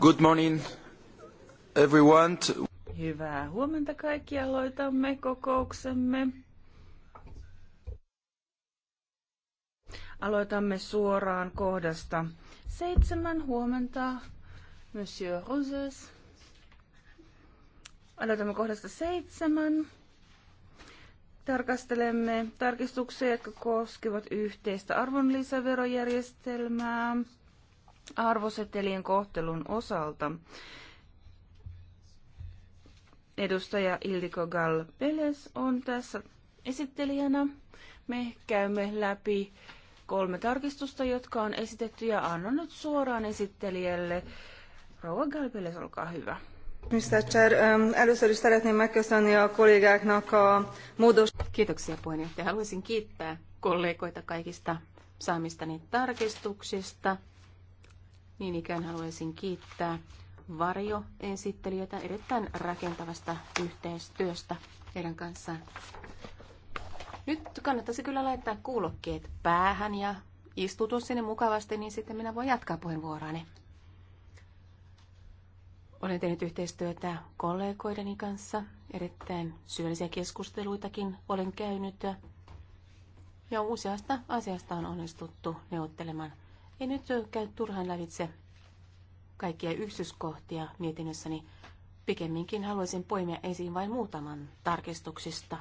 Good morning, everyone. Hyvää huomenta kaikki. Aloitamme kokouksemme. Aloitamme suoraan kohdasta seitsemän huomenta, Monsieur Roses. Aloitamme kohdasta seitsemän. Tarkastelemme tarkistuksia, jotka koskevat yhteistä arvonlisäverojärjestelmää arvosetelien kohtelun osalta. Edustaja Ildiko Galpeles on tässä esittelijänä. Me käymme läpi kolme tarkistusta, jotka on esitetty ja annan nyt suoraan esittelijälle. Rouva Galpeles, olkaa hyvä. Mr. Chair, um, először is szeretném megköszönni a kollégáknak a módos... Kiitoksia puheenjohtaja. Haluaisin kiittää kollegoita kaikista saamistani tarkistuksista. Niin ikään haluaisin kiittää varjoesittelijöitä erittäin rakentavasta yhteistyöstä heidän kanssaan. Nyt kannattaisi kyllä laittaa kuulokkeet päähän ja istutua sinne mukavasti, niin sitten minä voin jatkaa puheenvuoroani. Olen tehnyt yhteistyötä kollegoideni kanssa. Erittäin syöllisiä keskusteluitakin olen käynyt. Ja useasta asiasta on onnistuttu neuvottelemaan. En nyt käy turhaan lävitse kaikkia yksityiskohtia mietinnössäni. Pikemminkin haluaisin poimia esiin vain muutaman tarkistuksista.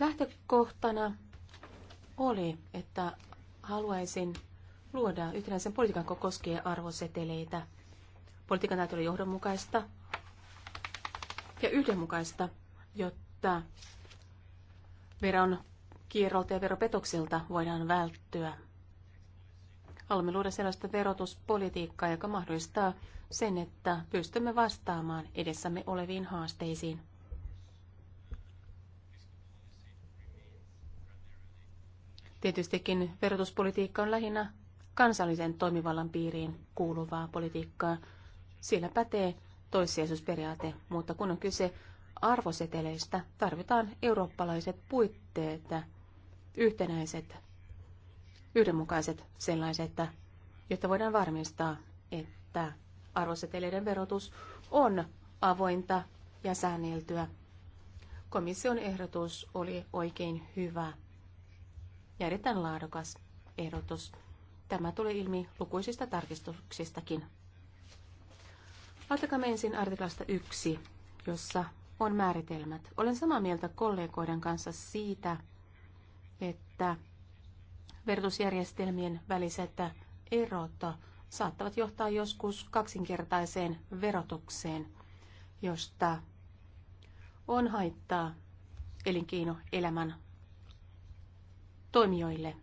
Lähtökohtana oli, että haluaisin luoda yhtenäisen politiikan, koskien arvoseteleitä. Politiikan täytyy olla johdonmukaista ja yhdenmukaista, jotta veron kierrolta ja veropetoksilta voidaan välttyä. Haluamme luoda sellaista verotuspolitiikkaa, joka mahdollistaa sen, että pystymme vastaamaan edessämme oleviin haasteisiin. Tietystikin verotuspolitiikka on lähinnä kansallisen toimivallan piiriin kuuluvaa politiikkaa. Siellä pätee toissijaisuusperiaate, mutta kun on kyse arvoseteleistä, tarvitaan eurooppalaiset puitteet, yhtenäiset yhdenmukaiset sellaiset, että, jotta voidaan varmistaa, että arvoseteleiden verotus on avointa ja säänneltyä. Komission ehdotus oli oikein hyvä ja erittäin laadukas ehdotus. Tämä tuli ilmi lukuisista tarkistuksistakin. Ottakaa ensin artiklasta 1, jossa on määritelmät. Olen samaa mieltä kollegoiden kanssa siitä, että verotusjärjestelmien väliset erot saattavat johtaa joskus kaksinkertaiseen verotukseen, josta on haittaa elinkeinoelämän toimijoille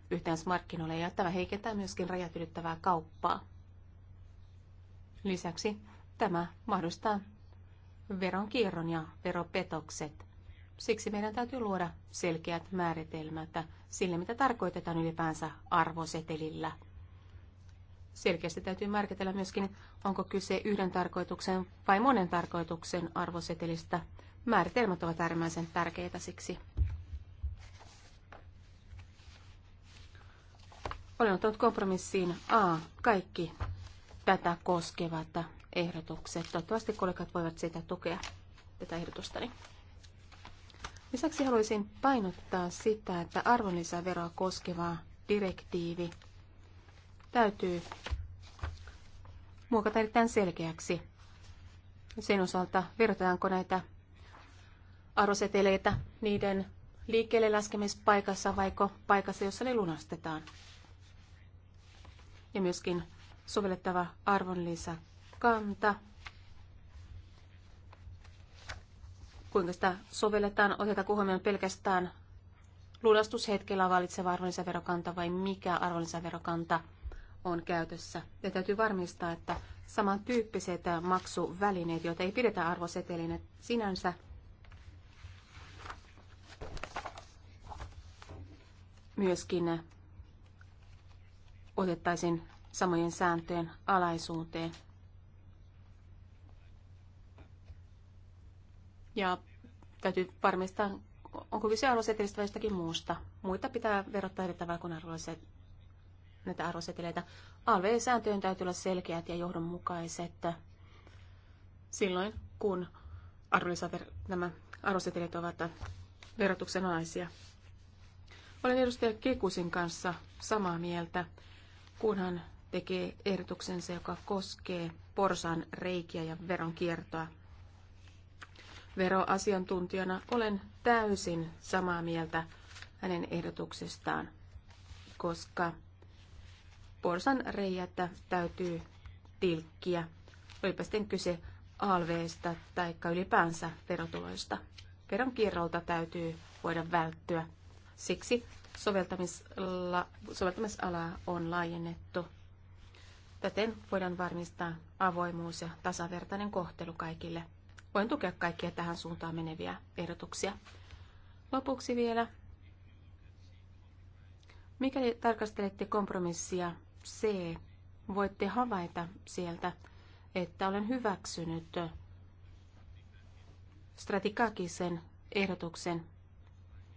markkinoille ja tämä heikentää myöskin rajat ylittävää kauppaa. Lisäksi tämä mahdollistaa veronkierron ja veropetokset. Siksi meidän täytyy luoda selkeät määritelmät sille, mitä tarkoitetaan ylipäänsä arvosetelillä. Selkeästi täytyy määritellä myöskin, onko kyse yhden tarkoituksen vai monen tarkoituksen arvosetelistä. Määritelmät ovat äärimmäisen tärkeitä siksi. Olen ottanut kompromissiin A kaikki tätä koskevat ehdotukset. Toivottavasti kollegat voivat sitä tukea tätä ehdotustani. Lisäksi haluaisin painottaa sitä, että arvonlisäveroa koskeva direktiivi täytyy muokata erittäin selkeäksi. Sen osalta verotetaanko näitä arvoseteleitä niiden liikkeelle laskemispaikassa vai paikassa, jossa ne lunastetaan. Ja myöskin sovellettava arvonlisäkanta kuinka sitä sovelletaan, otetaanko huomioon pelkästään lunastushetkellä valitseva arvonlisäverokanta vai mikä arvonlisäverokanta on käytössä. Ja täytyy varmistaa, että samantyyppiset maksuvälineet, joita ei pidetä arvosetelinä sinänsä, myöskin otettaisiin samojen sääntöjen alaisuuteen Ja täytyy varmistaa, onko kyse arvosetelistä vai jostakin muusta. Muita pitää verottaa eri tavalla kuin arvoset, näitä arvoseteleitä. ALV-sääntöjen täytyy olla selkeät ja johdonmukaiset silloin, kun nämä arvosetelit ovat verotuksen alaisia. Olen edustaja Kekusin kanssa samaa mieltä, kunhan tekee ehdotuksensa, joka koskee porsan reikiä ja veronkiertoa veroasiantuntijana olen täysin samaa mieltä hänen ehdotuksestaan, koska porsan reijättä täytyy tilkkiä, olipa sitten kyse alveista tai ylipäänsä verotuloista. Veronkierrolta täytyy voida välttyä. Siksi soveltamisalaa on laajennettu. Täten voidaan varmistaa avoimuus ja tasavertainen kohtelu kaikille Voin tukea kaikkia tähän suuntaan meneviä ehdotuksia. Lopuksi vielä, mikäli tarkastelette kompromissia C, voitte havaita sieltä, että olen hyväksynyt Stratikakisen ehdotuksen,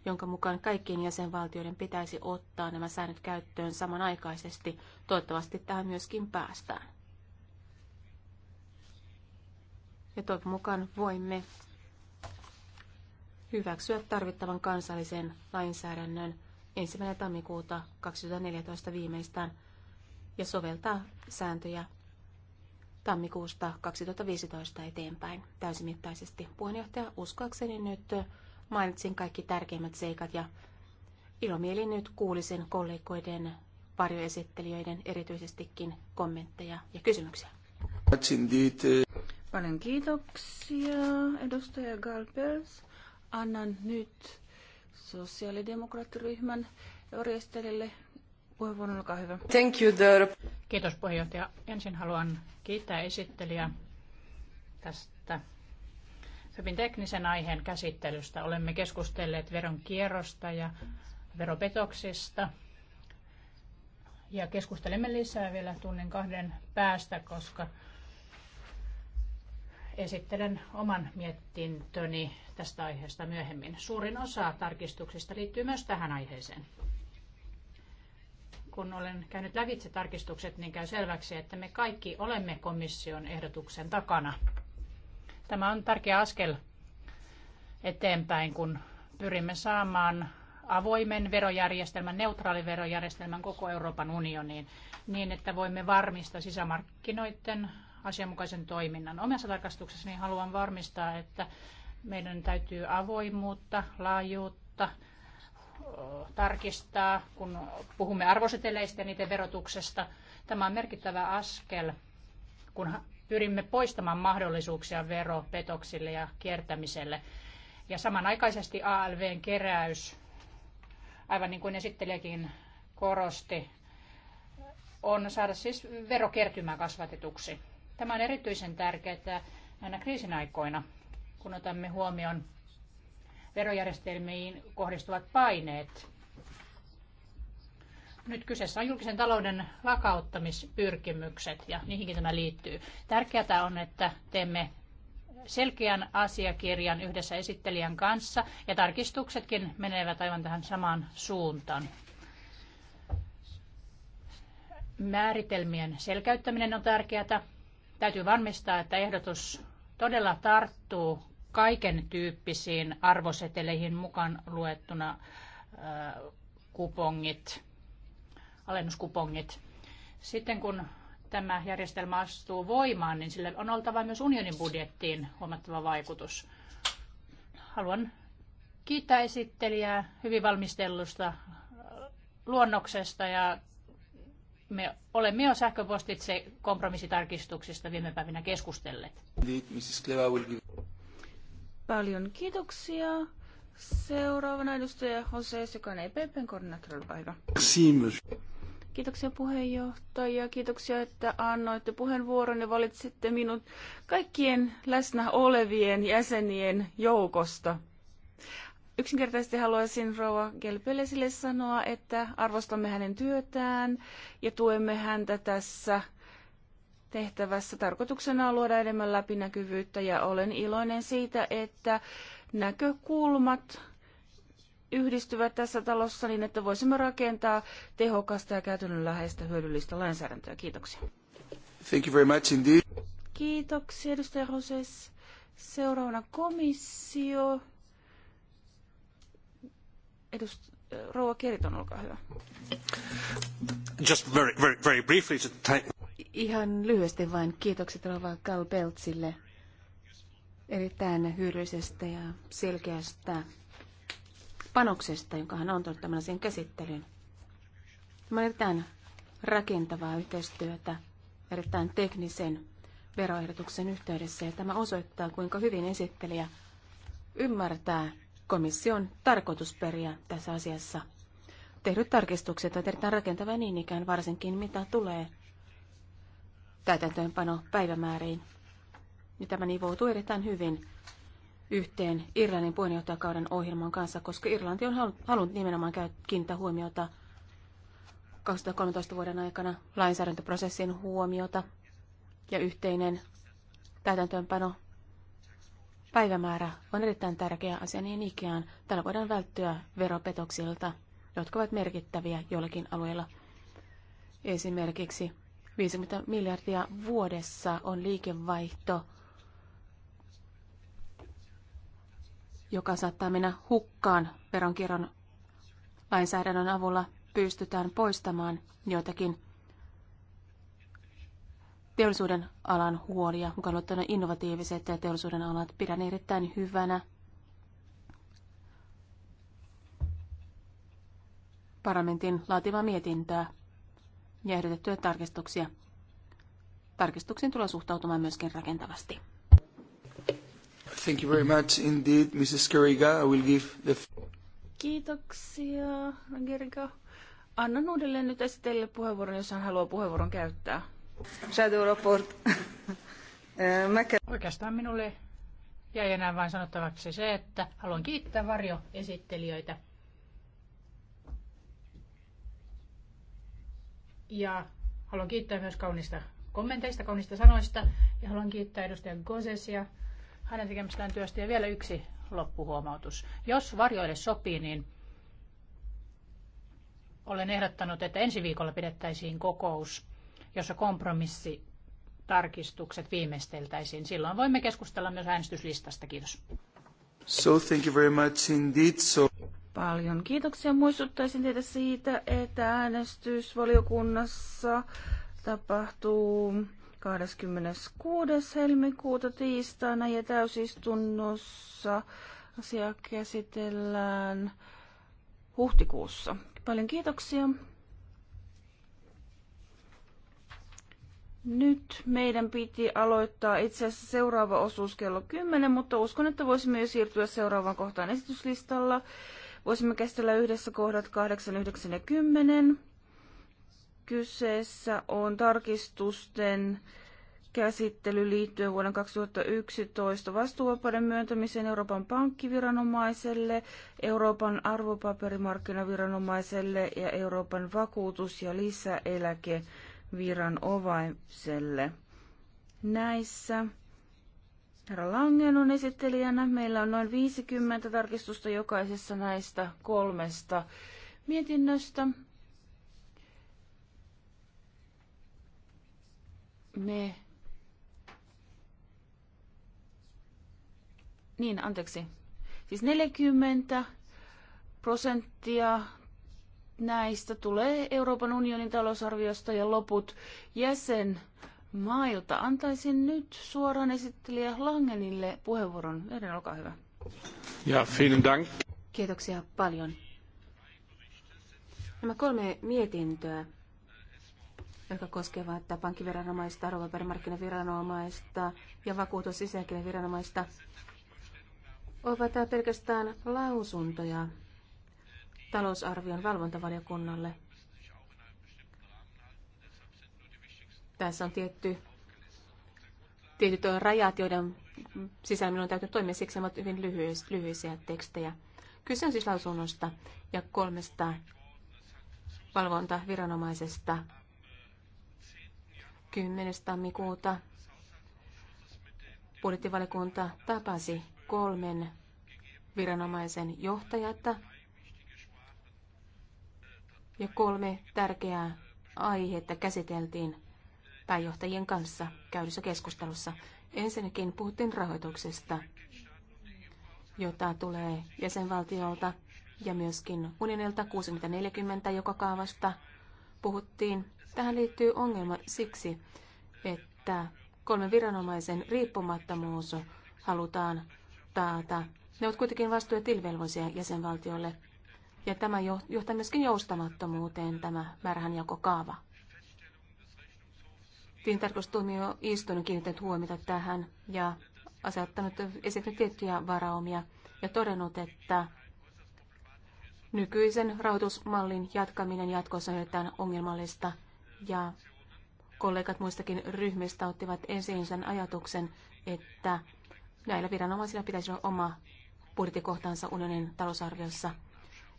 jonka mukaan kaikkien jäsenvaltioiden pitäisi ottaa nämä säännöt käyttöön samanaikaisesti. Toivottavasti tähän myöskin päästään. ja toivon mukaan voimme hyväksyä tarvittavan kansallisen lainsäädännön 1. tammikuuta 2014 viimeistään ja soveltaa sääntöjä tammikuusta 2015 eteenpäin täysimittaisesti. Puheenjohtaja, uskoakseni nyt mainitsin kaikki tärkeimmät seikat ja ilomieli nyt kuulisin kollegoiden varjoesittelijöiden erityisestikin kommentteja ja kysymyksiä. Paljon kiitoksia, edustaja Galpels. Annan nyt sosiaalidemokraattiryhmän järjestäjille puheenvuoron, olkaa hyvä. Thank you, the... Kiitos puheenjohtaja. Ensin haluan kiittää esittelijä tästä hyvin teknisen aiheen käsittelystä. Olemme keskustelleet veron kierrosta ja veropetoksista. Ja keskustelemme lisää vielä tunnin kahden päästä, koska Esittelen oman mietintöni tästä aiheesta myöhemmin. Suurin osa tarkistuksista liittyy myös tähän aiheeseen. Kun olen käynyt lävitse tarkistukset, niin käy selväksi, että me kaikki olemme komission ehdotuksen takana. Tämä on tärkeä askel eteenpäin, kun pyrimme saamaan avoimen verojärjestelmän, neutraalin verojärjestelmän koko Euroopan unioniin, niin että voimme varmistaa sisämarkkinoiden asianmukaisen toiminnan. Omassa tarkastuksessani haluan varmistaa, että meidän täytyy avoimuutta, laajuutta tarkistaa, kun puhumme arvoseteleistä ja niiden verotuksesta. Tämä on merkittävä askel, kun pyrimme poistamaan mahdollisuuksia veropetoksille ja kiertämiselle. Ja samanaikaisesti ALVn keräys, aivan niin kuin esittelijäkin korosti, on saada siis verokertymää kasvatetuksi. Tämä on erityisen tärkeää näinä kriisin aikoina, kun otamme huomioon verojärjestelmiin kohdistuvat paineet. Nyt kyseessä on julkisen talouden vakauttamispyrkimykset ja niihinkin tämä liittyy. Tärkeää on, että teemme selkeän asiakirjan yhdessä esittelijän kanssa ja tarkistuksetkin menevät aivan tähän samaan suuntaan. Määritelmien selkäyttäminen on tärkeää Täytyy varmistaa, että ehdotus todella tarttuu kaiken tyyppisiin arvoseteleihin mukaan luettuna äh, kupongit, alennuskupongit. Sitten kun tämä järjestelmä astuu voimaan, niin sillä on oltava myös unionin budjettiin huomattava vaikutus. Haluan kiittää esittelijää hyvin valmistellusta äh, luonnoksesta ja me olemme jo sähköpostitse kompromissitarkistuksista viime päivinä keskustelleet. Paljon kiitoksia. Seuraavana edustaja Jose Sekan EPPn koordinaattorilla Kiitoksia puheenjohtaja. Kiitoksia, että annoitte puheenvuoron ja valitsitte minut kaikkien läsnä olevien jäsenien joukosta. Yksinkertaisesti haluaisin rouva Gelpelesille sanoa, että arvostamme hänen työtään ja tuemme häntä tässä tehtävässä. Tarkoituksena on luoda enemmän läpinäkyvyyttä ja olen iloinen siitä, että näkökulmat yhdistyvät tässä talossa niin, että voisimme rakentaa tehokasta ja käytännönläheistä hyödyllistä lainsäädäntöä. Kiitoksia. Thank you very much indeed. Kiitoksia, edustaja Seuraavana komissio. Edust, Rouva Keriton, olkaa hyvä. Just very, very, very briefly to Ihan lyhyesti vain kiitokset Rova peltsille erittäin hyödyllisestä ja selkeästä panoksesta, jonka hän on antanut tämän asian käsittelyyn. Tämä on erittäin rakentavaa yhteistyötä erittäin teknisen veroehdotuksen yhteydessä ja tämä osoittaa, kuinka hyvin esittelijä ymmärtää komission tarkoitusperiä tässä asiassa. Tehdyt tarkistukset ovat erittäin rakentavia niin ikään, varsinkin mitä tulee täytäntöönpano päivämääriin. Ja tämä nivoutuu erittäin hyvin yhteen Irlannin puheenjohtajakauden ohjelman kanssa, koska Irlanti on halunnut nimenomaan kiinnittää huomiota 2013 vuoden aikana lainsäädäntöprosessin huomiota ja yhteinen täytäntöönpano Päivämäärä on erittäin tärkeä asia niin ikään. Tällä voidaan välttyä veropetoksilta, jotka ovat merkittäviä jollakin alueella. Esimerkiksi 50 miljardia vuodessa on liikevaihto, joka saattaa mennä hukkaan veronkierron lainsäädännön avulla pystytään poistamaan joitakin teollisuuden alan huolia, mukaan luettuna innovatiiviset ja teollisuuden alat. Pidän erittäin hyvänä parlamentin laativaa mietintöä, ja ehdotettuja tarkistuksia. Tarkistuksiin tulee suhtautumaan myöskin rakentavasti. Thank you very much indeed, Mrs. Keriga. I will give the... Kiitoksia, Gerga. Annan uudelleen nyt esitellä puheenvuoron, jos hän haluaa puheenvuoron käyttää. Shadow Report. Oikeastaan minulle jäi enää vain sanottavaksi se, että haluan kiittää varjoesittelijöitä. Ja haluan kiittää myös kaunista kommenteista, kaunista sanoista. Ja haluan kiittää edustaja Gosesia hänen tekemästään työstä. Ja vielä yksi loppuhuomautus. Jos varjoille sopii, niin olen ehdottanut, että ensi viikolla pidettäisiin kokous jossa kompromissi tarkistukset viimeisteltäisiin. Silloin voimme keskustella myös äänestyslistasta. Kiitos. So thank you very much indeed. So... Paljon kiitoksia. Muistuttaisin teitä siitä, että äänestysvaliokunnassa tapahtuu 26. helmikuuta tiistaina ja täysistunnossa asia käsitellään huhtikuussa. Paljon kiitoksia. Nyt meidän piti aloittaa itse asiassa seuraava osuus kello 10, mutta uskon, että voisimme jo siirtyä seuraavaan kohtaan esityslistalla. Voisimme käsitellä yhdessä kohdat 8, 9 ja 10. Kyseessä on tarkistusten käsittely liittyen vuoden 2011 vastuuvapauden myöntämiseen Euroopan pankkiviranomaiselle, Euroopan arvopaperimarkkinaviranomaiselle ja Euroopan vakuutus- ja lisäeläke viranovaiselle. Näissä herra Langen on esittelijänä. Meillä on noin 50 tarkistusta jokaisessa näistä kolmesta mietinnöstä. Me Niin, anteeksi. Siis 40 prosenttia näistä tulee Euroopan unionin talousarviosta ja loput mailta. Antaisin nyt suoraan esittelijä Langenille puheenvuoron. Jörgen, olkaa hyvä. Ja, vielen dank. Kiitoksia paljon. Nämä kolme mietintöä, jotka koskevat pankkiviranomaista, arvopaperimarkkinaviranomaista ja vakuutus- ja viranomaista, ovat pelkästään lausuntoja talousarvion valvontavaliokunnalle. Tässä on tietty, tietyt rajat, joiden sisällä minun täytyy toimia, siksi ovat hyvin lyhyisiä tekstejä. Kyse on siis lausunnosta ja kolmesta valvontaviranomaisesta 10. tammikuuta budjettivaliokunta tapasi kolmen viranomaisen johtajata ja kolme tärkeää aihetta käsiteltiin pääjohtajien kanssa käydyssä keskustelussa. Ensinnäkin puhuttiin rahoituksesta, jota tulee jäsenvaltiolta ja myöskin unionilta 6040 joka kaavasta puhuttiin. Tähän liittyy ongelma siksi, että kolmen viranomaisen riippumattomuus halutaan taata. Ne ovat kuitenkin vastuu- ja tilvelvoisia jäsenvaltiolle ja tämä johtaa myöskin joustamattomuuteen tämä määränjakokaava. Tilintarkastustuomioistuin on kiinnittänyt huomiota tähän ja asettanut esittänyt tiettyjä varaumia ja todennut, että nykyisen rahoitusmallin jatkaminen jatkossa on jotain ongelmallista ja kollegat muistakin ryhmistä ottivat esiin sen ajatuksen, että näillä viranomaisilla pitäisi olla oma budjettikohtansa unionin talousarviossa.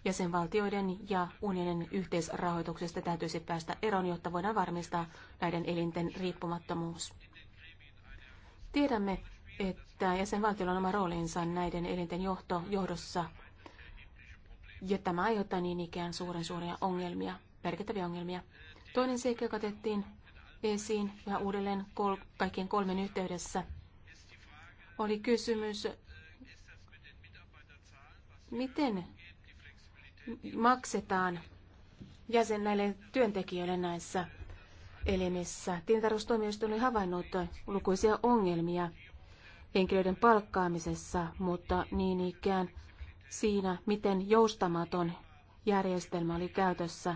Jäsenvaltioiden ja unionin yhteisrahoituksesta täytyisi päästä eroon, jotta voidaan varmistaa näiden elinten riippumattomuus. Tiedämme, että jäsenvaltiolla on oma roolinsa näiden elinten johto, johdossa, ja tämä aiheuttaa niin ikään suuren suuria ongelmia, merkittäviä ongelmia. Toinen seikka, joka otettiin esiin ja uudelleen kol- kaikkien kolmen yhteydessä, oli kysymys, miten maksetaan jäsen näille työntekijöille näissä elimissä. Tilintarkastustuomioistuin oli havainnut lukuisia ongelmia henkilöiden palkkaamisessa, mutta niin ikään siinä, miten joustamaton järjestelmä oli käytössä.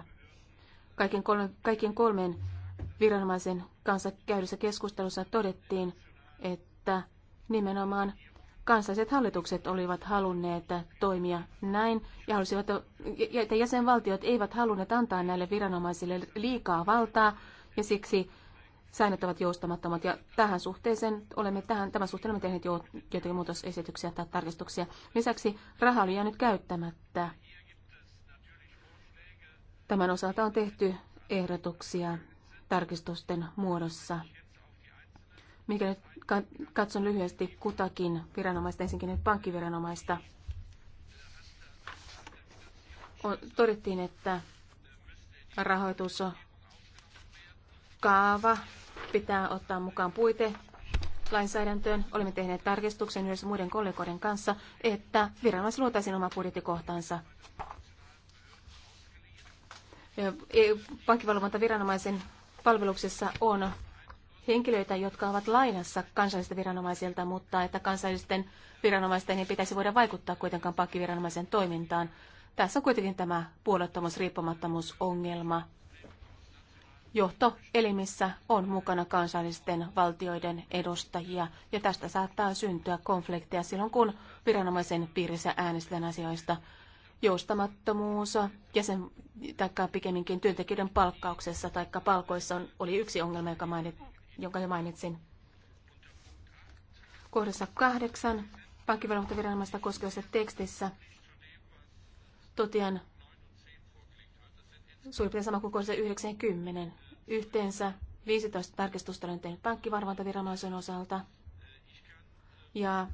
Kaiken kolmen, kaiken kolmen viranomaisen kanssa käydyssä keskustelussa todettiin, että nimenomaan kansalliset hallitukset olivat halunneet toimia näin ja halusivat, että jäsenvaltiot eivät halunneet antaa näille viranomaisille liikaa valtaa ja siksi säännöt ovat joustamattomat ja tähän suhteeseen olemme tähän, tämän suhteen olemme tehneet jo joitakin muutosesityksiä tai tarkistuksia. Lisäksi raha oli jäänyt käyttämättä. Tämän osalta on tehty ehdotuksia tarkistusten muodossa mikä nyt katson lyhyesti kutakin viranomaista, ensinnäkin nyt pankkiviranomaista. On, todettiin, että rahoitus kaava pitää ottaa mukaan puite lainsäädäntöön. Olemme tehneet tarkistuksen myös muiden kollegoiden kanssa, että viranomais luotaisiin oma budjettikohtansa. E, pankkivalvontaviranomaisen palveluksessa on henkilöitä, jotka ovat lainassa kansallisilta viranomaisilta, mutta että kansallisten viranomaisten ei pitäisi voida vaikuttaa kuitenkaan pankkiviranomaisen toimintaan. Tässä on kuitenkin tämä puolettomuus, riippumattomuusongelma. Johtoelimissä on mukana kansallisten valtioiden edustajia, ja tästä saattaa syntyä konflikteja silloin, kun viranomaisen piirissä äänestetään asioista. Joustamattomuus ja sen pikemminkin työntekijöiden palkkauksessa tai palkoissa on, oli yksi ongelma, joka jonka jo mainitsin. Kohdassa kahdeksan pankkivalvontaviranomaista koskevassa tekstissä totean suurin piirtein sama kuin kohdassa 90. Yhteensä 15 tarkistusta olen tehnyt pankkivalvontaviranomaisen osalta. Ja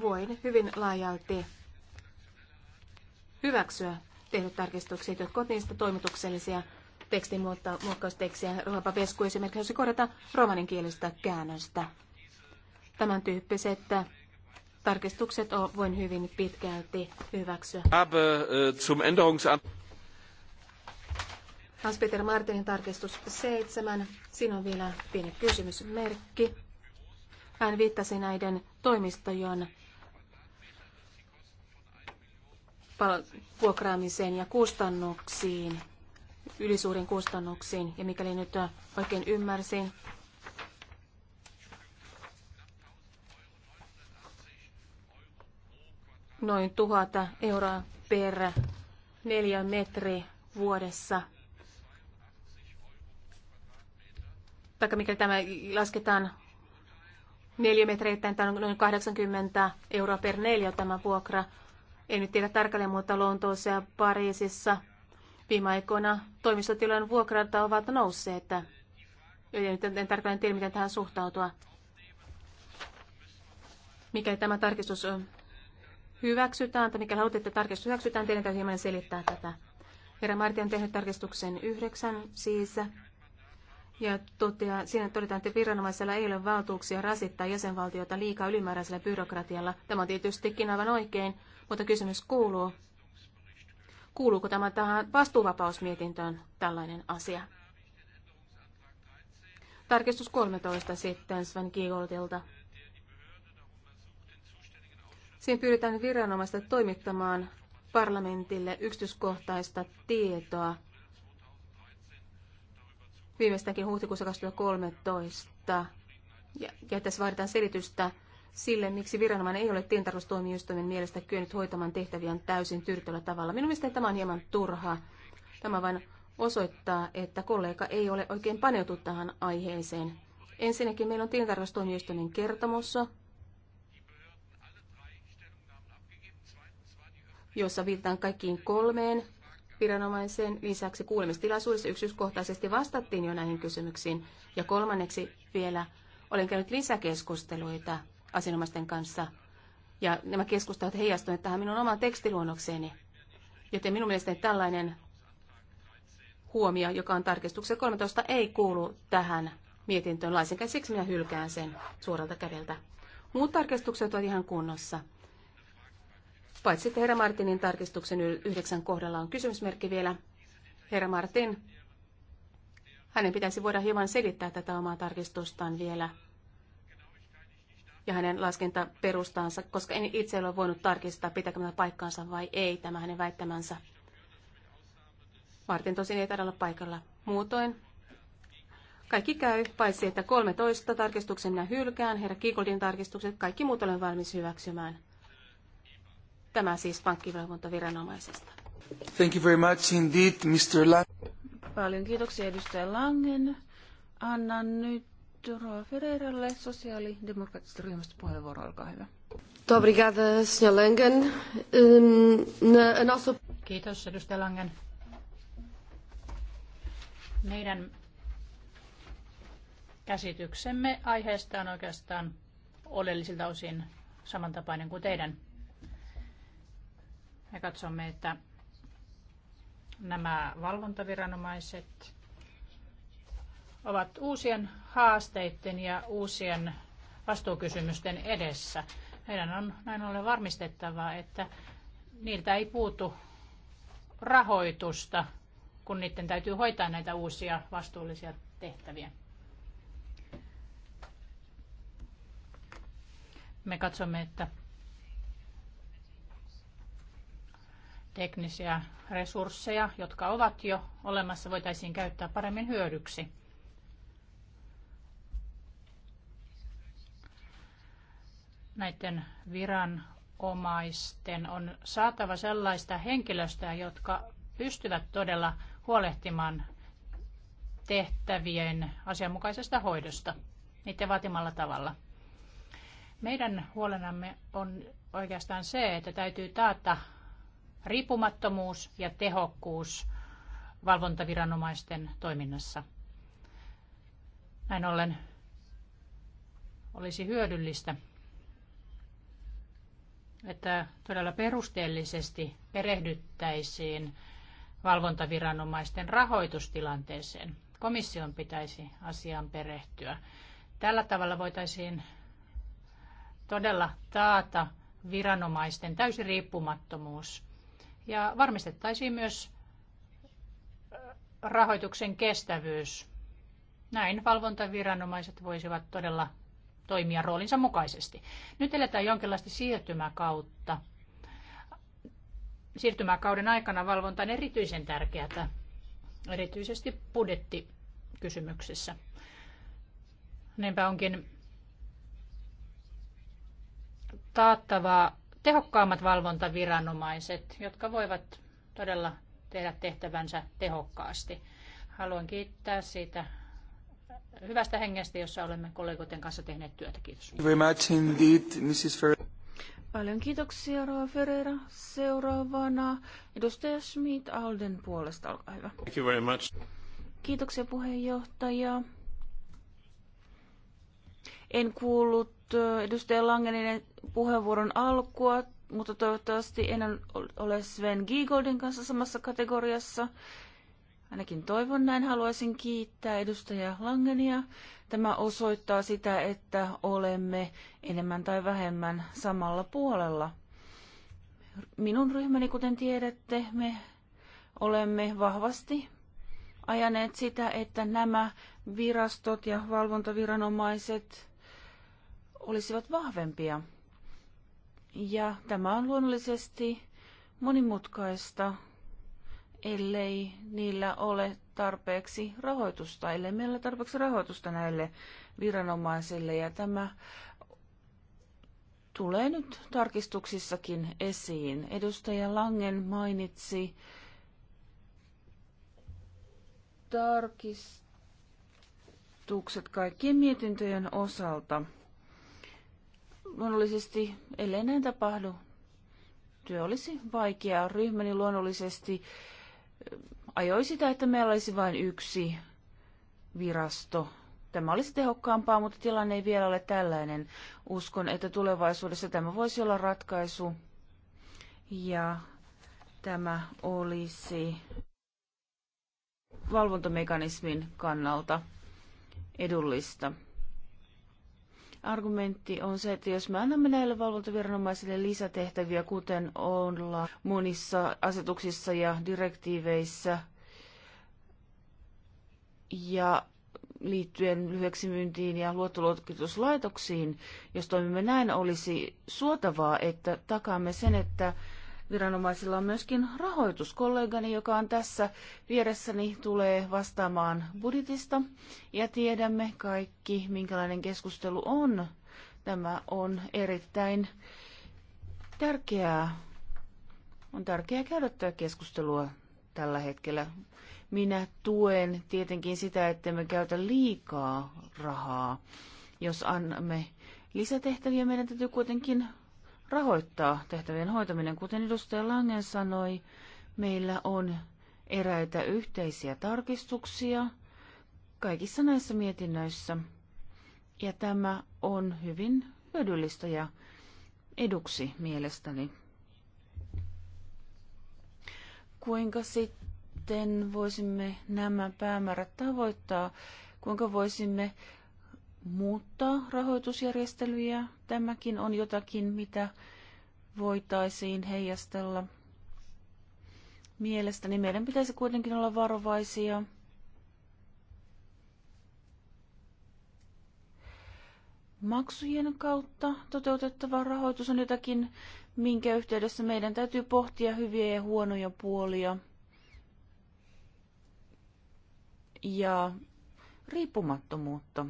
voin hyvin laajalti hyväksyä tehdyt tarkistukset, jotka ovat niistä toimituksellisia tekstin muokkaustekstiä. Ruopa Vesku esimerkiksi halusi korjata romaninkielistä käännöstä. Tämän tyyppiset tarkistukset on, voin hyvin pitkälti hyväksyä. Äh, Hans-Peter Martinin tarkistus 7. Siinä on vielä pieni kysymysmerkki. Hän viittasi näiden toimistojen vuokraamiseen ja kustannuksiin. Ylisuurin kustannuksiin. Ja mikäli nyt äh, oikein ymmärsin, noin tuhata euroa per neljä metri vuodessa. Taikka mikäli tämä lasketaan että tämä on noin 80 euroa per neljä tämä vuokra. En nyt tiedä tarkalleen, mutta Lontoossa ja Pariisissa – Viime aikoina toimistotilojen vuokrat ovat nousseet. Nyt en tarkalleen tiedä, miten tähän suhtautua. Mikäli tämä tarkistus hyväksytään, tai mikä haluatte, että tarkistus hyväksytään, teidän täytyy hieman selittää tätä. Herra Martti on tehnyt tarkistuksen yhdeksän siis, ja toteaa, siinä todetaan, että viranomaisella ei ole valtuuksia rasittaa jäsenvaltiota liikaa ylimääräisellä byrokratialla. Tämä on tietystikin aivan oikein, mutta kysymys kuuluu, Kuuluuko tämä tähän vastuuvapausmietintöön tällainen asia? Tarkistus 13 sitten Sven Kiigoltilta. Siinä pyydetään viranomaista toimittamaan parlamentille yksityiskohtaista tietoa viimeistäänkin huhtikuussa 2013. Ja, ja tässä vaaditaan selitystä sille, miksi viranomainen ei ole tilintarkastustuomioistuimen mielestä kyennyt hoitamaan tehtäviään täysin tyydyttävällä tavalla. Minun mielestäni tämä on hieman turhaa. Tämä vain osoittaa, että kollega ei ole oikein paneutunut tähän aiheeseen. Ensinnäkin meillä on tilintarkastustuomioistuimen kertomus, jossa viitataan kaikkiin kolmeen viranomaiseen. Lisäksi kuulemistilaisuudessa yksityiskohtaisesti vastattiin jo näihin kysymyksiin. Ja kolmanneksi vielä olen käynyt lisäkeskusteluita asianomaisten kanssa. Ja nämä keskustelut heijastuneet tähän minun omaan tekstiluonnokseeni. Joten minun mielestäni tällainen huomio, joka on tarkistuksen 13, ei kuulu tähän mietintöön laisinkaan. Siksi minä hylkään sen suoralta kädeltä. Muut tarkistukset ovat ihan kunnossa. Paitsi herra Martinin tarkistuksen yhdeksän kohdalla on kysymysmerkki vielä. Herra Martin, hänen pitäisi voida hieman selittää tätä omaa tarkistustaan vielä ja hänen laskentaperustaansa, koska en itse ole voinut tarkistaa, pitääkö tämä paikkaansa vai ei, tämä hänen väittämänsä. Martin tosin ei taida olla paikalla. Muutoin kaikki käy, paitsi että 13 tarkistuksen minä hylkään, herra Kikoldin tarkistukset, kaikki muut olen valmis hyväksymään. Tämä siis viranomaisesta. Thank you very much indeed, Mr. Lang. Paljon kiitoksia edustaja Langen. Annan nyt Dora Ferreiralle sosiaalidemokraattisesta ryhmästä puheenvuoro, olkaa hyvä. Kiitos, edustaja Langen. Meidän käsityksemme aiheesta on oikeastaan oleellisilta osin samantapainen kuin teidän. Me katsomme, että nämä valvontaviranomaiset – ovat uusien haasteiden ja uusien vastuukysymysten edessä. Meidän on näin ollen varmistettava, että niiltä ei puutu rahoitusta, kun niiden täytyy hoitaa näitä uusia vastuullisia tehtäviä. Me katsomme, että teknisiä resursseja, jotka ovat jo olemassa, voitaisiin käyttää paremmin hyödyksi. näiden viranomaisten on saatava sellaista henkilöstöä, jotka pystyvät todella huolehtimaan tehtävien asianmukaisesta hoidosta niiden vaatimalla tavalla. Meidän huolenamme on oikeastaan se, että täytyy taata riippumattomuus ja tehokkuus valvontaviranomaisten toiminnassa. Näin ollen olisi hyödyllistä että todella perusteellisesti perehdyttäisiin valvontaviranomaisten rahoitustilanteeseen. Komission pitäisi asiaan perehtyä. Tällä tavalla voitaisiin todella taata viranomaisten täysi riippumattomuus ja varmistettaisiin myös äh, rahoituksen kestävyys. Näin valvontaviranomaiset voisivat todella toimia roolinsa mukaisesti. Nyt eletään jonkinlaista siirtymäkautta. Siirtymäkauden aikana valvonta on erityisen tärkeää, erityisesti budjettikysymyksessä. Niinpä onkin taattava tehokkaammat valvontaviranomaiset, jotka voivat todella tehdä tehtävänsä tehokkaasti. Haluan kiittää siitä hyvästä hengestä, jossa olemme kollegoiden kanssa tehneet työtä. Kiitos. Very much indeed, Mrs. Ferreira. Paljon kiitoksia, Roa Ferreira. Seuraavana edustaja Schmidt Alden puolesta, olkaa hyvä. Thank you very much. Kiitoksia puheenjohtaja. En kuullut äh, edustaja Langenin puheenvuoron alkua, mutta toivottavasti en ole Sven Giegoldin kanssa samassa kategoriassa. Ainakin toivon näin. Haluaisin kiittää edustaja Langenia. Tämä osoittaa sitä, että olemme enemmän tai vähemmän samalla puolella. Minun ryhmäni, kuten tiedätte, me olemme vahvasti ajaneet sitä, että nämä virastot ja valvontaviranomaiset olisivat vahvempia. Ja tämä on luonnollisesti monimutkaista ellei niillä ole tarpeeksi rahoitusta, ellei meillä ole tarpeeksi rahoitusta näille viranomaisille. Ja tämä tulee nyt tarkistuksissakin esiin. Edustaja Langen mainitsi tarkistukset kaikkien mietintöjen osalta. Luonnollisesti, ellei näin tapahdu, työ olisi vaikeaa. Ryhmäni luonnollisesti ajoi sitä, että meillä olisi vain yksi virasto. Tämä olisi tehokkaampaa, mutta tilanne ei vielä ole tällainen. Uskon, että tulevaisuudessa tämä voisi olla ratkaisu. Ja tämä olisi valvontamekanismin kannalta edullista argumentti on se, että jos me annamme näille valvontaviranomaisille lisätehtäviä, kuten olla monissa asetuksissa ja direktiiveissä, ja liittyen lyhyeksi myyntiin ja luottoluokituslaitoksiin, jos toimimme näin, olisi suotavaa, että takaamme sen, että viranomaisilla on myöskin rahoituskollegani, joka on tässä vieressäni, tulee vastaamaan budjetista. Ja tiedämme kaikki, minkälainen keskustelu on. Tämä on erittäin tärkeää. On tärkeää käydä tätä keskustelua tällä hetkellä. Minä tuen tietenkin sitä, että me käytä liikaa rahaa. Jos annamme lisätehtäviä, meidän täytyy kuitenkin rahoittaa tehtävien hoitaminen. Kuten edustaja Langen sanoi, meillä on eräitä yhteisiä tarkistuksia kaikissa näissä mietinnöissä. Ja tämä on hyvin hyödyllistä ja eduksi mielestäni. Kuinka sitten voisimme nämä päämäärät tavoittaa? Kuinka voisimme muuttaa rahoitusjärjestelyjä. Tämäkin on jotakin, mitä voitaisiin heijastella. Mielestäni meidän pitäisi kuitenkin olla varovaisia. Maksujen kautta toteutettava rahoitus on jotakin, minkä yhteydessä meidän täytyy pohtia hyviä ja huonoja puolia. Ja riippumattomuutta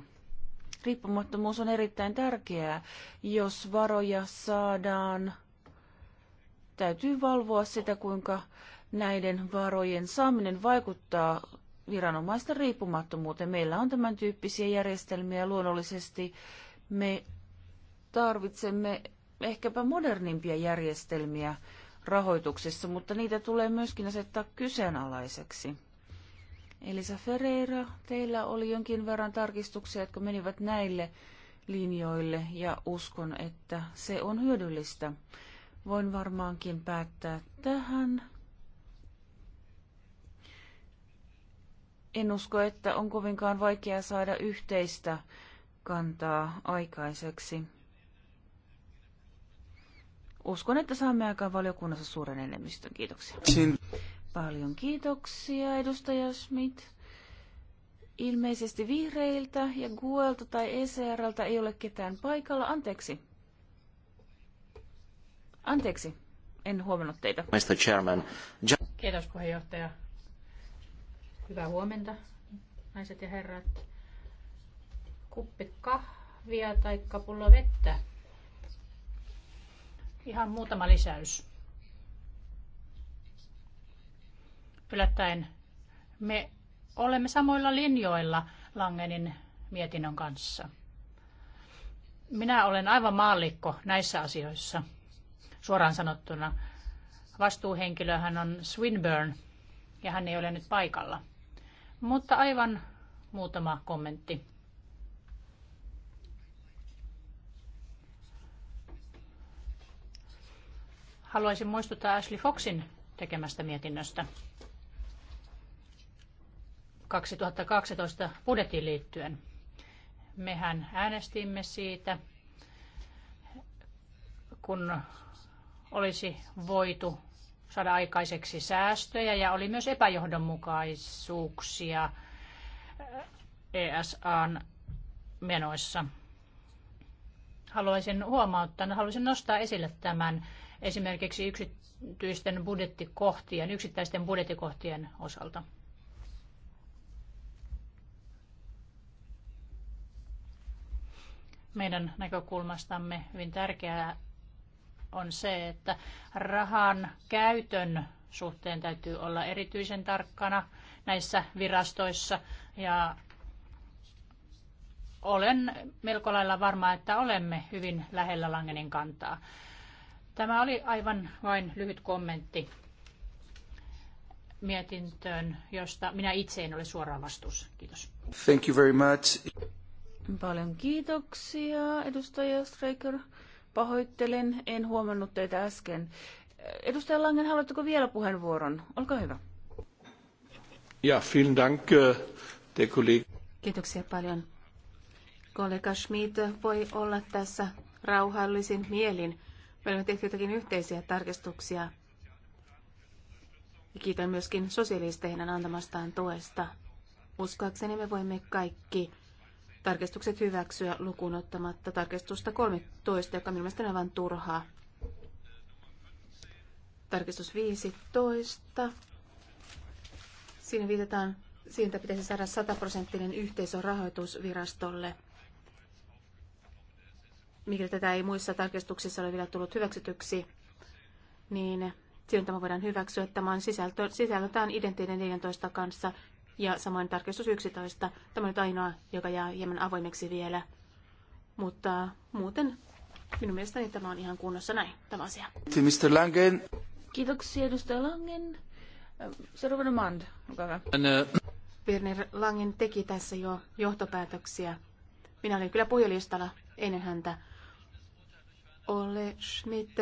riippumattomuus on erittäin tärkeää. Jos varoja saadaan, täytyy valvoa sitä, kuinka näiden varojen saaminen vaikuttaa viranomaisten riippumattomuuteen. Meillä on tämän tyyppisiä järjestelmiä luonnollisesti. Me tarvitsemme ehkäpä modernimpia järjestelmiä rahoituksessa, mutta niitä tulee myöskin asettaa kyseenalaiseksi. Elisa Ferreira, teillä oli jonkin verran tarkistuksia, jotka menivät näille linjoille ja uskon, että se on hyödyllistä. Voin varmaankin päättää tähän. En usko, että on kovinkaan vaikea saada yhteistä kantaa aikaiseksi. Uskon, että saamme aikaan valiokunnassa suuren enemmistön. Kiitoksia. Paljon kiitoksia, edustaja Schmidt. Ilmeisesti vihreiltä ja Guelta tai ECRltä ei ole ketään paikalla. Anteeksi. Anteeksi, en huomannut teitä. Mr. Chairman. Kiitos puheenjohtaja. Hyvää huomenta, naiset ja herrat. Kuppi kahvia tai pullo vettä. Ihan muutama lisäys. yllättäen me olemme samoilla linjoilla Langenin mietinnön kanssa. Minä olen aivan maallikko näissä asioissa, suoraan sanottuna. Vastuuhenkilöhän on Swinburne, ja hän ei ole nyt paikalla. Mutta aivan muutama kommentti. Haluaisin muistuttaa Ashley Foxin tekemästä mietinnöstä. 2012 budjettiin liittyen. Mehän äänestimme siitä, kun olisi voitu saada aikaiseksi säästöjä ja oli myös epäjohdonmukaisuuksia ESAn eh, e menoissa. Haluaisin huomauttaa, no haluaisin nostaa esille tämän esimerkiksi yksityisten budjettikohtien, yksittäisten budjettikohtien osalta. meidän näkökulmastamme hyvin tärkeää on se, että rahan käytön suhteen täytyy olla erityisen tarkkana näissä virastoissa ja olen melko lailla varma, että olemme hyvin lähellä Langenin kantaa. Tämä oli aivan vain lyhyt kommentti mietintöön, josta minä itse en ole suoraan vastuussa. Kiitos. Thank you very much. Paljon kiitoksia, edustaja Streiker. Pahoittelen, en huomannut teitä äsken. Edustaja Langen, haluatteko vielä puheenvuoron? Olkaa hyvä. Ja, vielen dank, te äh, kollega. Kiitoksia paljon. Kollega Schmidt voi olla tässä rauhallisin mielin. Meillä on tehty jotakin yhteisiä tarkistuksia. Kiitän myöskin sosiaalisteihin antamastaan tuesta. Uskoakseni me voimme kaikki tarkistukset hyväksyä lukuun ottamatta tarkistusta 13, joka on mielestäni aivan turhaa. Tarkistus 15. Siinä viitataan, siitä pitäisi saada 100 prosenttinen yhteisön rahoitusvirastolle. Mikäli tätä ei muissa tarkistuksissa ole vielä tullut hyväksytyksi, niin silloin tämä voidaan hyväksyä. Tämä on sisältö, on identiteetin 14 kanssa ja samoin tarkistus 11. Tämä on nyt ainoa, joka jää hieman avoimeksi vielä. Mutta muuten minun mielestäni tämä on ihan kunnossa näin, tämä asia. Mr. Langen. Kiitoksia edustaja Langen. Seuraavana Mand, uh, Werner Langen teki tässä jo johtopäätöksiä. Minä olin kyllä puhujalistalla ennen häntä. Ole Schmidt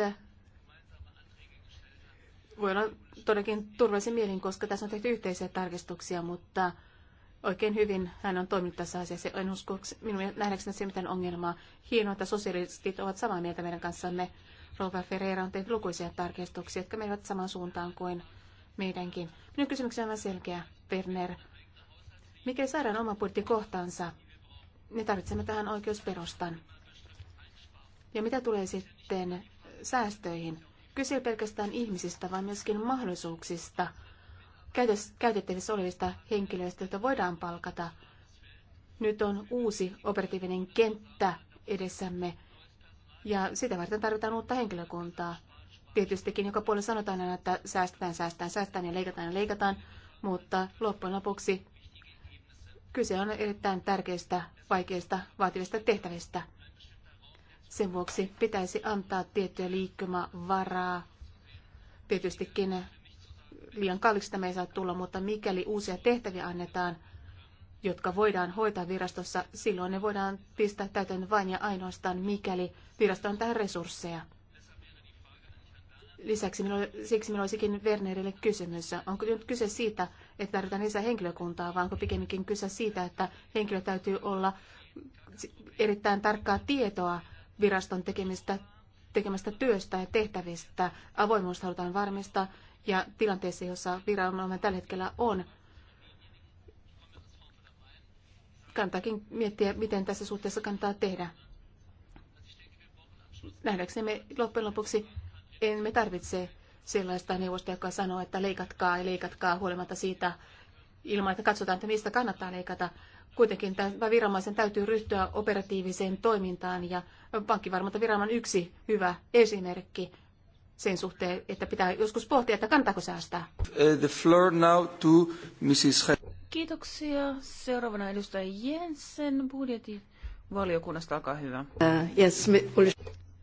voi olla todellakin turvallisen mielin, koska tässä on tehty yhteisiä tarkistuksia, mutta oikein hyvin hän on toiminut tässä asiassa. En usko, minun nähdäkseni se mitään ongelmaa. Hienoa, että sosialistit ovat samaa mieltä meidän kanssamme. Rova Ferreira on tehnyt lukuisia tarkistuksia, jotka menevät samaan suuntaan kuin meidänkin. Minun kysymykseni on selkeä, Werner. Mikä saadaan oma budjetti kohtaansa? Me tarvitsemme tähän oikeusperustan. Ja mitä tulee sitten säästöihin? Kyse ei pelkästään ihmisistä, vaan myöskin mahdollisuuksista, käytettävissä olevista henkilöistä, joita voidaan palkata. Nyt on uusi operatiivinen kenttä edessämme, ja sitä varten tarvitaan uutta henkilökuntaa. Tietystikin joka puolella sanotaan aina, että säästetään, säästetään, säästetään ja leikataan ja leikataan, mutta loppujen lopuksi kyse on erittäin tärkeistä, vaikeista, vaativista tehtävistä. Sen vuoksi pitäisi antaa tiettyä liikkumavaraa. Tietystikin liian kallista me ei saa tulla, mutta mikäli uusia tehtäviä annetaan, jotka voidaan hoitaa virastossa, silloin ne voidaan pistää täytön vain ja ainoastaan, mikäli virasto tähän resursseja. Lisäksi minulla, siksi minulla olisikin Wernerille kysymys. Onko nyt kyse siitä, että tarvitaan lisää henkilökuntaa, vai onko pikemminkin kyse siitä, että henkilö täytyy olla erittäin tarkkaa tietoa viraston tekemistä, tekemästä työstä ja tehtävistä. Avoimuus halutaan varmistaa ja tilanteessa, jossa viranomainen tällä hetkellä on, kannattaakin miettiä, miten tässä suhteessa kannattaa tehdä. Nähdäksemme loppujen lopuksi emme tarvitse sellaista neuvosta, joka sanoo, että leikatkaa ja leikatkaa huolimatta siitä, ilman että katsotaan, että mistä kannattaa leikata. Kuitenkin tämä viranomaisen täytyy ryhtyä operatiiviseen toimintaan ja pankkivarmonta viranomainen yksi hyvä esimerkki sen suhteen, että pitää joskus pohtia, että kannattaako säästää. Eh, the floor now to Mrs. Kiitoksia. Seuraavana edustaja Jensen budjetin valiokunnasta. Olkaa hyvä. Uh, yes, me...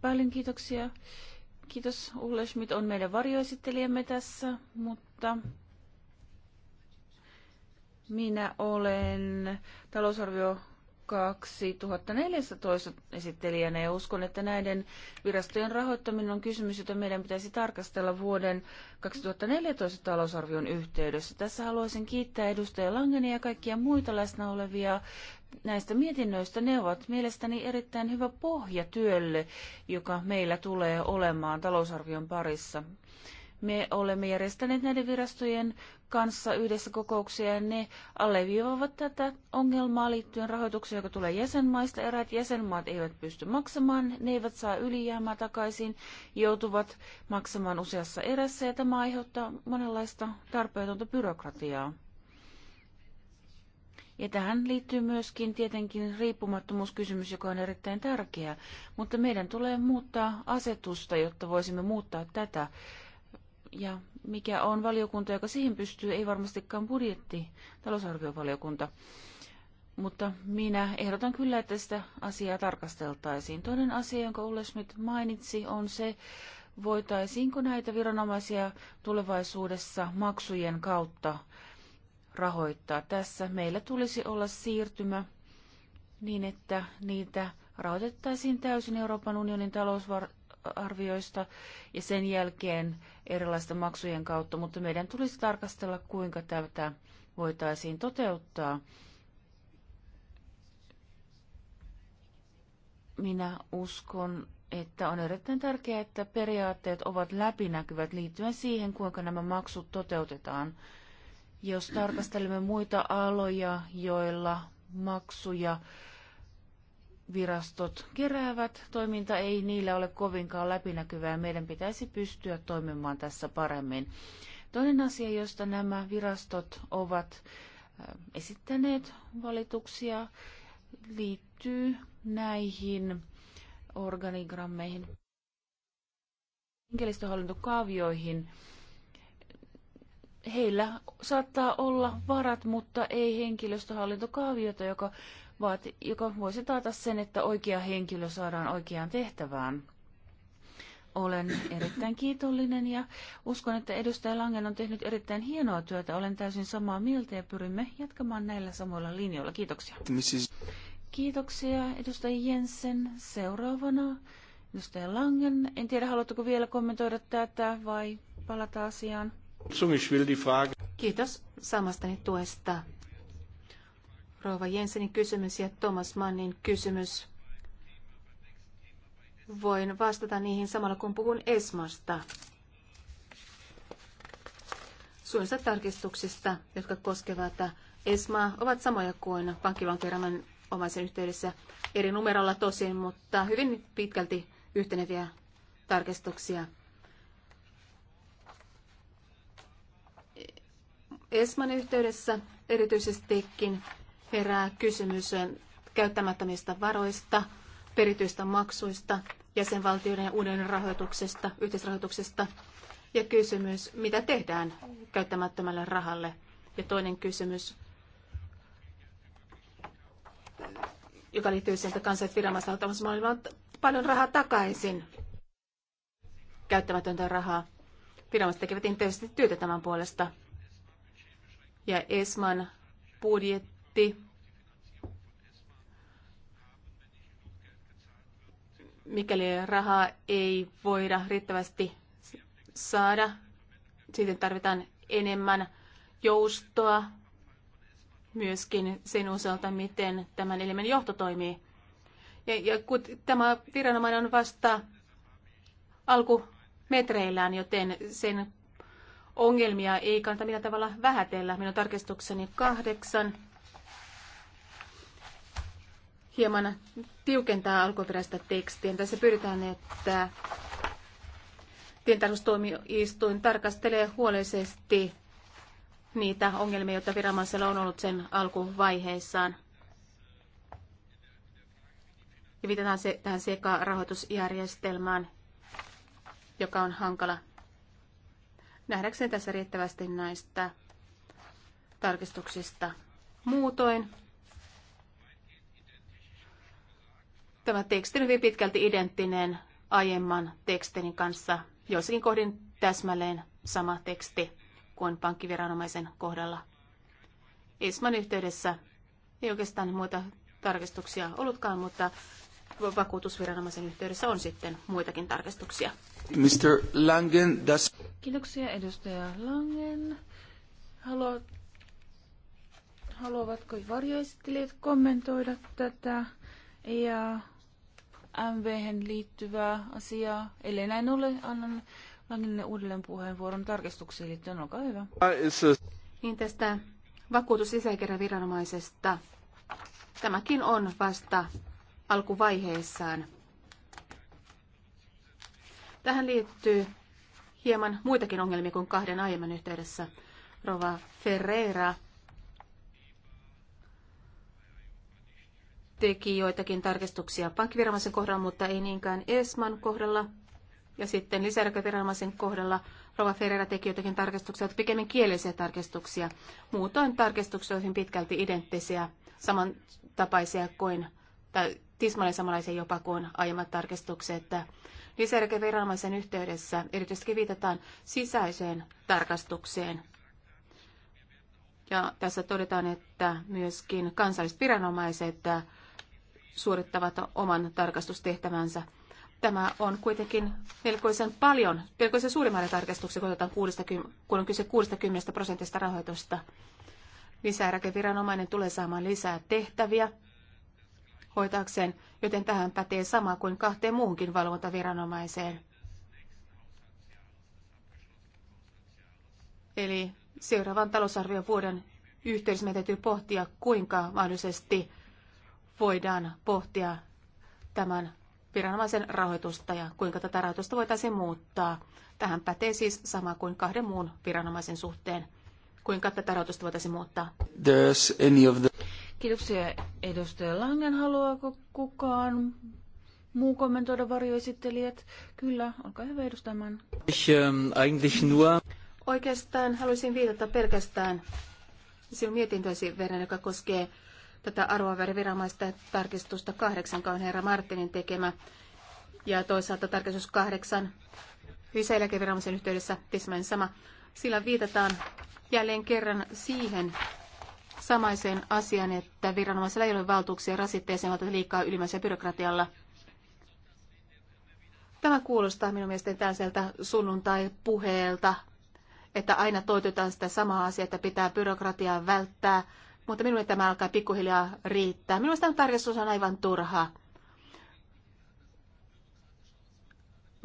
Paljon kiitoksia. Kiitos. Ulle Schmidt on meidän varjoesittelijämme tässä, mutta minä olen talousarvio 2014 esittelijänä ja uskon, että näiden virastojen rahoittaminen on kysymys, jota meidän pitäisi tarkastella vuoden 2014 talousarvion yhteydessä. Tässä haluaisin kiittää edustaja Langenia ja kaikkia muita läsnä olevia näistä mietinnöistä. Ne ovat mielestäni erittäin hyvä pohja työlle, joka meillä tulee olemaan talousarvion parissa. Me olemme järjestäneet näiden virastojen kanssa yhdessä kokouksia ja ne alleviivaavat tätä ongelmaa liittyen rahoitukseen, joka tulee jäsenmaista. Eräät jäsenmaat eivät pysty maksamaan, ne eivät saa ylijäämää takaisin, joutuvat maksamaan useassa erässä ja tämä aiheuttaa monenlaista tarpeetonta byrokratiaa. Ja tähän liittyy myöskin tietenkin riippumattomuuskysymys, joka on erittäin tärkeä, mutta meidän tulee muuttaa asetusta, jotta voisimme muuttaa tätä ja mikä on valiokunta, joka siihen pystyy, ei varmastikaan budjetti, talousarviovaliokunta. Mutta minä ehdotan kyllä, että sitä asiaa tarkasteltaisiin. Toinen asia, jonka Ulle Schmidt mainitsi, on se, voitaisiinko näitä viranomaisia tulevaisuudessa maksujen kautta rahoittaa. Tässä meillä tulisi olla siirtymä niin, että niitä rahoitettaisiin täysin Euroopan unionin talousvar- arvioista ja sen jälkeen erilaisten maksujen kautta, mutta meidän tulisi tarkastella, kuinka tätä voitaisiin toteuttaa. Minä uskon, että on erittäin tärkeää, että periaatteet ovat läpinäkyvät liittyen siihen, kuinka nämä maksut toteutetaan. Jos tarkastelemme muita aloja, joilla maksuja virastot keräävät. Toiminta ei niillä ole kovinkaan läpinäkyvää. Meidän pitäisi pystyä toimimaan tässä paremmin. Toinen asia, josta nämä virastot ovat äh, esittäneet valituksia, liittyy näihin organigrammeihin, henkilöstöhallintokaavioihin. Heillä saattaa olla varat, mutta ei henkilöstöhallintokaaviota, joka vaati, joka voisi taata sen, että oikea henkilö saadaan oikeaan tehtävään. Olen erittäin kiitollinen ja uskon, että edustaja Langen on tehnyt erittäin hienoa työtä. Olen täysin samaa mieltä ja pyrimme jatkamaan näillä samoilla linjoilla. Kiitoksia. Kiitoksia edustaja Jensen. Seuraavana edustaja Langen. En tiedä, haluatteko vielä kommentoida tätä vai palata asiaan? Kiitos samastani tuesta. Rova Jensenin kysymys ja Thomas Mannin kysymys. Voin vastata niihin samalla kun puhun Esmasta. Suunnista tarkistuksista, jotka koskevat Esmaa, ovat samoja kuin pankkilonkeraman omaisen yhteydessä eri numerolla tosin, mutta hyvin pitkälti yhteneviä tarkistuksia. Esman yhteydessä erityisestikin herää kysymys käyttämättömistä varoista, perityistä maksuista, jäsenvaltioiden ja uuden rahoituksesta, yhteisrahoituksesta ja kysymys, mitä tehdään käyttämättömälle rahalle. Ja toinen kysymys, joka liittyy siihen, että kansalliset viranomaiset ottavat paljon rahaa takaisin, käyttämätöntä rahaa. Viranomaiset tekevät intensiivisesti työtä tämän puolesta. Ja ESMAN budjetti paketti, mikäli rahaa ei voida riittävästi saada, sitten tarvitaan enemmän joustoa myöskin sen osalta, miten tämän elimen johto toimii. Ja, ja kun tämä viranomainen on vasta alkumetreillään, joten sen ongelmia ei kannata millään tavalla vähätellä. Minun tarkistukseni kahdeksan hieman tiukentaa alkuperäistä tekstiä. Tässä pyritään, että tientarkastustuomioistuin tarkastelee huolellisesti niitä ongelmia, joita viranomaisella on ollut sen alkuvaiheessaan. Ja viitataan se, tähän sekarahoitusjärjestelmään, joka on hankala. Nähdäkseni tässä riittävästi näistä tarkistuksista. Muutoin Tämä teksti on hyvin pitkälti identtinen aiemman tekstin kanssa. Joissakin kohdin täsmälleen sama teksti kuin pankkiviranomaisen kohdalla. Isman yhteydessä ei oikeastaan muita tarkistuksia ollutkaan, mutta vakuutusviranomaisen yhteydessä on sitten muitakin tarkistuksia. Mr. Langen, das... Kiitoksia edustaja Langen. Halo... haluavatko varjoesittelijät kommentoida tätä? Ja MVhen liittyvää asiaa. Ellei näin ole, annan Langille uudelleen puheenvuoron tarkistuksiin liittyen. Olkaa hyvä. Niin tästä vakuutusisäkerran viranomaisesta. Tämäkin on vasta alkuvaiheessaan. Tähän liittyy hieman muitakin ongelmia kuin kahden aiemman yhteydessä. Rova Ferreira teki joitakin tarkistuksia pankkiviranomaisen kohdalla, mutta ei niinkään ESMAn kohdalla. Ja sitten lisäeläköviranomaisen kohdalla Rova Ferreira teki joitakin tarkistuksia, jotka pikemmin kielisiä tarkistuksia. Muutoin tarkistukset ovat pitkälti identtisiä, samantapaisia kuin, tai tismalleen samanlaisia jopa kuin aiemmat tarkistukset. lisäeläköviranomaisen yhteydessä erityisesti viitataan sisäiseen tarkastukseen. Ja tässä todetaan, että myöskin kansalliset viranomaiset suorittavat oman tarkastustehtävänsä. Tämä on kuitenkin melkoisen paljon, melkoisen suuri määrä tarkastuksia, kun, otetaan 60, kun on kyse 60 prosentista rahoitusta. Lisärakeviranomainen tulee saamaan lisää tehtäviä hoitaakseen, joten tähän pätee sama kuin kahteen muuhunkin valvontaviranomaiseen. Eli seuraavan talousarvion vuoden yhteydessä meidän täytyy pohtia, kuinka mahdollisesti voidaan pohtia tämän viranomaisen rahoitusta ja kuinka tätä rahoitusta voitaisiin muuttaa. Tähän pätee siis sama kuin kahden muun viranomaisen suhteen. Kuinka tätä rahoitusta voitaisiin muuttaa? any of the... Kiitoksia edustaja Langen. Haluaako kukaan muu kommentoida varjoesittelijät? Kyllä, olkaa hyvä edustamaan. Ich, ähm, eigentlich nur... Oikeastaan haluaisin viitata pelkästään sinun mietintösi verran, joka koskee tätä arvoveriviranomaista tarkistusta kahdeksan, joka herra Martinin tekemä, ja toisaalta tarkistus kahdeksan hysäeläkeviranomaisen yhteydessä tismän sama. Sillä viitataan jälleen kerran siihen samaiseen asiaan, että viranomaisella ei ole valtuuksia rasitteeseen valtata liikaa ylimäisellä byrokratialla. Tämä kuulostaa minun mielestäni tällaiselta sunnuntai-puheelta, että aina toitetaan sitä samaa asiaa, että pitää byrokratiaa välttää mutta minulle tämä alkaa pikkuhiljaa riittää. Minusta tarkastus on aivan turha.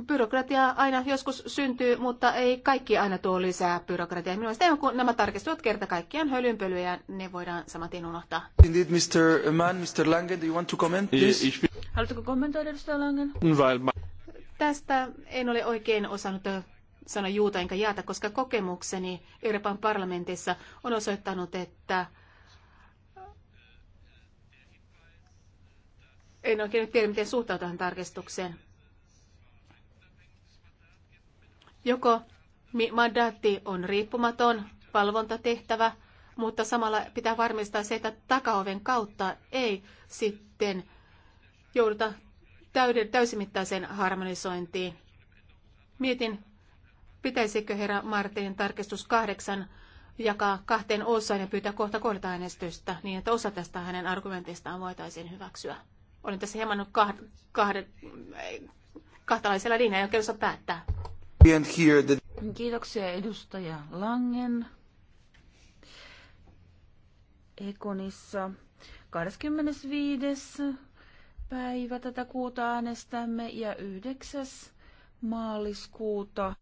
Byrokratia aina joskus syntyy, mutta ei kaikki aina tuo lisää byrokratiaa. Minusta kun nämä tarkistukset kerta kaikkiaan hölynpölyä ja ne voidaan samantien unohtaa. Indeed, Mr. Mann, Mr. Langen, do you want to comment, please? kommentoida, edustaja Langen? Tästä en ole oikein osannut sanoa juuta enkä jaata, koska kokemukseni Euroopan parlamentissa on osoittanut, että en oikein tiedä, miten suhtautua tähän tarkistukseen. Joko mandaatti on riippumaton valvontatehtävä, mutta samalla pitää varmistaa se, että takaoven kautta ei sitten jouduta täysimittaiseen harmonisointiin. Mietin, pitäisikö herra Martinin tarkistus kahdeksan jakaa kahteen osaan ja pyytää kohta kohdata äänestystä niin, että osa tästä hänen argumentistaan voitaisiin hyväksyä. Olen tässä hieman kahd, kahd, kahtalaisella linjalla, jonka osaa päättää. Kiitoksia edustaja Langen. Ekonissa 25. päivä tätä kuuta äänestämme ja 9. maaliskuuta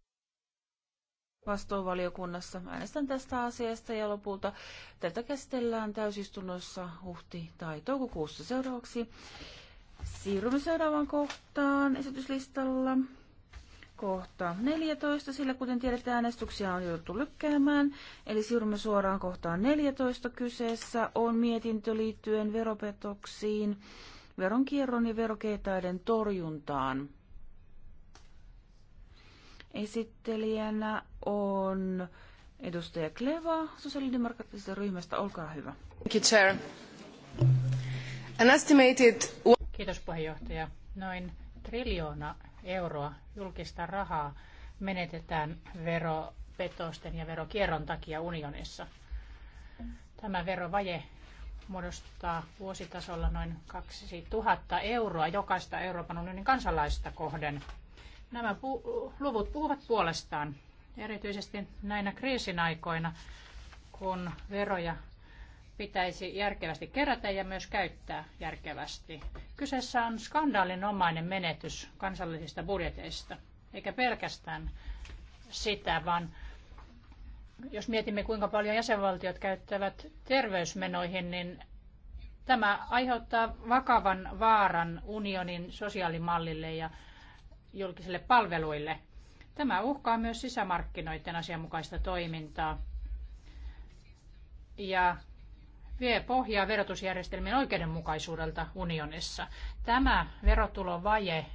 vastuuvaliokunnassa. Äänestän tästä asiasta ja lopulta tätä käsitellään täysistunnossa huhti- tai toukokuussa seuraavaksi. Siirrymme seuraavaan kohtaan esityslistalla. Kohta 14, sillä kuten tiedetään, äänestyksiä on jouduttu lykkäämään. Eli siirrymme suoraan kohtaan 14. Kyseessä on mietintö liittyen veropetoksiin, veronkierron ja verokeitaiden torjuntaan. Esittelijänä on edustaja Kleva sosiaalidemokraattisesta ryhmästä. Olkaa hyvä. Thank you, Chair. An estimated... Kiitos puheenjohtaja. Noin triljoona euroa julkista rahaa menetetään veropetosten ja verokierron takia unionissa. Tämä verovaje muodostaa vuositasolla noin 2000 euroa jokaista Euroopan unionin kansalaista kohden. Nämä pu- luvut puhuvat puolestaan, erityisesti näinä kriisin aikoina, kun veroja pitäisi järkevästi kerätä ja myös käyttää järkevästi. Kyseessä on skandaalinomainen menetys kansallisista budjeteista, eikä pelkästään sitä, vaan jos mietimme kuinka paljon jäsenvaltiot käyttävät terveysmenoihin, niin tämä aiheuttaa vakavan vaaran unionin sosiaalimallille ja julkisille palveluille. Tämä uhkaa myös sisämarkkinoiden asianmukaista toimintaa ja vie pohjaa verotusjärjestelmien oikeudenmukaisuudelta unionissa. Tämä verotulovaje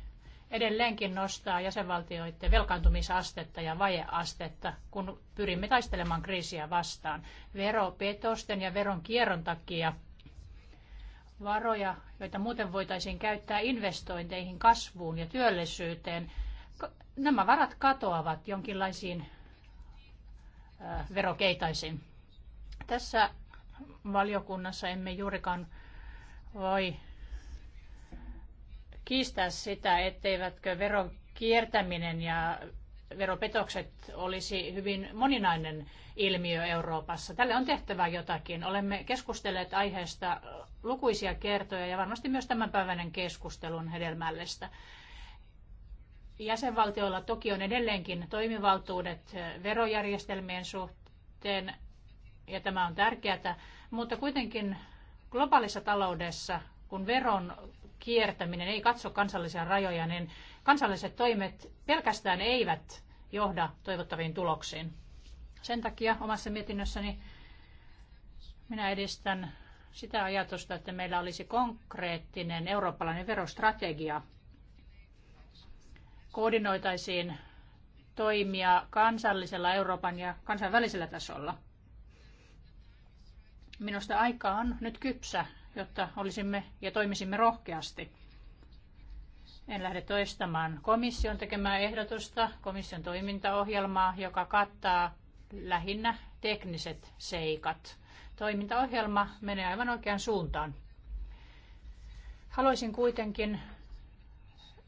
edelleenkin nostaa jäsenvaltioiden velkaantumisastetta ja vajeastetta, kun pyrimme taistelemaan kriisiä vastaan. Veropetosten ja veron kierron takia varoja, joita muuten voitaisiin käyttää investointeihin, kasvuun ja työllisyyteen, nämä varat katoavat jonkinlaisiin verokeitaisiin. Tässä valiokunnassa emme juurikaan voi kiistää sitä, etteivätkö verokiertäminen ja veropetokset olisi hyvin moninainen ilmiö Euroopassa. Tälle on tehtävä jotakin. Olemme keskustelleet aiheesta lukuisia kertoja ja varmasti myös tämänpäiväinen keskustelun hedelmällistä. Jäsenvaltioilla toki on edelleenkin toimivaltuudet verojärjestelmien suhteen, ja tämä on tärkeää, mutta kuitenkin globaalissa taloudessa, kun veron kiertäminen ei katso kansallisia rajoja, niin kansalliset toimet pelkästään eivät johda toivottaviin tuloksiin. Sen takia omassa mietinnössäni minä edistän sitä ajatusta, että meillä olisi konkreettinen eurooppalainen verostrategia. Koordinoitaisiin toimia kansallisella, Euroopan ja kansainvälisellä tasolla. Minusta aika on nyt kypsä, jotta olisimme ja toimisimme rohkeasti. En lähde toistamaan komission tekemää ehdotusta, komission toimintaohjelmaa, joka kattaa lähinnä tekniset seikat – toimintaohjelma menee aivan oikeaan suuntaan. Haluaisin kuitenkin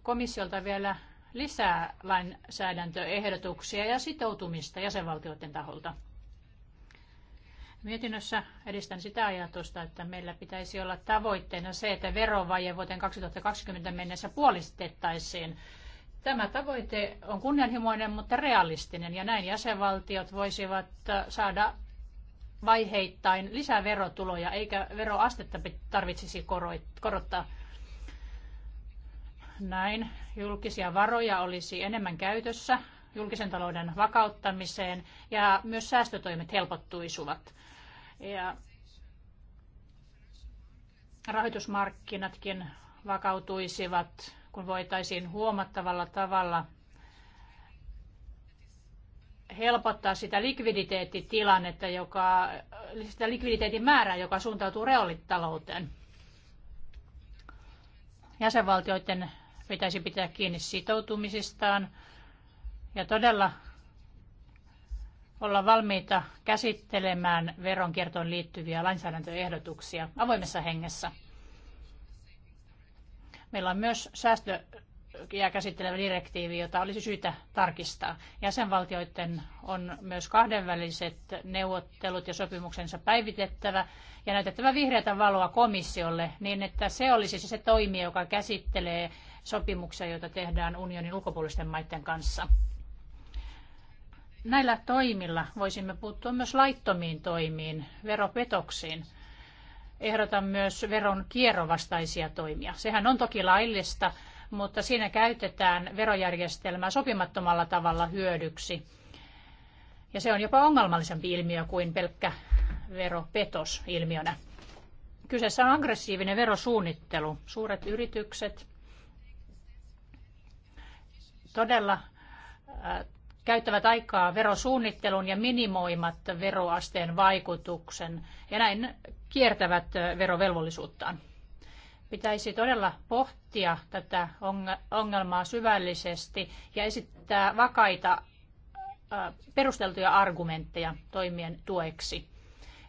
komissiolta vielä lisää lainsäädäntöehdotuksia ja sitoutumista jäsenvaltioiden taholta. Mietinnössä edistän sitä ajatusta, että meillä pitäisi olla tavoitteena se, että verovaje vuoteen 2020 mennessä puolistettaisiin. Tämä tavoite on kunnianhimoinen, mutta realistinen, ja näin jäsenvaltiot voisivat saada vaiheittain lisää verotuloja, eikä veroastetta tarvitsisi korottaa. Näin julkisia varoja olisi enemmän käytössä julkisen talouden vakauttamiseen ja myös säästötoimet helpottuisivat. Ja rahoitusmarkkinatkin vakautuisivat, kun voitaisiin huomattavalla tavalla helpottaa sitä likviditeettitilannetta, joka, sitä likviditeetin määrää, joka suuntautuu reaalitalouteen. Jäsenvaltioiden pitäisi pitää kiinni sitoutumisistaan ja todella olla valmiita käsittelemään veronkiertoon liittyviä lainsäädäntöehdotuksia avoimessa hengessä. Meillä on myös säästö ja käsittelevä direktiivi, jota olisi syytä tarkistaa. Jäsenvaltioiden on myös kahdenväliset neuvottelut ja sopimuksensa päivitettävä ja näytettävä vihreätä valoa komissiolle niin, että se olisi siis se toimija, joka käsittelee sopimuksia, joita tehdään unionin ulkopuolisten maiden kanssa. Näillä toimilla voisimme puuttua myös laittomiin toimiin, veropetoksiin. Ehdotan myös veron kierrovastaisia toimia. Sehän on toki laillista, mutta siinä käytetään verojärjestelmää sopimattomalla tavalla hyödyksi. Ja se on jopa ongelmallisempi ilmiö kuin pelkkä veropetos ilmiönä. Kyseessä on aggressiivinen verosuunnittelu. Suuret yritykset todella käyttävät aikaa verosuunnitteluun ja minimoimat veroasteen vaikutuksen ja näin kiertävät verovelvollisuuttaan pitäisi todella pohtia tätä ongelmaa syvällisesti ja esittää vakaita äh, perusteltuja argumentteja toimien tueksi.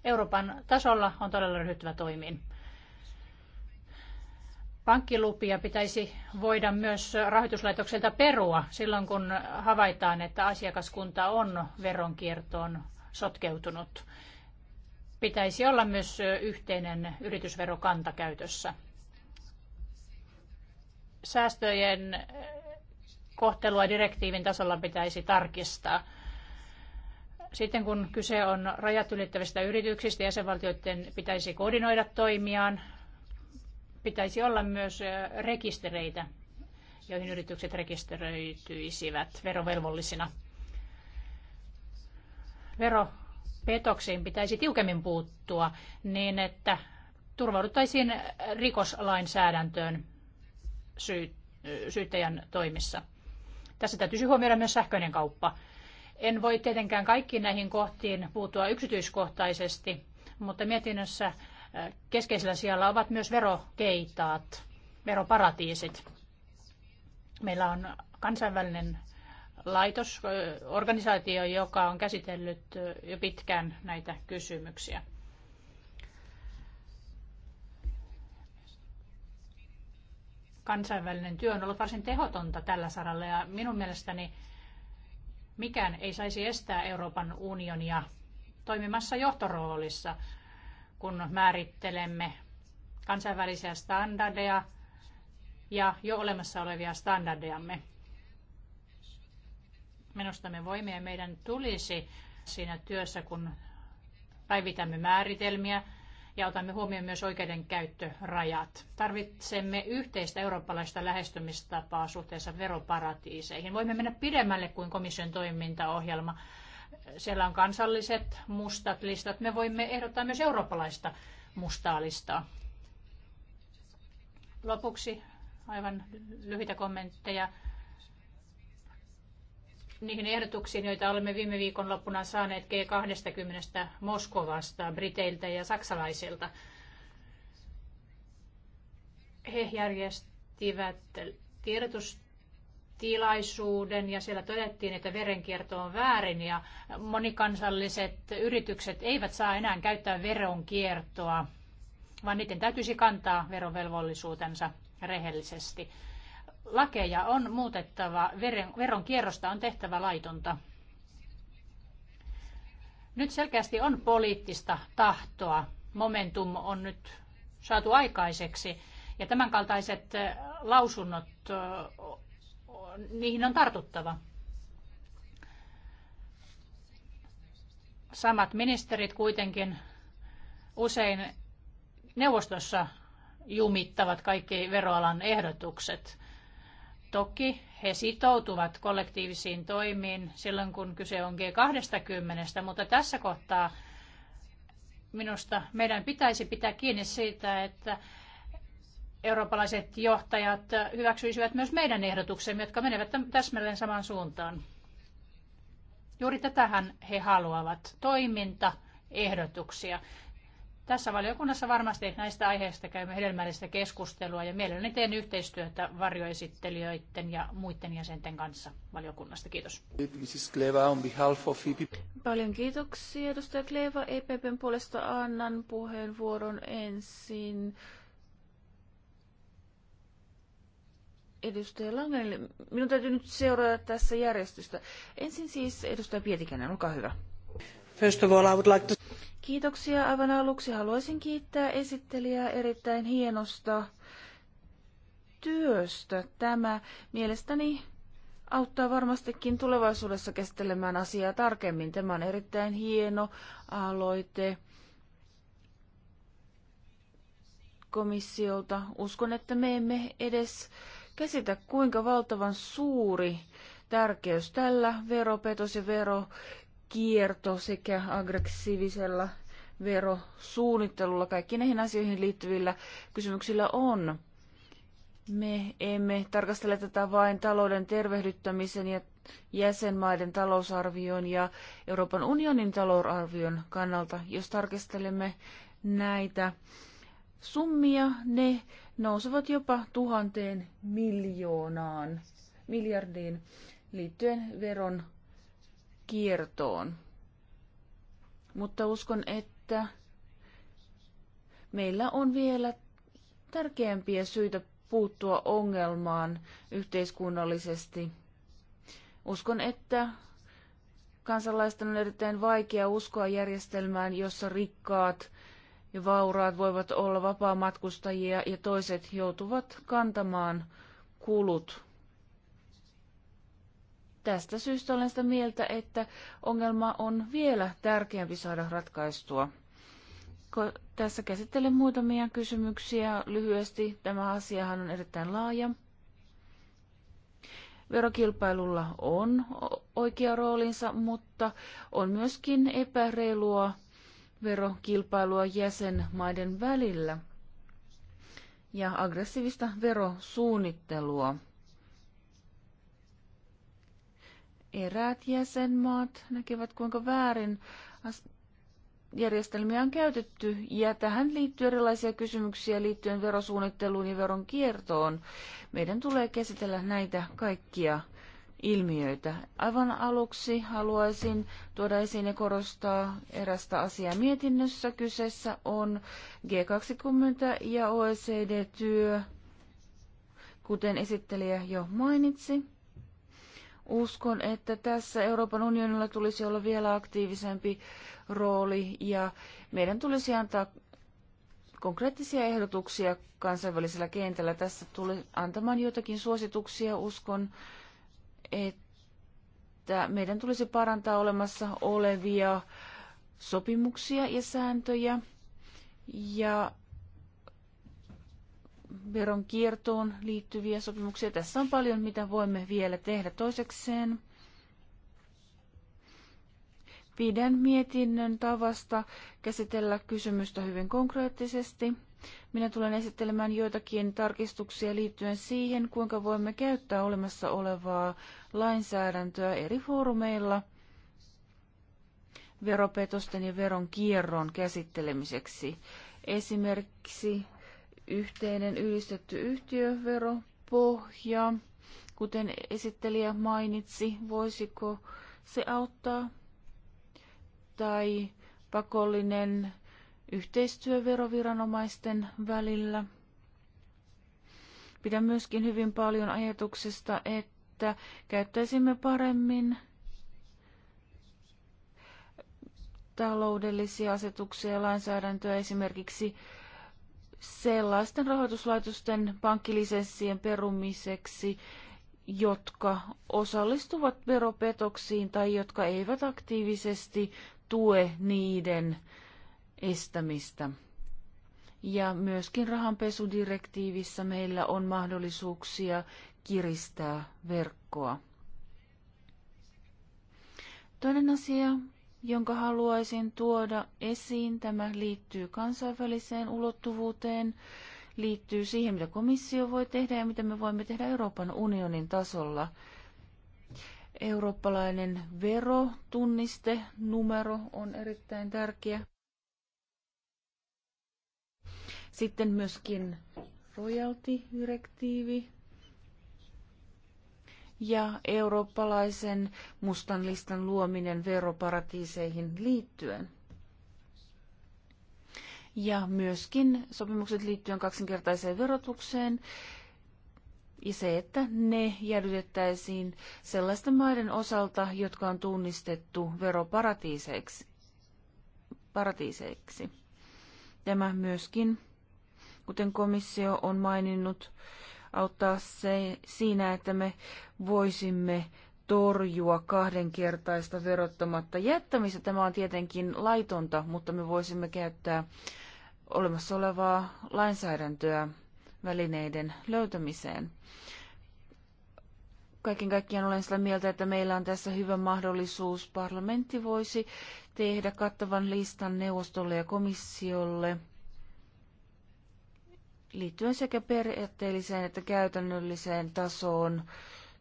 Euroopan tasolla on todella ryhtyvä toimiin. Pankkilupia pitäisi voida myös rahoituslaitokselta perua silloin, kun havaitaan, että asiakaskunta on veronkiertoon sotkeutunut. Pitäisi olla myös yhteinen yritysverokanta käytössä säästöjen kohtelua direktiivin tasolla pitäisi tarkistaa. Sitten kun kyse on rajat ylittävistä yrityksistä, jäsenvaltioiden pitäisi koordinoida toimiaan. Pitäisi olla myös rekistereitä, joihin yritykset rekisteröityisivät verovelvollisina. Veropetoksiin pitäisi tiukemmin puuttua niin, että turvauduttaisiin rikoslainsäädäntöön syy, syyttäjän toimissa. Tässä täytyisi huomioida myös sähköinen kauppa. En voi tietenkään kaikkiin näihin kohtiin puuttua yksityiskohtaisesti, mutta mietinnössä äh, keskeisellä sijalla ovat myös verokeitaat, veroparatiisit. Meillä on kansainvälinen laitos, organisaatio, joka on käsitellyt jo pitkään näitä kysymyksiä. kansainvälinen työ on ollut varsin tehotonta tällä saralla ja minun mielestäni mikään ei saisi estää Euroopan unionia toimimassa johtoroolissa, kun määrittelemme kansainvälisiä standardeja ja jo olemassa olevia standardejamme. Minusta me voimme ja meidän tulisi siinä työssä, kun päivitämme määritelmiä – ja otamme huomioon myös oikeudenkäyttörajat. Tarvitsemme yhteistä eurooppalaista lähestymistapaa suhteessa veroparatiiseihin. Voimme mennä pidemmälle kuin komission toimintaohjelma. Siellä on kansalliset mustat listat. Me voimme ehdottaa myös eurooppalaista mustaa listaa. Lopuksi aivan lyhyitä kommentteja niihin ehdotuksiin, joita olemme viime viikonloppuna saaneet G20 Moskovasta, Briteiltä ja saksalaisilta. He järjestivät tiedotustilaisuuden ja siellä todettiin, että verenkierto on väärin ja monikansalliset yritykset eivät saa enää käyttää veronkiertoa, vaan niiden täytyisi kantaa verovelvollisuutensa rehellisesti lakeja on muutettava, veron kierrosta on tehtävä laitonta. Nyt selkeästi on poliittista tahtoa. Momentum on nyt saatu aikaiseksi. Ja tämänkaltaiset lausunnot, niihin on tartuttava. Samat ministerit kuitenkin usein neuvostossa jumittavat kaikki veroalan ehdotukset. Toki he sitoutuvat kollektiivisiin toimiin silloin, kun kyse on G20, mutta tässä kohtaa minusta meidän pitäisi pitää kiinni siitä, että eurooppalaiset johtajat hyväksyisivät myös meidän ehdotuksemme, jotka menevät täsmälleen samaan suuntaan. Juuri tätähän he haluavat, toimintaehdotuksia. Tässä valiokunnassa varmasti näistä aiheista käymme hedelmällistä keskustelua ja mielelläni teen yhteistyötä varjoesittelijöiden ja muiden jäsenten kanssa valiokunnasta. Kiitos. E Paljon kiitoksia edustaja Kleva. EPPn puolesta annan puheenvuoron ensin Edustaja Langelle. Minun täytyy nyt seurata tässä järjestystä. Ensin siis edustaja Pietikäinen, olkaa hyvä. First of all, I would like to... Kiitoksia. Aivan aluksi haluaisin kiittää esittelijää erittäin hienosta työstä. Tämä mielestäni auttaa varmastikin tulevaisuudessa käsittelemään asiaa tarkemmin. Tämä on erittäin hieno aloite komissiolta. Uskon, että me emme edes käsitä, kuinka valtavan suuri tärkeys tällä veropetos- ja vero kierto sekä aggressiivisella verosuunnittelulla, kaikki näihin asioihin liittyvillä kysymyksillä on. Me emme tarkastele tätä vain talouden tervehdyttämisen ja jäsenmaiden talousarvion ja Euroopan unionin talousarvion kannalta. Jos tarkastelemme näitä summia, ne nousevat jopa tuhanteen miljoonaan, miljardiin liittyen veron kiertoon. Mutta uskon, että meillä on vielä tärkeämpiä syitä puuttua ongelmaan yhteiskunnallisesti. Uskon, että kansalaisten on erittäin vaikea uskoa järjestelmään, jossa rikkaat ja vauraat voivat olla vapaamatkustajia ja toiset joutuvat kantamaan kulut Tästä syystä olen sitä mieltä, että ongelma on vielä tärkeämpi saada ratkaistua. Tässä käsittelen muutamia kysymyksiä lyhyesti. Tämä asiahan on erittäin laaja. Verokilpailulla on oikea roolinsa, mutta on myöskin epäreilua verokilpailua jäsenmaiden välillä ja aggressiivista verosuunnittelua. eräät jäsenmaat näkevät, kuinka väärin järjestelmiä on käytetty, ja tähän liittyy erilaisia kysymyksiä liittyen verosuunnitteluun ja veron kiertoon. Meidän tulee käsitellä näitä kaikkia ilmiöitä. Aivan aluksi haluaisin tuoda esiin ja korostaa erästä asiaa mietinnössä. Kyseessä on G20 ja OECD-työ, kuten esittelijä jo mainitsi. Uskon, että tässä Euroopan unionilla tulisi olla vielä aktiivisempi rooli ja meidän tulisi antaa konkreettisia ehdotuksia kansainvälisellä kentällä. Tässä tuli antamaan jotakin suosituksia. Uskon, että meidän tulisi parantaa olemassa olevia sopimuksia ja sääntöjä ja veronkiertoon liittyviä sopimuksia. Tässä on paljon, mitä voimme vielä tehdä toisekseen. Pidän mietinnön tavasta käsitellä kysymystä hyvin konkreettisesti. Minä tulen esittelemään joitakin tarkistuksia liittyen siihen, kuinka voimme käyttää olemassa olevaa lainsäädäntöä eri foorumeilla veropetosten ja veronkierron käsittelemiseksi. Esimerkiksi yhteinen ylistetty yhtiöveropohja, kuten esittelijä mainitsi, voisiko se auttaa? Tai pakollinen yhteistyö veroviranomaisten välillä? Pidän myöskin hyvin paljon ajatuksesta, että käyttäisimme paremmin taloudellisia asetuksia ja lainsäädäntöä esimerkiksi sellaisten rahoituslaitosten pankkilisenssien perumiseksi, jotka osallistuvat veropetoksiin tai jotka eivät aktiivisesti tue niiden estämistä. Ja myöskin rahanpesudirektiivissä meillä on mahdollisuuksia kiristää verkkoa. Toinen asia, jonka haluaisin tuoda esiin. Tämä liittyy kansainväliseen ulottuvuuteen, liittyy siihen, mitä komissio voi tehdä ja mitä me voimme tehdä Euroopan unionin tasolla. Eurooppalainen verotunniste numero on erittäin tärkeä. Sitten myöskin royalty-direktiivi ja eurooppalaisen mustan listan luominen veroparatiiseihin liittyen. Ja myöskin sopimukset liittyen kaksinkertaiseen verotukseen ja se, että ne jäädytettäisiin sellaisten maiden osalta, jotka on tunnistettu veroparatiiseiksi. Paratiiseiksi. Tämä myöskin, kuten komissio on maininnut, auttaa se, siinä, että me voisimme torjua kahdenkertaista verottamatta jättämistä. Tämä on tietenkin laitonta, mutta me voisimme käyttää olemassa olevaa lainsäädäntöä välineiden löytämiseen. Kaiken kaikkiaan olen sitä mieltä, että meillä on tässä hyvä mahdollisuus. Parlamentti voisi tehdä kattavan listan neuvostolle ja komissiolle – liittyen sekä periaatteelliseen että käytännölliseen tasoon,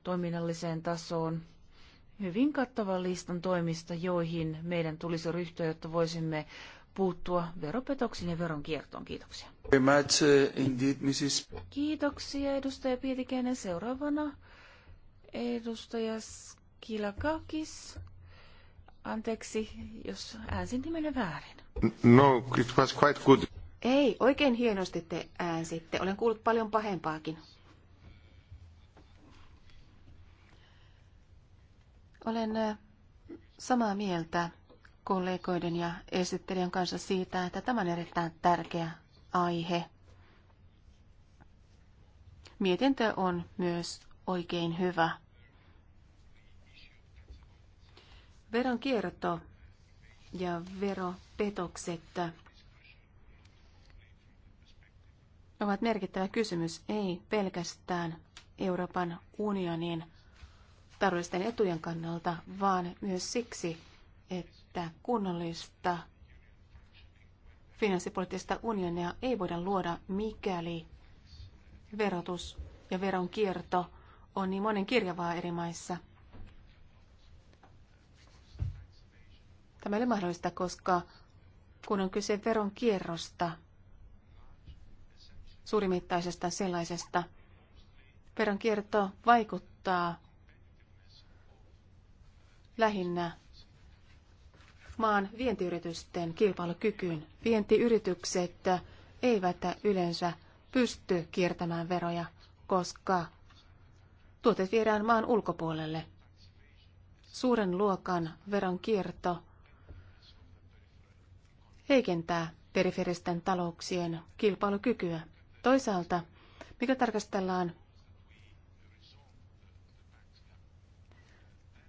toiminnalliseen tasoon, hyvin kattavan listan toimista, joihin meidän tulisi ryhtyä, jotta voisimme puuttua veropetoksiin ja veronkiertoon. Kiitoksia. Uh, Kiitoksia edustaja Pietikäinen. Seuraavana edustaja Skilakakis. Anteeksi, jos äänsin nimenne väärin. No, it was quite good. Ei, oikein hienosti te äänsitte. Olen kuullut paljon pahempaakin. Olen samaa mieltä kollegoiden ja esittelijän kanssa siitä, että tämä on erittäin tärkeä aihe. Mietintö on myös oikein hyvä. Veron kierto ja veropetokset ovat merkittävä kysymys ei pelkästään Euroopan unionin taloudellisten etujen kannalta, vaan myös siksi, että kunnollista finanssipoliittista unionia ei voida luoda, mikäli verotus ja veronkierto on niin monen kirjavaa eri maissa. Tämä ei ole mahdollista, koska kun on kyse veronkierrosta, suurimittaisesta sellaisesta. Veronkierto vaikuttaa lähinnä maan vientiyritysten kilpailukykyyn. Vientiyritykset eivät yleensä pysty kiertämään veroja, koska tuotet viedään maan ulkopuolelle. Suuren luokan veronkierto heikentää periferisten talouksien kilpailukykyä. Toisaalta, mikä tarkastellaan,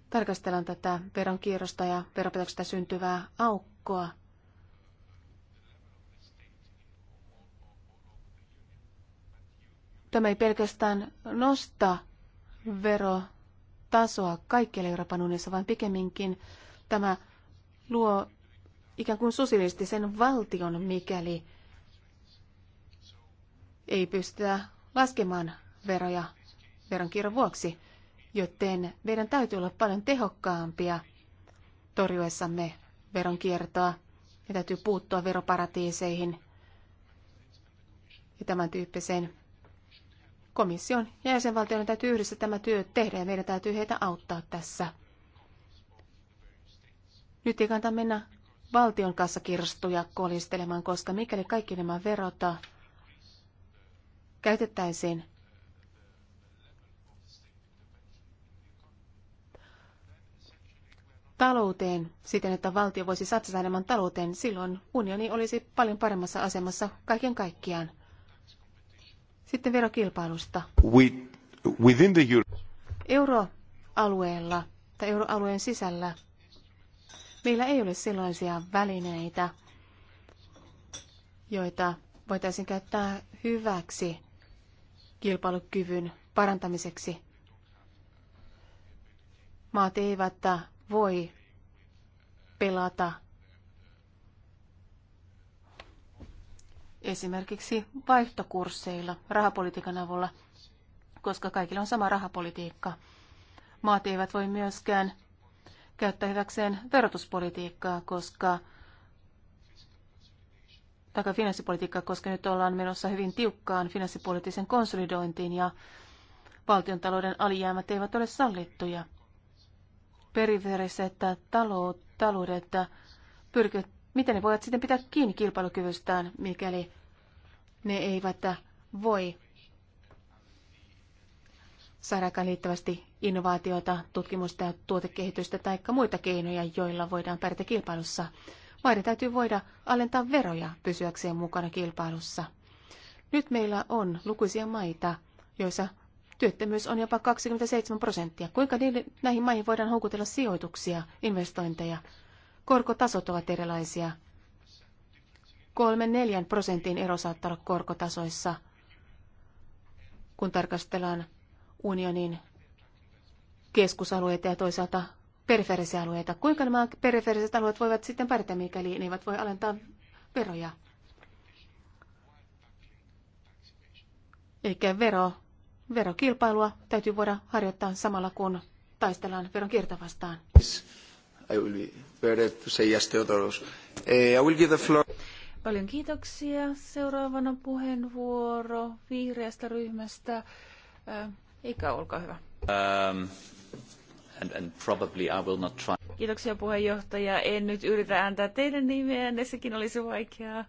tarkastellaan tätä veronkierrosta ja veropetoksesta syntyvää aukkoa, Tämä ei pelkästään nosta verotasoa kaikkialla Euroopan unionissa, vaan pikemminkin tämä luo ikään kuin sosialistisen valtion, mikäli ei pystytä laskemaan veroja veronkierron vuoksi, joten meidän täytyy olla paljon tehokkaampia torjuessamme veronkiertoa. Me täytyy puuttua veroparatiiseihin ja tämän tyyppiseen komission ja jäsenvaltioiden täytyy yhdessä tämä työ tehdä ja meidän täytyy heitä auttaa tässä. Nyt ei kannata mennä valtion kassakirstuja kolistelemaan, koska mikäli kaikki nämä verota käytettäisiin talouteen siten, että valtio voisi satsata enemmän talouteen, silloin unioni olisi paljon paremmassa asemassa kaiken kaikkiaan. Sitten verokilpailusta. the euroalueella tai euroalueen sisällä meillä ei ole sellaisia välineitä, joita voitaisiin käyttää hyväksi kilpailukyvyn parantamiseksi. Maat eivät voi pelata esimerkiksi vaihtokursseilla, rahapolitiikan avulla, koska kaikilla on sama rahapolitiikka. Maat eivät voi myöskään käyttää hyväkseen verotuspolitiikkaa, koska tai finanssipolitiikkaa, koska nyt ollaan menossa hyvin tiukkaan finanssipoliittisen konsolidointiin ja valtiontalouden alijäämät eivät ole sallittuja. että talout, taloudet äh, pyrkivät, miten ne voivat sitten pitää kiinni kilpailukyvystään, mikäli ne eivät äh, voi saada liittävästi innovaatioita tutkimusta ja tuotekehitystä tai muita keinoja, joilla voidaan pärjätä kilpailussa. Maiden täytyy voida alentaa veroja pysyäkseen mukana kilpailussa. Nyt meillä on lukuisia maita, joissa työttömyys on jopa 27 prosenttia. Kuinka niille, näihin maihin voidaan houkutella sijoituksia, investointeja? Korkotasot ovat erilaisia. 3-4 prosentin ero saattaa olla korkotasoissa, kun tarkastellaan unionin keskusalueita ja toisaalta periferisiä alueita. Kuinka nämä periferiset alueet voivat sitten pärjätä, mikäli ne eivät voi alentaa veroja? Eikä vero, verokilpailua täytyy voida harjoittaa samalla, kun taistellaan veron kierto vastaan. Eh, Paljon kiitoksia. Seuraavana puheenvuoro vihreästä ryhmästä. Eikä, eh, olkaa hyvä. Um, and, and probably I will not try. Kiitoksia puheenjohtaja. En nyt yritä antaa teidän nimeänne, sekin olisi vaikeaa.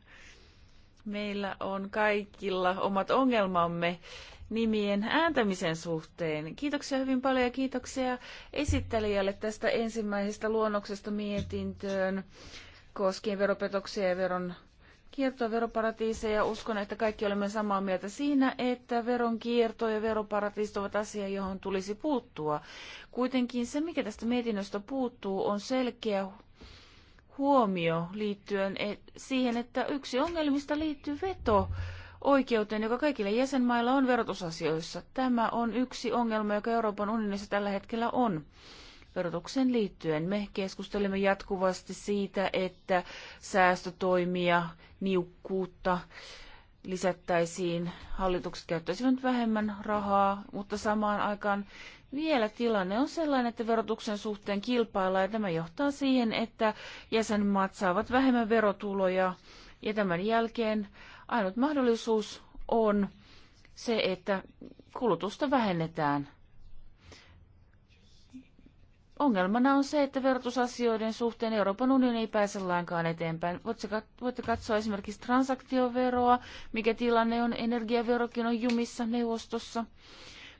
Meillä on kaikilla omat ongelmamme nimien ääntämisen suhteen. Kiitoksia hyvin paljon ja kiitoksia esittelijälle tästä ensimmäisestä luonnoksesta mietintöön koskien veropetoksia ja veron kiertoa veroparatiiseja. Uskon, että kaikki olemme samaa mieltä siinä, että veronkierto ja veroparatiisit ovat asia, johon tulisi puuttua. Kuitenkin se, mikä tästä mietinnöstä puuttuu, on selkeä huomio liittyen e- siihen, että yksi ongelmista liittyy veto oikeuteen, joka kaikilla jäsenmailla on verotusasioissa. Tämä on yksi ongelma, joka Euroopan unionissa tällä hetkellä on verotukseen liittyen. Me keskustelemme jatkuvasti siitä, että säästötoimia, niukkuutta lisättäisiin, hallitukset käyttäisivät vähemmän rahaa, mutta samaan aikaan vielä tilanne on sellainen, että verotuksen suhteen kilpaillaan ja tämä johtaa siihen, että jäsenmaat saavat vähemmän verotuloja ja tämän jälkeen ainut mahdollisuus on se, että kulutusta vähennetään. Ongelmana on se, että verotusasioiden suhteen Euroopan unioni ei pääse lainkaan eteenpäin. Voitte katsoa esimerkiksi transaktioveroa, mikä tilanne on, energiaverokin on jumissa neuvostossa.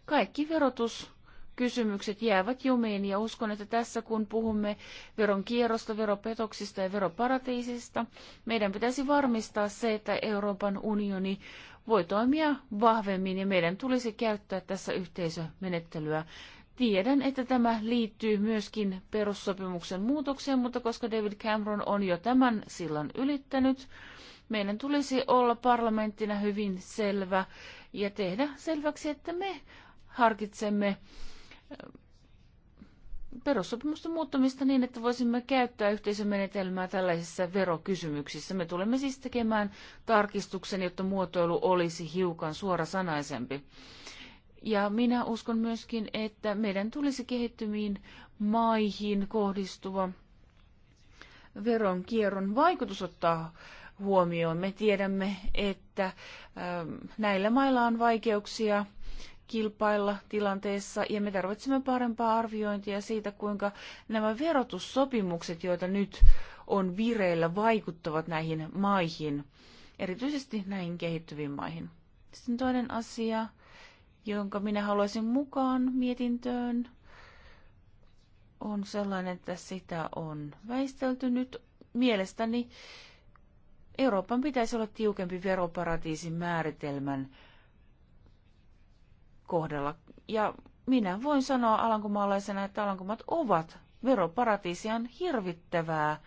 Kaikki verotuskysymykset jäävät jumiin ja uskon, että tässä kun puhumme veron kierrosta, veropetoksista ja veroparatiisista, meidän pitäisi varmistaa se, että Euroopan unioni voi toimia vahvemmin ja meidän tulisi käyttää tässä yhteisömenettelyä Tiedän, että tämä liittyy myöskin perussopimuksen muutokseen, mutta koska David Cameron on jo tämän sillan ylittänyt, meidän tulisi olla parlamenttina hyvin selvä ja tehdä selväksi, että me harkitsemme äh, perussopimusten muuttamista niin, että voisimme käyttää yhteisömenetelmää tällaisissa verokysymyksissä. Me tulemme siis tekemään tarkistuksen, jotta muotoilu olisi hiukan suorasanaisempi. sanaisempi. Ja minä uskon myöskin, että meidän tulisi kehittymiin maihin kohdistuva veronkierron vaikutus ottaa huomioon. Me tiedämme, että ähm, näillä mailla on vaikeuksia kilpailla tilanteessa ja me tarvitsemme parempaa arviointia siitä, kuinka nämä verotussopimukset, joita nyt on vireillä, vaikuttavat näihin maihin, erityisesti näihin kehittyviin maihin. Sitten toinen asia, jonka minä haluaisin mukaan mietintöön, on sellainen, että sitä on väistelty nyt. Mielestäni Euroopan pitäisi olla tiukempi veroparatiisin määritelmän kohdalla. Ja minä voin sanoa alankomaalaisena, että alankomat ovat veroparatiisian hirvittävää,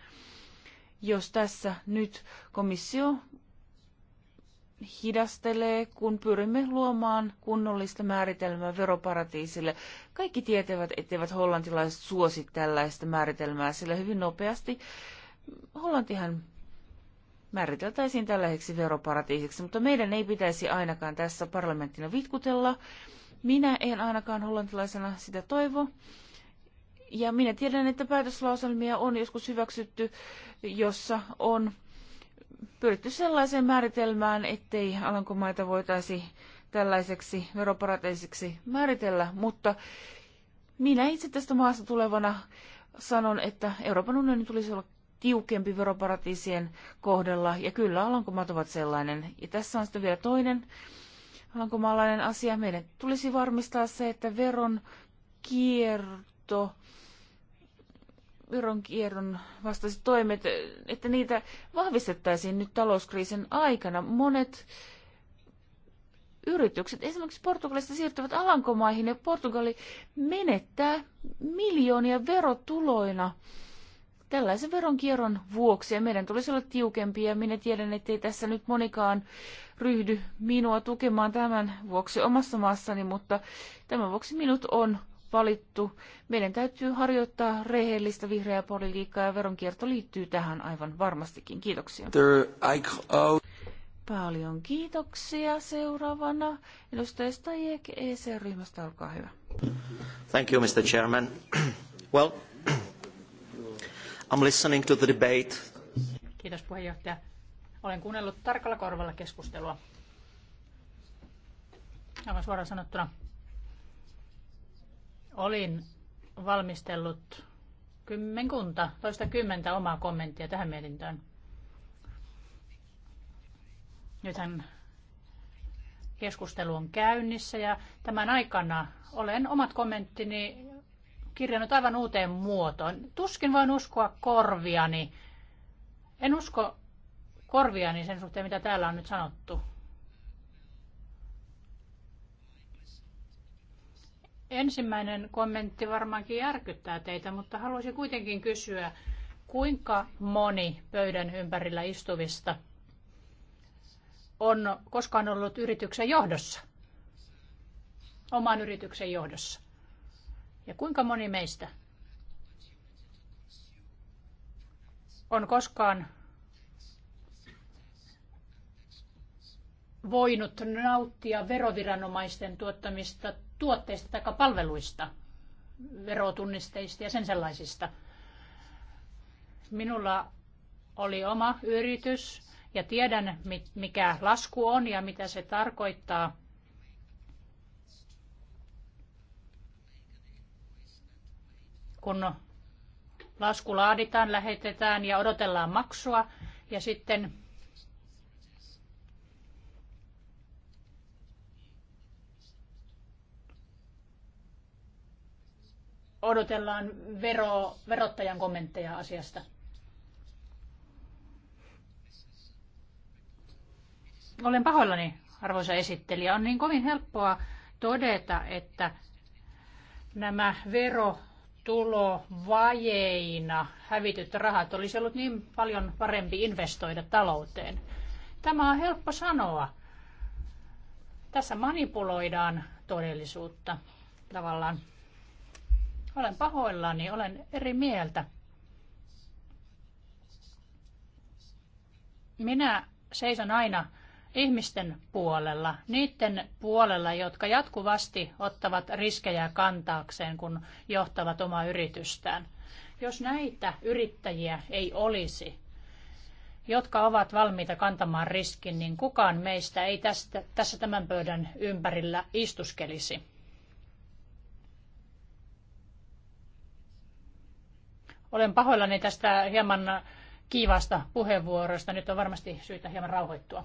jos tässä nyt komissio hidastelee, kun pyrimme luomaan kunnollista määritelmää veroparatiisille. Kaikki tietävät, etteivät hollantilaiset suosi tällaista määritelmää, sillä hyvin nopeasti Hollantihan määriteltäisiin hetkellä veroparatiisiksi, mutta meidän ei pitäisi ainakaan tässä parlamenttina vitkutella. Minä en ainakaan hollantilaisena sitä toivo. Ja minä tiedän, että päätöslauselmia on joskus hyväksytty, jossa on pyritty sellaiseen määritelmään, ettei Alankomaita voitaisi tällaiseksi veroparateisiksi määritellä, mutta minä itse tästä maasta tulevana sanon, että Euroopan unionin tulisi olla tiukempi veroparatiisien kohdella, ja kyllä Alankomaat ovat sellainen. Ja tässä on sitten vielä toinen alankomaalainen asia. Meidän tulisi varmistaa se, että veron kierto veronkierron vastaiset toimet, että niitä vahvistettaisiin nyt talouskriisin aikana. Monet yritykset, esimerkiksi Portugalista siirtyvät Alankomaihin ja Portugali menettää miljoonia verotuloina tällaisen veronkierron vuoksi. Ja meidän tulisi olla tiukempia. Minä tiedän, ettei tässä nyt monikaan ryhdy minua tukemaan tämän vuoksi omassa maassani, mutta tämän vuoksi minut on valittu. Meidän täytyy harjoittaa rehellistä vihreää politiikkaa ja veronkierto liittyy tähän aivan varmastikin. Kiitoksia. Oh. Paljon kiitoksia. Seuraavana edustaja Stajek EC-ryhmästä, olkaa hyvä. Thank you, Mr. Chairman. Well, I'm listening to the debate. Kiitos puheenjohtaja. Olen kuunnellut tarkalla korvalla keskustelua. Aivan suoraan sanottuna Olin valmistellut kymmenkunta, toista kymmentä omaa kommenttia tähän mietintöön. Nythän keskustelu on käynnissä ja tämän aikana olen omat kommenttini kirjannut aivan uuteen muotoon. Tuskin voin uskoa korviani. En usko korviani sen suhteen, mitä täällä on nyt sanottu. Ensimmäinen kommentti varmaankin järkyttää teitä, mutta haluaisin kuitenkin kysyä, kuinka moni pöydän ympärillä istuvista on koskaan ollut yrityksen johdossa? Oman yrityksen johdossa. Ja kuinka moni meistä on koskaan voinut nauttia veroviranomaisten tuottamista tuotteista tai palveluista, verotunnisteista ja sen sellaisista. Minulla oli oma yritys ja tiedän, mikä lasku on ja mitä se tarkoittaa. Kun lasku laaditaan, lähetetään ja odotellaan maksua ja sitten odotellaan vero, verottajan kommentteja asiasta. Olen pahoillani, arvoisa esittelijä. On niin kovin helppoa todeta, että nämä vero tulovajeina hävityt rahat olisi ollut niin paljon parempi investoida talouteen. Tämä on helppo sanoa. Tässä manipuloidaan todellisuutta tavallaan. Olen pahoillani, olen eri mieltä. Minä seison aina ihmisten puolella, niiden puolella, jotka jatkuvasti ottavat riskejä kantaakseen, kun johtavat omaa yritystään. Jos näitä yrittäjiä ei olisi, jotka ovat valmiita kantamaan riskin, niin kukaan meistä ei tästä, tässä tämän pöydän ympärillä istuskelisi. Olen pahoillani tästä hieman kiivasta puheenvuorosta. Nyt on varmasti syytä hieman rauhoittua.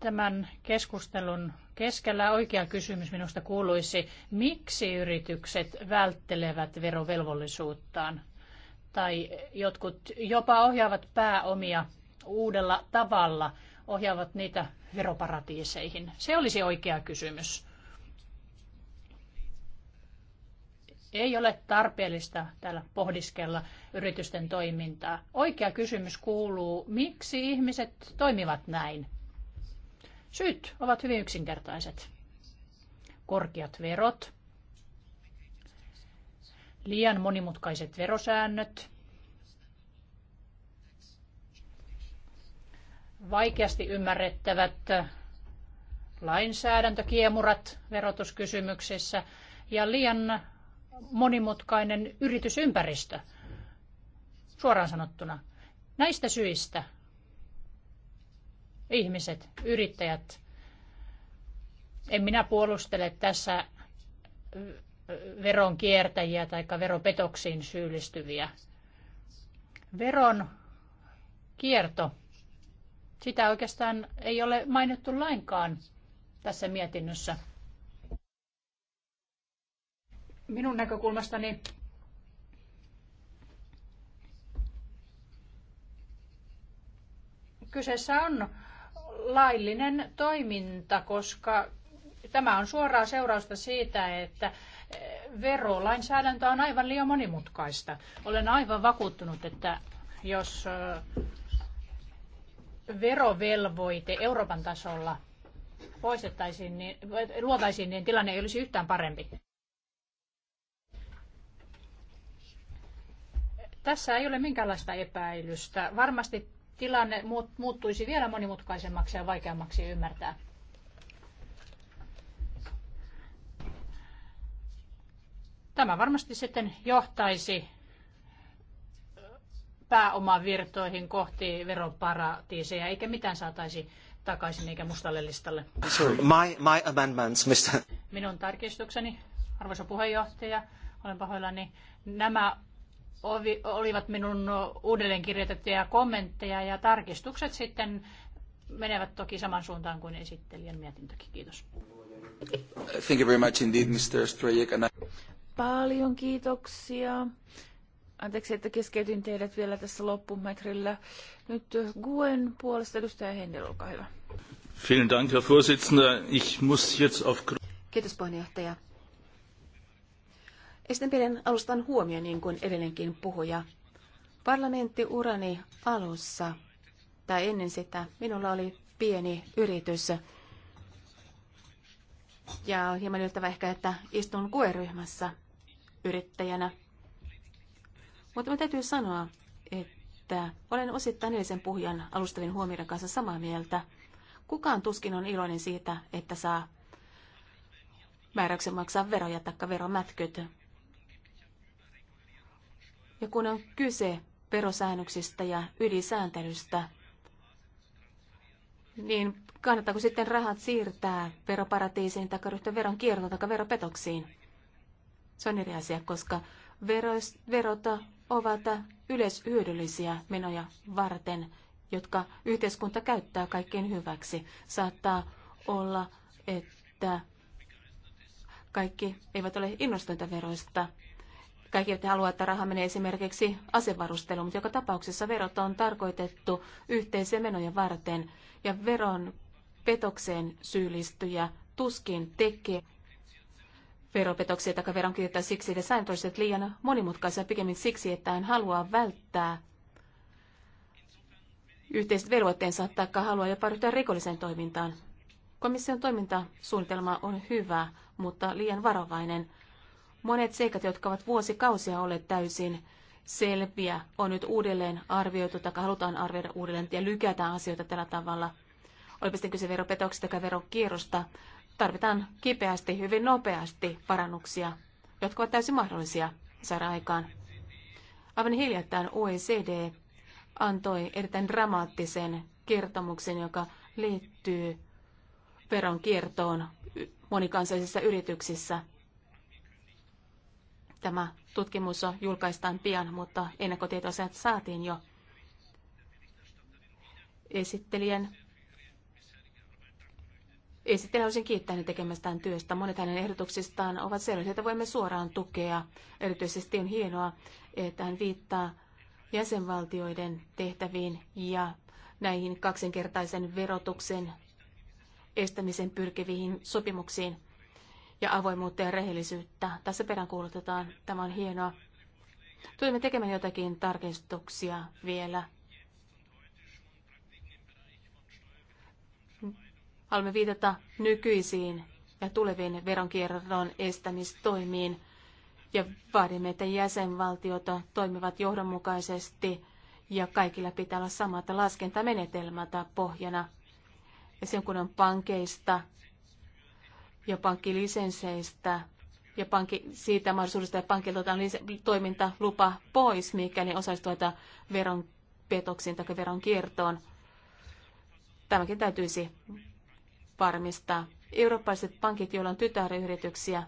Tämän keskustelun keskellä oikea kysymys minusta kuuluisi, miksi yritykset välttelevät verovelvollisuuttaan tai jotkut jopa ohjaavat pääomia uudella tavalla – ohjaavat niitä veroparatiiseihin? Se olisi oikea kysymys. Ei ole tarpeellista täällä pohdiskella yritysten toimintaa. Oikea kysymys kuuluu, miksi ihmiset toimivat näin? Syyt ovat hyvin yksinkertaiset. Korkeat verot, liian monimutkaiset verosäännöt, vaikeasti ymmärrettävät lainsäädäntökiemurat verotuskysymyksissä ja liian monimutkainen yritysympäristö, suoraan sanottuna. Näistä syistä ihmiset, yrittäjät, en minä puolustele tässä kiertäjiä tai veropetoksiin syyllistyviä. Veron kierto sitä oikeastaan ei ole mainittu lainkaan tässä mietinnössä. Minun näkökulmastani kyseessä on laillinen toiminta, koska tämä on suoraa seurausta siitä, että eh, verolainsäädäntö on aivan liian monimutkaista. Olen aivan vakuuttunut, että jos eh, verovelvoite Euroopan tasolla poistettaisiin, niin, luotaisiin, niin tilanne ei olisi yhtään parempi. Tässä ei ole minkäänlaista epäilystä. Varmasti tilanne muuttuisi vielä monimutkaisemmaksi ja vaikeammaksi ymmärtää. Tämä varmasti sitten johtaisi pääomavirtoihin kohti veroparatiiseja, eikä mitään saataisi takaisin eikä mustalle listalle. My, my amendments, Minun tarkistukseni, arvoisa puheenjohtaja, olen pahoillani, nämä olivat minun uudelleen kirjoitettuja kommentteja ja tarkistukset sitten menevät toki saman suuntaan kuin esittelijän mietintökin. Kiitos. Thank you very much indeed, Mr. Paljon kiitoksia. Anteeksi, että keskeytin teidät vielä tässä loppumetrillä. Nyt Guen puolesta edustaja Hendel, olkaa hyvä. Vielen Dank, Herr Vorsitzender. Ich muss jetzt auf... Kiitos puheenjohtaja. Esitän pienen alustan huomio, niin kuin edellinenkin puhuja. Parlamenttiurani alussa tai ennen sitä minulla oli pieni yritys. Ja on hieman yltävä ehkä, että istun koeryhmässä yrittäjänä mutta minun täytyy sanoa, että olen osittain edellisen puhujan alustavin huomioiden kanssa samaa mieltä. Kukaan tuskin on iloinen siitä, että saa määräyksen maksaa veroja tai veromätköt. Ja kun on kyse verosäännöksistä ja ylisääntelystä, niin kannattaako sitten rahat siirtää veroparatiisiin tai ryhtyä veron kiertoon tai veropetoksiin? Se on eri asia, koska verot ovat yleishyödyllisiä menoja varten, jotka yhteiskunta käyttää kaikkein hyväksi. Saattaa olla, että kaikki eivät ole innostointaveroista. Kaikki eivät halua, että raha menee esimerkiksi asevarusteluun, mutta joka tapauksessa verot on tarkoitettu yhteisiä menoja varten. Ja veron petokseen syyllistyjä tuskin tekee veropetoksia tai veronkiertoa siksi, että säännöt olisivat liian monimutkaisia, pikemmin siksi, että hän haluaa välttää yhteiset velvoitteensa tai haluaa jopa ryhtyä rikolliseen toimintaan. Komission toimintasuunnitelma on hyvä, mutta liian varovainen. Monet seikat, jotka ovat vuosikausia olleet täysin selviä, on nyt uudelleen arvioitu tai halutaan arvioida uudelleen ja lykätään asioita tällä tavalla. Olipa sitten kyse veropetoksista tai veronkierrosta, tarvitaan kipeästi, hyvin nopeasti parannuksia, jotka ovat täysin mahdollisia saada aikaan. Aivan hiljattain OECD antoi erittäin dramaattisen kertomuksen, joka liittyy veronkiertoon monikansallisissa yrityksissä. Tämä tutkimus on julkaistaan pian, mutta ennakkotietoiset saatiin jo esittelijän Esittelen haluaisin kiittää hänen tekemästään työstä. Monet hänen ehdotuksistaan ovat sellaisia, että voimme suoraan tukea. Erityisesti on hienoa, että hän viittaa jäsenvaltioiden tehtäviin ja näihin kaksinkertaisen verotuksen estämisen pyrkiviin sopimuksiin ja avoimuutta ja rehellisyyttä. Tässä peräänkuulutetaan. Tämä on hienoa. Tulemme tekemään jotakin tarkistuksia vielä Haluamme viitata nykyisiin ja tuleviin veronkierron estämistoimiin ja vaadimme, että jäsenvaltiot toimivat johdonmukaisesti ja kaikilla pitää olla samat laskentamenetelmät pohjana. Ja sen kun on pankeista ja pankkilisensseistä ja pankki, siitä mahdollisuudesta, että pankilta otetaan toimintalupa pois, mikäli osallistuita veron petoksiin tai veronkiertoon. Tämäkin täytyisi varmistaa. Eurooppalaiset pankit, joilla on tytäryhdityksiä,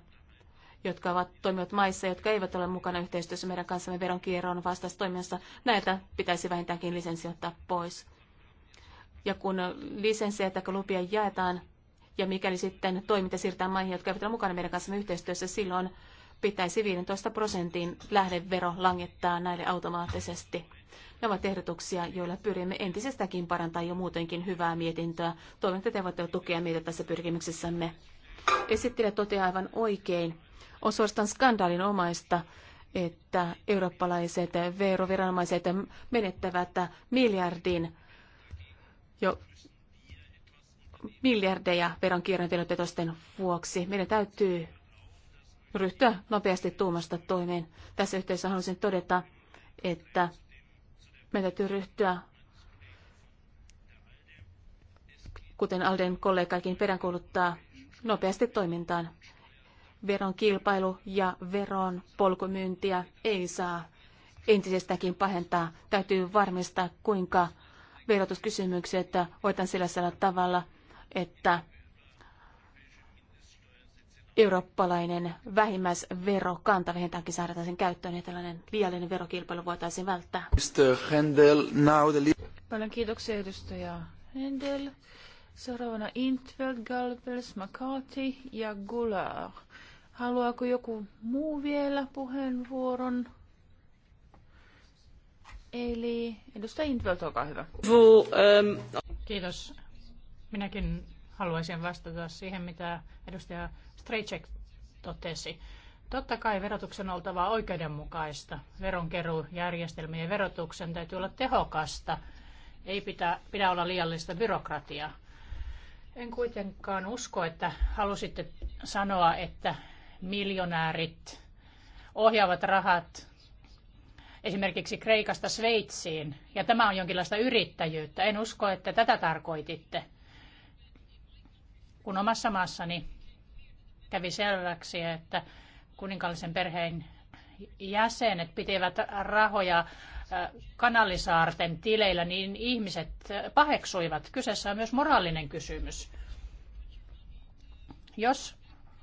jotka ovat, toimivat maissa, jotka eivät ole mukana yhteistyössä meidän kanssamme veronkierron vastaisessa toiminnassa, näitä pitäisi vähintäänkin lisenssi ottaa pois. Ja kun lisenssejä tai lupia jaetaan, ja mikäli sitten toiminta siirtää maihin, jotka eivät ole mukana meidän kanssamme yhteistyössä, silloin pitäisi 15 prosentin lähdevero langettaa näille automaattisesti. Ne ovat ehdotuksia, joilla pyrimme entisestäkin parantaa jo muutenkin hyvää mietintöä. Toivon, että te voitte tukea meitä tässä pyrkimyksessämme. Esittelijä toteaa aivan oikein. On suorastaan skandaalin omaista, että eurooppalaiset veroviranomaiset menettävät miljardin jo miljardeja veronkierron vuoksi. Meidän täytyy ryhtyä nopeasti tuumasta toimeen. Tässä yhteydessä haluaisin todeta, että meidän täytyy ryhtyä, kuten Alden kollegakin peräänkuuluttaa, nopeasti toimintaan. Veron kilpailu ja veron polkumyyntiä ei saa entisestäänkin pahentaa. Täytyy varmistaa, kuinka verotuskysymykset hoitan sillä tavalla, että eurooppalainen vähimmäisverokanta vähintäänkin saadaan sen käyttöön ja niin tällainen liiallinen verokilpailu voitaisiin välttää. Mr. Händel, now the... Paljon kiitoksia edustaja Händel. Seuraavana Intveld, Galvels, McCarthy ja Goulart. Haluaako joku muu vielä puheenvuoron? Eli edustaja Intveld, olkaa hyvä. Ähm, Kiitos. Minäkin Haluaisin vastata siihen, mitä edustaja Strejcek totesi. Totta kai verotuksen on oltava oikeudenmukaista. Veronkeruujärjestelmien verotuksen täytyy olla tehokasta. Ei pitä, pidä olla liiallista byrokratiaa. En kuitenkaan usko, että halusitte sanoa, että miljonäärit ohjaavat rahat esimerkiksi Kreikasta Sveitsiin, ja tämä on jonkinlaista yrittäjyyttä. En usko, että tätä tarkoititte kun omassa maassani kävi selväksi, että kuninkaallisen perheen jäsenet pitivät rahoja äh, kanalisaarten tileillä, niin ihmiset äh, paheksuivat. Kyseessä on myös moraalinen kysymys. Jos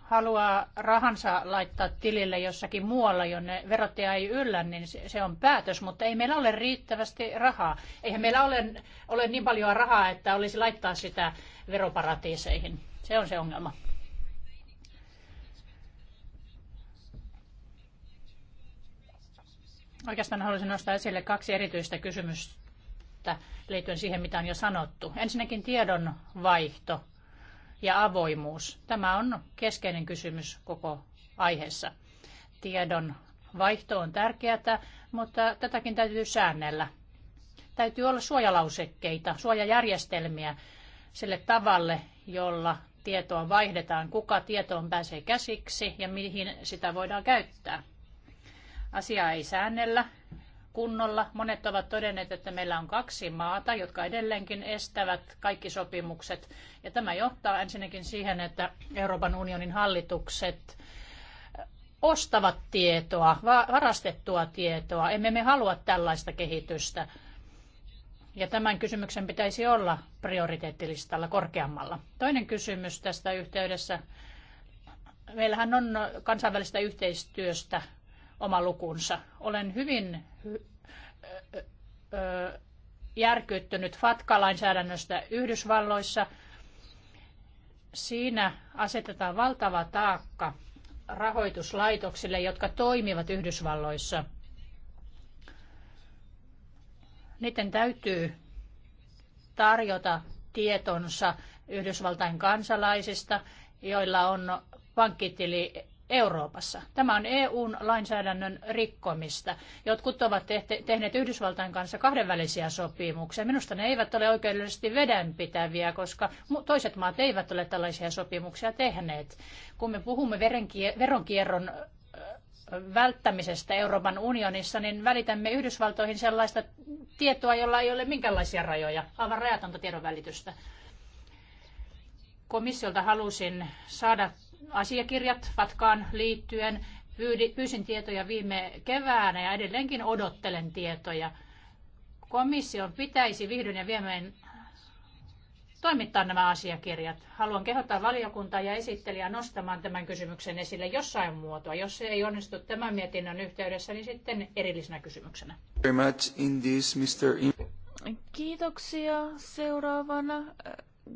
haluaa rahansa laittaa tilille jossakin muualla, jonne verottaja ei yllä, niin se on päätös, mutta ei meillä ole riittävästi rahaa. Eihän meillä ole, ole niin paljon rahaa, että olisi laittaa sitä veroparatiiseihin. Se on se ongelma. Oikeastaan haluaisin nostaa esille kaksi erityistä kysymystä liittyen siihen, mitä on jo sanottu. Ensinnäkin tiedon vaihto ja avoimuus. Tämä on keskeinen kysymys koko aiheessa. Tiedon vaihto on tärkeää, mutta tätäkin täytyy säännellä. Täytyy olla suojalausekkeita, suojajärjestelmiä sille tavalle, jolla tietoa vaihdetaan, kuka tietoon pääsee käsiksi ja mihin sitä voidaan käyttää. Asia ei säännellä kunnolla. Monet ovat todenneet, että meillä on kaksi maata, jotka edelleenkin estävät kaikki sopimukset. Ja tämä johtaa ensinnäkin siihen, että Euroopan unionin hallitukset ostavat tietoa, varastettua tietoa. Emme me halua tällaista kehitystä. Ja tämän kysymyksen pitäisi olla prioriteettilistalla korkeammalla. Toinen kysymys tästä yhteydessä. Meillähän on kansainvälistä yhteistyöstä oma lukunsa. Olen hyvin järkyttynyt FATKA-lainsäädännöstä Yhdysvalloissa. Siinä asetetaan valtava taakka rahoituslaitoksille, jotka toimivat Yhdysvalloissa – niiden täytyy tarjota tietonsa Yhdysvaltain kansalaisista, joilla on pankkitili Euroopassa. Tämä on EUn lainsäädännön rikkomista. Jotkut ovat tehneet Yhdysvaltain kanssa kahdenvälisiä sopimuksia. Minusta ne eivät ole oikeudellisesti vedenpitäviä, koska toiset maat eivät ole tällaisia sopimuksia tehneet. Kun me puhumme veronkierron välttämisestä Euroopan unionissa, niin välitämme Yhdysvaltoihin sellaista tietoa, jolla ei ole minkäänlaisia rajoja, aivan rajatonta tiedonvälitystä. Komissiolta halusin saada asiakirjat Fatkaan liittyen. Pyysin tietoja viime keväänä ja edelleenkin odottelen tietoja. Komission pitäisi vihdoin ja viimein toimittaa nämä asiakirjat. Haluan kehottaa valiokuntaa ja esittelijää nostamaan tämän kysymyksen esille jossain muotoa. Jos se ei onnistu tämän mietinnön yhteydessä, niin sitten erillisenä kysymyksenä. Kiitoksia. Seuraavana äh,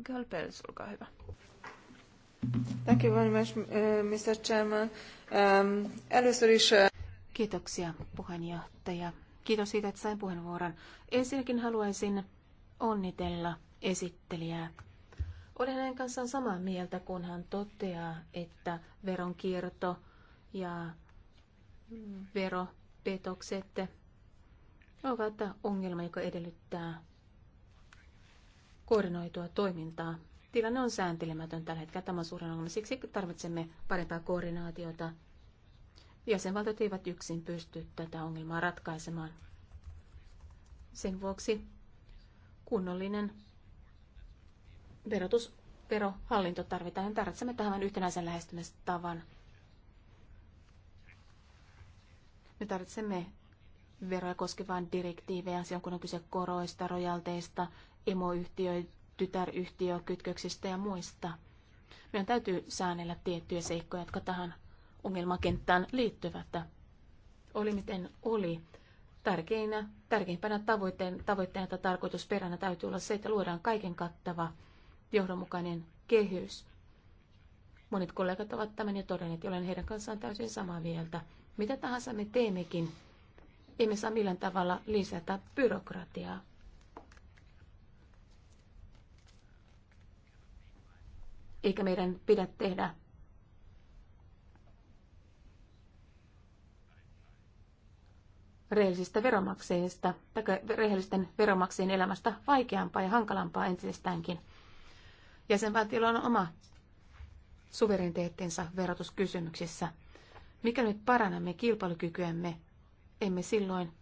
Galpels, olkaa hyvä. Thank you very much, Mr. Äh, Chairman. Um, Kiitoksia, puheenjohtaja. Kiitos siitä, että sain puheenvuoron. Ensinnäkin haluaisin onnitella esittelijää. Olen hänen kanssaan samaa mieltä, kun hän toteaa, että veronkierto ja veropetokset ovat ongelma, joka edellyttää koordinoitua toimintaa. Tilanne on sääntelemätön tällä hetkellä tämän suuren ongelman. Siksi tarvitsemme parempaa koordinaatiota. Jäsenvaltiot eivät yksin pysty tätä ongelmaa ratkaisemaan. Sen vuoksi kunnollinen verotus, verohallinto tarvitaan. Tarvitsemme tähän yhtenäisen lähestymistavan. Me tarvitsemme veroja koskevaan direktiivejä, silloin kun on kyse koroista, rojalteista, emoyhtiö, tytäryhtiö, kytköksistä ja muista. Meidän täytyy säännellä tiettyjä seikkoja, jotka tähän ongelmakenttään liittyvät. Oli miten oli. Tärkeinä, tärkeimpänä tavoitteena tai tarkoitusperänä täytyy olla se, että luodaan kaiken kattava johdonmukainen kehys. Monet kollegat ovat tämän jo todenneet, olen heidän kanssaan täysin samaa mieltä. Mitä tahansa me teemmekin, emme saa millään tavalla lisätä byrokratiaa. Eikä meidän pidä tehdä rehellisistä veromaksajista tai rehellisten veromaksajien elämästä vaikeampaa ja hankalampaa entisestäänkin. Jäsenvaltiolla on oma suvereniteettinsa verotuskysymyksissä. Mikä nyt parannamme kilpailukykyämme, emme silloin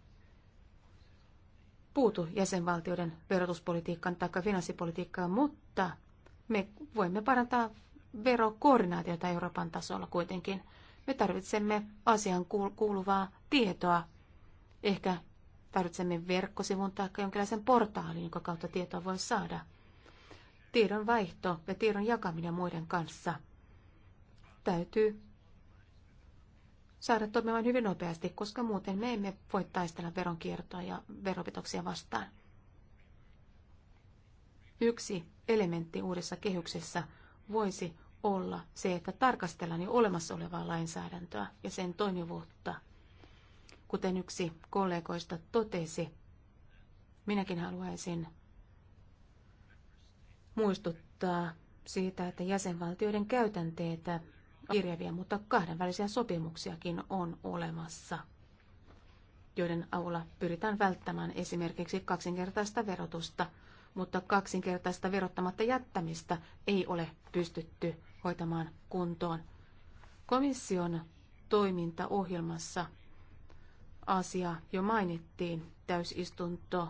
puutu jäsenvaltioiden verotuspolitiikkaan tai finanssipolitiikkaan, mutta me voimme parantaa verokoordinaatiota Euroopan tasolla kuitenkin. Me tarvitsemme asian kuuluvaa tietoa. Ehkä tarvitsemme verkkosivun tai jonkinlaisen portaalin, jonka kautta tietoa voi saada – Tiedon vaihto ja tiedon jakaminen muiden kanssa täytyy saada toimimaan hyvin nopeasti, koska muuten me emme voi taistella veronkiertoa ja veropitoksia vastaan. Yksi elementti uudessa kehyksessä voisi olla se, että tarkastellaan jo olemassa olevaa lainsäädäntöä ja sen toimivuutta. Kuten yksi kollegoista totesi, minäkin haluaisin muistuttaa siitä, että jäsenvaltioiden käytänteitä kirjavia, mutta kahdenvälisiä sopimuksiakin on olemassa, joiden avulla pyritään välttämään esimerkiksi kaksinkertaista verotusta, mutta kaksinkertaista verottamatta jättämistä ei ole pystytty hoitamaan kuntoon. Komission toimintaohjelmassa asia jo mainittiin täysistunto.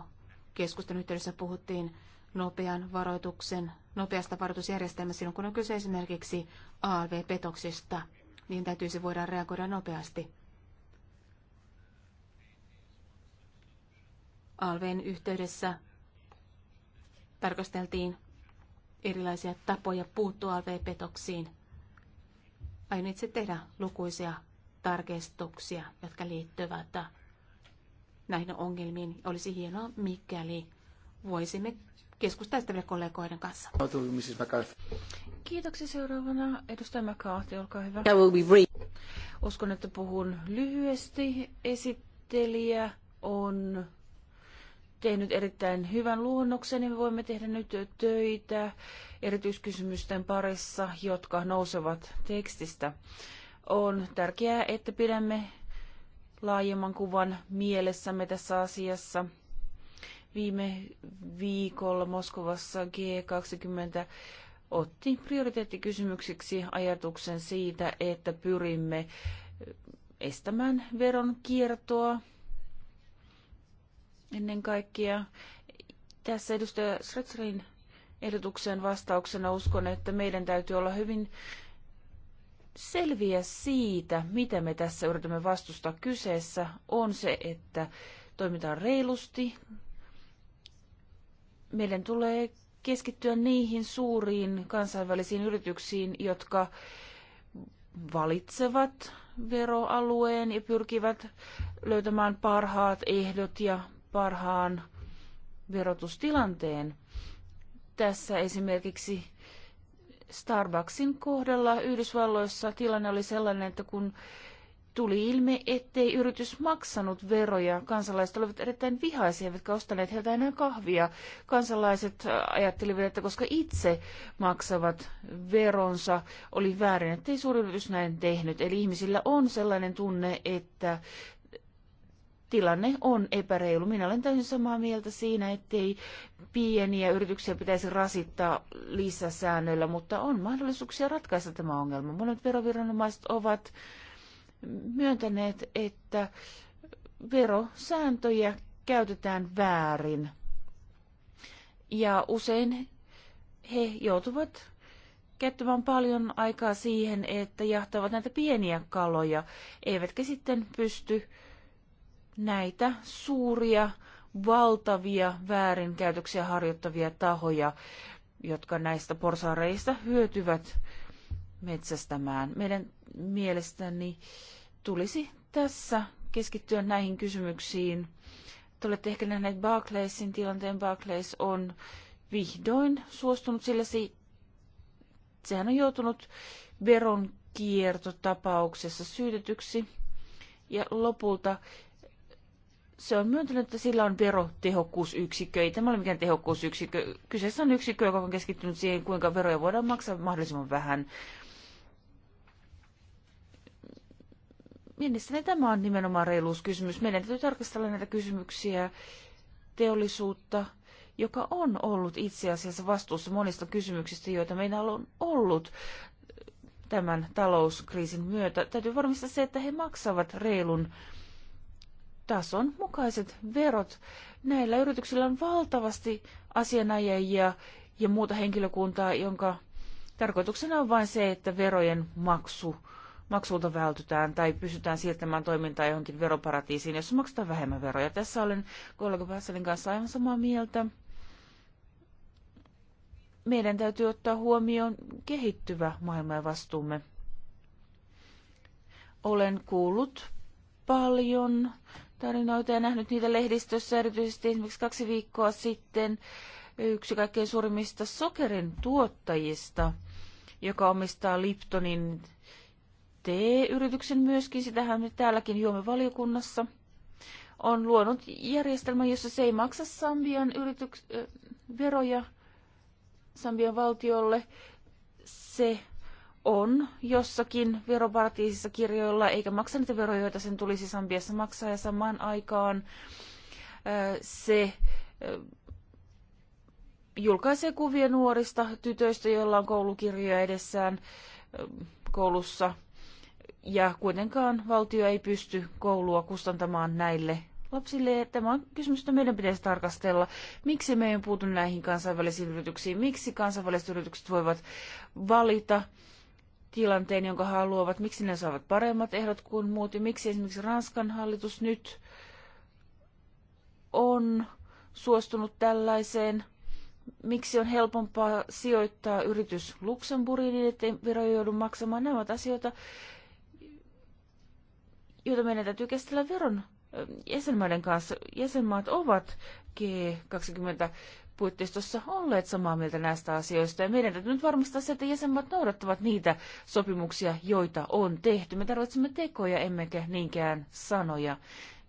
Keskustelun yhteydessä puhuttiin nopean varoituksen, nopeasta varoitusjärjestelmästä silloin, kun on kyse esimerkiksi ALV-petoksista, niin täytyisi voida reagoida nopeasti. ALVn yhteydessä tarkasteltiin erilaisia tapoja puuttua ALV-petoksiin. Aion itse tehdä lukuisia tarkistuksia, jotka liittyvät näihin ongelmiin. Olisi hienoa, mikäli voisimme keskustelusta kollegoiden kanssa. Kiitoksia seuraavana. Edustaja McCarthy, olkaa hyvä. Uskon, että puhun lyhyesti. Esittelijä on tehnyt erittäin hyvän luonnoksen ja me voimme tehdä nyt töitä erityiskysymysten parissa, jotka nousevat tekstistä. On tärkeää, että pidämme laajemman kuvan mielessämme tässä asiassa – viime viikolla Moskovassa G20 otti prioriteettikysymyksiksi ajatuksen siitä, että pyrimme estämään veron kiertoa ennen kaikkea. Tässä edustaja Schretzerin ehdotukseen vastauksena uskon, että meidän täytyy olla hyvin selviä siitä, mitä me tässä yritämme vastustaa. Kyseessä on se, että toimitaan reilusti, meidän tulee keskittyä niihin suuriin kansainvälisiin yrityksiin, jotka valitsevat veroalueen ja pyrkivät löytämään parhaat ehdot ja parhaan verotustilanteen. Tässä esimerkiksi Starbucksin kohdalla Yhdysvalloissa tilanne oli sellainen, että kun tuli ilmi, ettei yritys maksanut veroja. Kansalaiset olivat erittäin vihaisia, eivätkä ostaneet heiltä enää kahvia. Kansalaiset äh, ajattelivat, että koska itse maksavat veronsa, oli väärin, ettei suuri yritys näin tehnyt. Eli ihmisillä on sellainen tunne, että tilanne on epäreilu. Minä olen täysin samaa mieltä siinä, ettei pieniä yrityksiä pitäisi rasittaa lisäsäännöillä, mutta on mahdollisuuksia ratkaista tämä ongelma. Monet veroviranomaiset ovat myöntäneet, että verosääntöjä käytetään väärin. Ja usein he joutuvat käyttämään paljon aikaa siihen, että jahtavat näitä pieniä kaloja, eivätkä sitten pysty näitä suuria, valtavia väärinkäytöksiä harjoittavia tahoja, jotka näistä porsaareista hyötyvät metsästämään. Meidän mielestäni tulisi tässä keskittyä näihin kysymyksiin. Te olette ehkä nähneet Barclaysin tilanteen. Barclays on vihdoin suostunut, sillä se, sehän on joutunut veronkiertotapauksessa syytetyksi. Ja lopulta se on myöntänyt, että sillä on verotehokkuusyksikkö. Ei tämä ole mikään tehokkuusyksikkö. Kyseessä on yksikkö, joka on keskittynyt siihen, kuinka veroja voidaan maksaa mahdollisimman vähän. Mielestäni tämä on nimenomaan reiluuskysymys. Meidän täytyy tarkastella näitä kysymyksiä teollisuutta, joka on ollut itse asiassa vastuussa monista kysymyksistä, joita meillä on ollut tämän talouskriisin myötä. Täytyy varmistaa se, että he maksavat reilun tason mukaiset verot. Näillä yrityksillä on valtavasti asianajajia ja muuta henkilökuntaa, jonka tarkoituksena on vain se, että verojen maksu maksulta vältytään tai pystytään siirtämään toimintaa johonkin veroparatiisiin, jossa maksetaan vähemmän veroja. Tässä olen kollega Vasselin kanssa aivan samaa mieltä. Meidän täytyy ottaa huomioon kehittyvä maailma ja vastuumme. Olen kuullut paljon tarinoita ja nähnyt niitä lehdistössä erityisesti esimerkiksi kaksi viikkoa sitten yksi kaikkein suurimmista sokerin tuottajista, joka omistaa Liptonin T-yrityksen myöskin, sitähän nyt täälläkin juomme valiokunnassa, on luonut järjestelmän, jossa se ei maksa Sambian yrityks- äh, veroja Sambian valtiolle. Se on jossakin veroparatiisissa kirjoilla, eikä maksa niitä veroja, joita sen tulisi Sambiassa maksaa, ja samaan aikaan äh, se äh, julkaisee kuvia nuorista tytöistä, joilla on koulukirjoja edessään koulussa ja kuitenkaan valtio ei pysty koulua kustantamaan näille lapsille. Tämä on kysymys, että meidän pitäisi tarkastella. Miksi me ei puutu näihin kansainvälisiin yrityksiin? Miksi kansainväliset yritykset voivat valita tilanteen, jonka haluavat? Miksi ne saavat paremmat ehdot kuin muut? Ja miksi esimerkiksi Ranskan hallitus nyt on suostunut tällaiseen? Miksi on helpompaa sijoittaa yritys Luxemburgiin, niin ettei vero joudu maksamaan? Nämä ovat asioita, jota meidän täytyy kestellä veron jäsenmaiden kanssa. Jäsenmaat ovat G20 puitteistossa olleet samaa mieltä näistä asioista ja meidän täytyy nyt varmistaa se, että jäsenmaat noudattavat niitä sopimuksia, joita on tehty. Me tarvitsemme tekoja emmekä niinkään sanoja.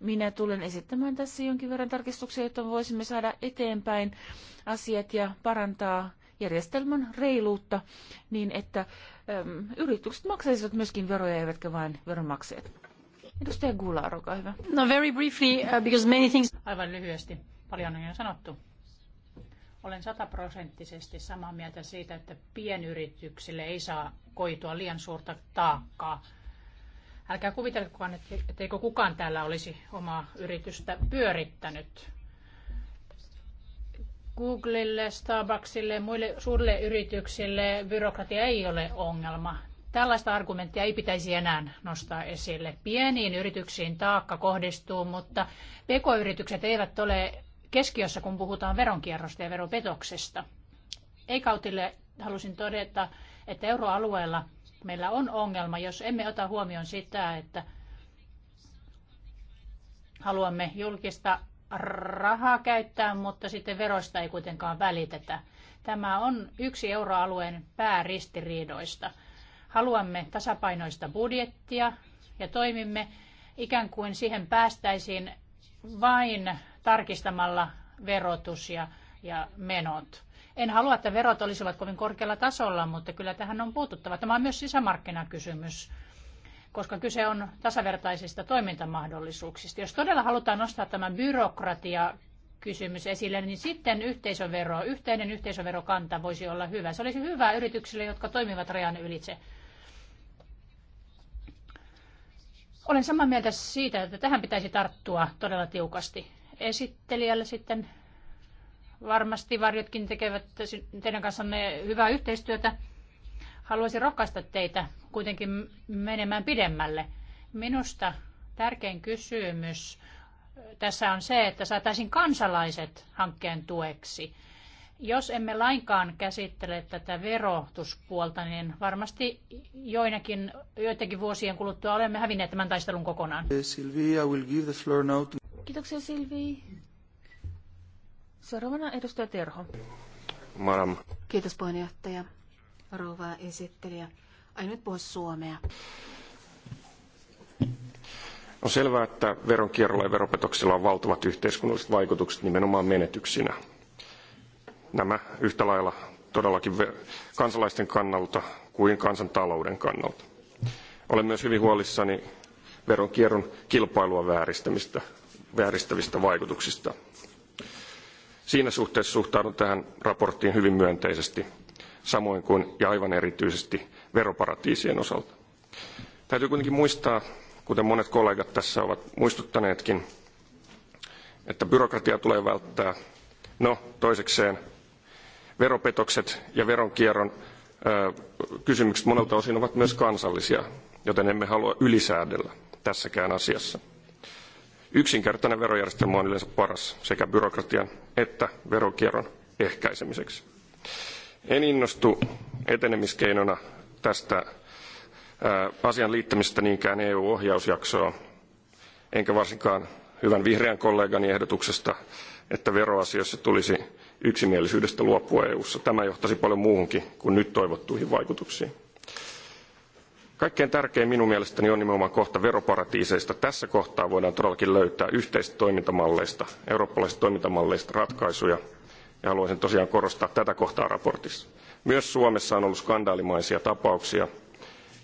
Minä tulen esittämään tässä jonkin verran tarkistuksia, jotta voisimme saada eteenpäin asiat ja parantaa järjestelmän reiluutta niin, että äm, yritykset maksaisivat myöskin veroja eivätkä vain veronmaksajat. Edustaja Gular, olkaa hyvä. No very briefly, uh, because many things... Aivan lyhyesti. Paljon on jo sanottu. Olen sataprosenttisesti samaa mieltä siitä, että pienyrityksille ei saa koitua liian suurta taakkaa. Älkää kuvitelkoon, etteikö kukaan täällä olisi omaa yritystä pyörittänyt. Googlelle, Starbucksille ja muille suurille yrityksille byrokratia ei ole ongelma. Tällaista argumenttia ei pitäisi enää nostaa esille. Pieniin yrityksiin taakka kohdistuu, mutta pk-yritykset eivät ole keskiössä, kun puhutaan veronkierrosta ja veropetoksesta. Eikautille halusin todeta, että euroalueella meillä on ongelma, jos emme ota huomioon sitä, että haluamme julkista rahaa käyttää, mutta sitten veroista ei kuitenkaan välitetä. Tämä on yksi euroalueen pääristiriidoista – Haluamme tasapainoista budjettia ja toimimme ikään kuin siihen päästäisiin vain tarkistamalla verotus ja, ja menot. En halua, että verot olisivat kovin korkealla tasolla, mutta kyllä tähän on puututtava. Tämä on myös sisämarkkinakysymys, koska kyse on tasavertaisista toimintamahdollisuuksista. Jos todella halutaan nostaa tämä byrokratia kysymys esille, niin sitten yhteisövero, yhteinen yhteisöverokanta voisi olla hyvä. Se olisi hyvä yrityksille, jotka toimivat rajan ylitse. Olen samaa mieltä siitä, että tähän pitäisi tarttua todella tiukasti. Esittelijälle sitten varmasti varjotkin tekevät teidän kanssanne hyvää yhteistyötä. Haluaisin rohkaista teitä kuitenkin menemään pidemmälle. Minusta tärkein kysymys tässä on se, että saataisiin kansalaiset hankkeen tueksi. Jos emme lainkaan käsittele tätä verotuspuolta, niin varmasti joinakin, joitakin vuosien kuluttua olemme hävinneet tämän taistelun kokonaan. Silvia will give the floor now to... Kiitoksia Silvi. Seuraavana edustaja Terho. Maram. Kiitos puheenjohtaja, rouva esittelijä. Ai nyt puhua suomea. On selvää, että veronkierrolla ja veropetoksilla on valtavat yhteiskunnalliset vaikutukset nimenomaan menetyksinä. Nämä yhtä lailla todellakin kansalaisten kannalta kuin kansantalouden kannalta. Olen myös hyvin huolissani veronkierron kilpailua vääristämistä, vääristävistä vaikutuksista. Siinä suhteessa suhtaudun tähän raporttiin hyvin myönteisesti, samoin kuin ja aivan erityisesti veroparatiisien osalta. Täytyy kuitenkin muistaa, kuten monet kollegat tässä ovat muistuttaneetkin, että byrokratia tulee välttää. No, toisekseen veropetokset ja veronkierron kysymykset monelta osin ovat myös kansallisia, joten emme halua ylisäädellä tässäkään asiassa. Yksinkertainen verojärjestelmä on yleensä paras sekä byrokratian että veronkierron ehkäisemiseksi. En innostu etenemiskeinona tästä asian liittämistä niinkään EU-ohjausjaksoa, enkä varsinkaan hyvän vihreän kollegani ehdotuksesta, että veroasioissa tulisi yksimielisyydestä luopua EU-ssa. Tämä johtaisi paljon muuhunkin kuin nyt toivottuihin vaikutuksiin. Kaikkein tärkein minun mielestäni on nimenomaan kohta veroparatiiseista. Tässä kohtaa voidaan todellakin löytää yhteistä toimintamalleista, eurooppalaisista toimintamalleista ratkaisuja. Ja haluaisin tosiaan korostaa tätä kohtaa raportissa. Myös Suomessa on ollut skandaalimaisia tapauksia,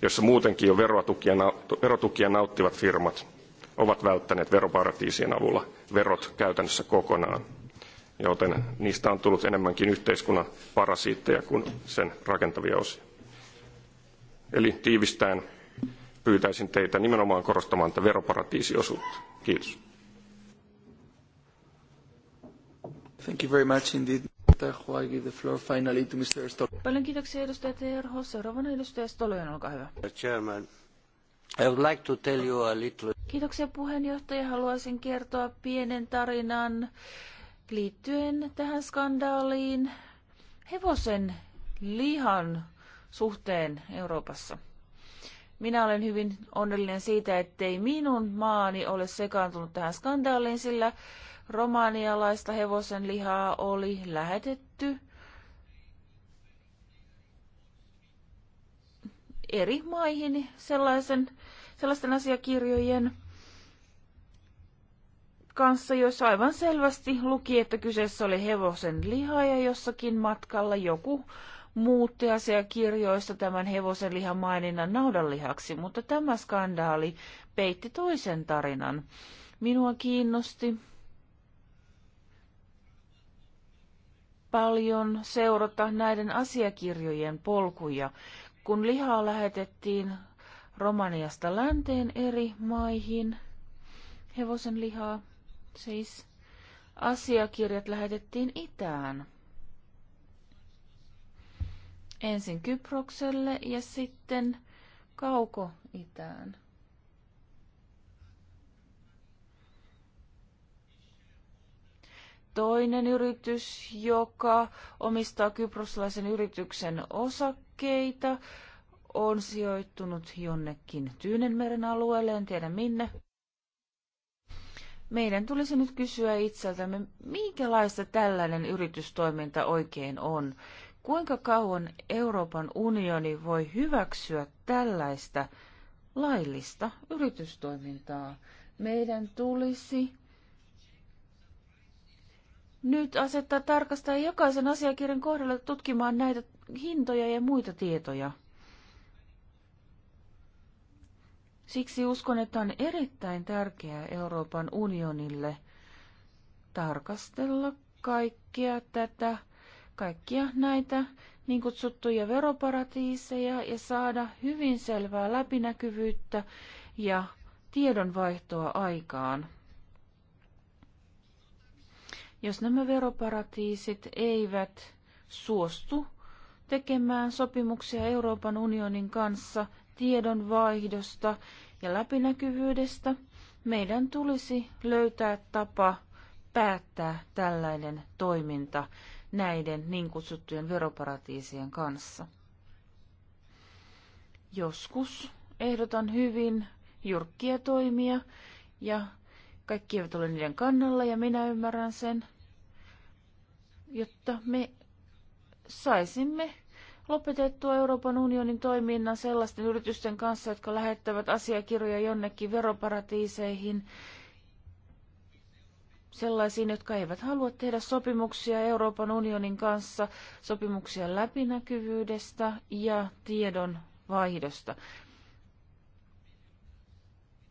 jossa muutenkin jo verotukia, verotukia nauttivat firmat ovat välttäneet veroparatiisien avulla verot käytännössä kokonaan, joten niistä on tullut enemmänkin yhteiskunnan parasiitteja kuin sen rakentavia osia. Eli tiivistäen pyytäisin teitä nimenomaan korostamaan tätä veroparatiisiosuutta. Kiitos. Thank you very much indeed. Terho. I give the floor finally to Mr. Stolojan. Paljon kiitoksia edustaja Terho. Seuraavana edustaja Stolojan, olkaa hyvä. Chairman, I would like to tell you a little... Kiitoksia puheenjohtaja. Haluaisin kertoa pienen tarinan liittyen tähän skandaaliin hevosen lihan suhteen Euroopassa. Minä olen hyvin onnellinen siitä, ettei minun maani ole sekaantunut tähän skandaaliin, sillä romanialaista hevosen lihaa oli lähetetty eri maihin sellaisen, sellaisten asiakirjojen kanssa, joissa aivan selvästi luki, että kyseessä oli hevosen liha ja jossakin matkalla joku muutti asiakirjoista tämän hevosen lihan maininnan naudanlihaksi, mutta tämä skandaali peitti toisen tarinan. Minua kiinnosti paljon seurata näiden asiakirjojen polkuja. Kun lihaa lähetettiin Romaniasta länteen eri maihin, hevosen lihaa siis, asiakirjat lähetettiin itään. Ensin Kyprokselle ja sitten kauko-itään. toinen yritys, joka omistaa kyproslaisen yrityksen osakkeita, on sijoittunut jonnekin Tyynenmeren alueelle, en tiedä minne. Meidän tulisi nyt kysyä itseltämme, minkälaista tällainen yritystoiminta oikein on. Kuinka kauan Euroopan unioni voi hyväksyä tällaista laillista yritystoimintaa? Meidän tulisi nyt asettaa tarkastaa jokaisen asiakirjan kohdalla tutkimaan näitä hintoja ja muita tietoja. Siksi uskon, että on erittäin tärkeää Euroopan unionille tarkastella kaikkia tätä, kaikkia näitä niin kutsuttuja veroparatiiseja ja saada hyvin selvää läpinäkyvyyttä ja tiedonvaihtoa aikaan jos nämä veroparatiisit eivät suostu tekemään sopimuksia Euroopan unionin kanssa tiedonvaihdosta ja läpinäkyvyydestä, meidän tulisi löytää tapa päättää tällainen toiminta näiden niin kutsuttujen veroparatiisien kanssa. Joskus ehdotan hyvin jyrkkiä toimia ja kaikki eivät ole niiden kannalla ja minä ymmärrän sen jotta me saisimme lopetettua Euroopan unionin toiminnan sellaisten yritysten kanssa, jotka lähettävät asiakirjoja jonnekin veroparatiiseihin, sellaisiin, jotka eivät halua tehdä sopimuksia Euroopan unionin kanssa, sopimuksia läpinäkyvyydestä ja tiedon vaihdosta.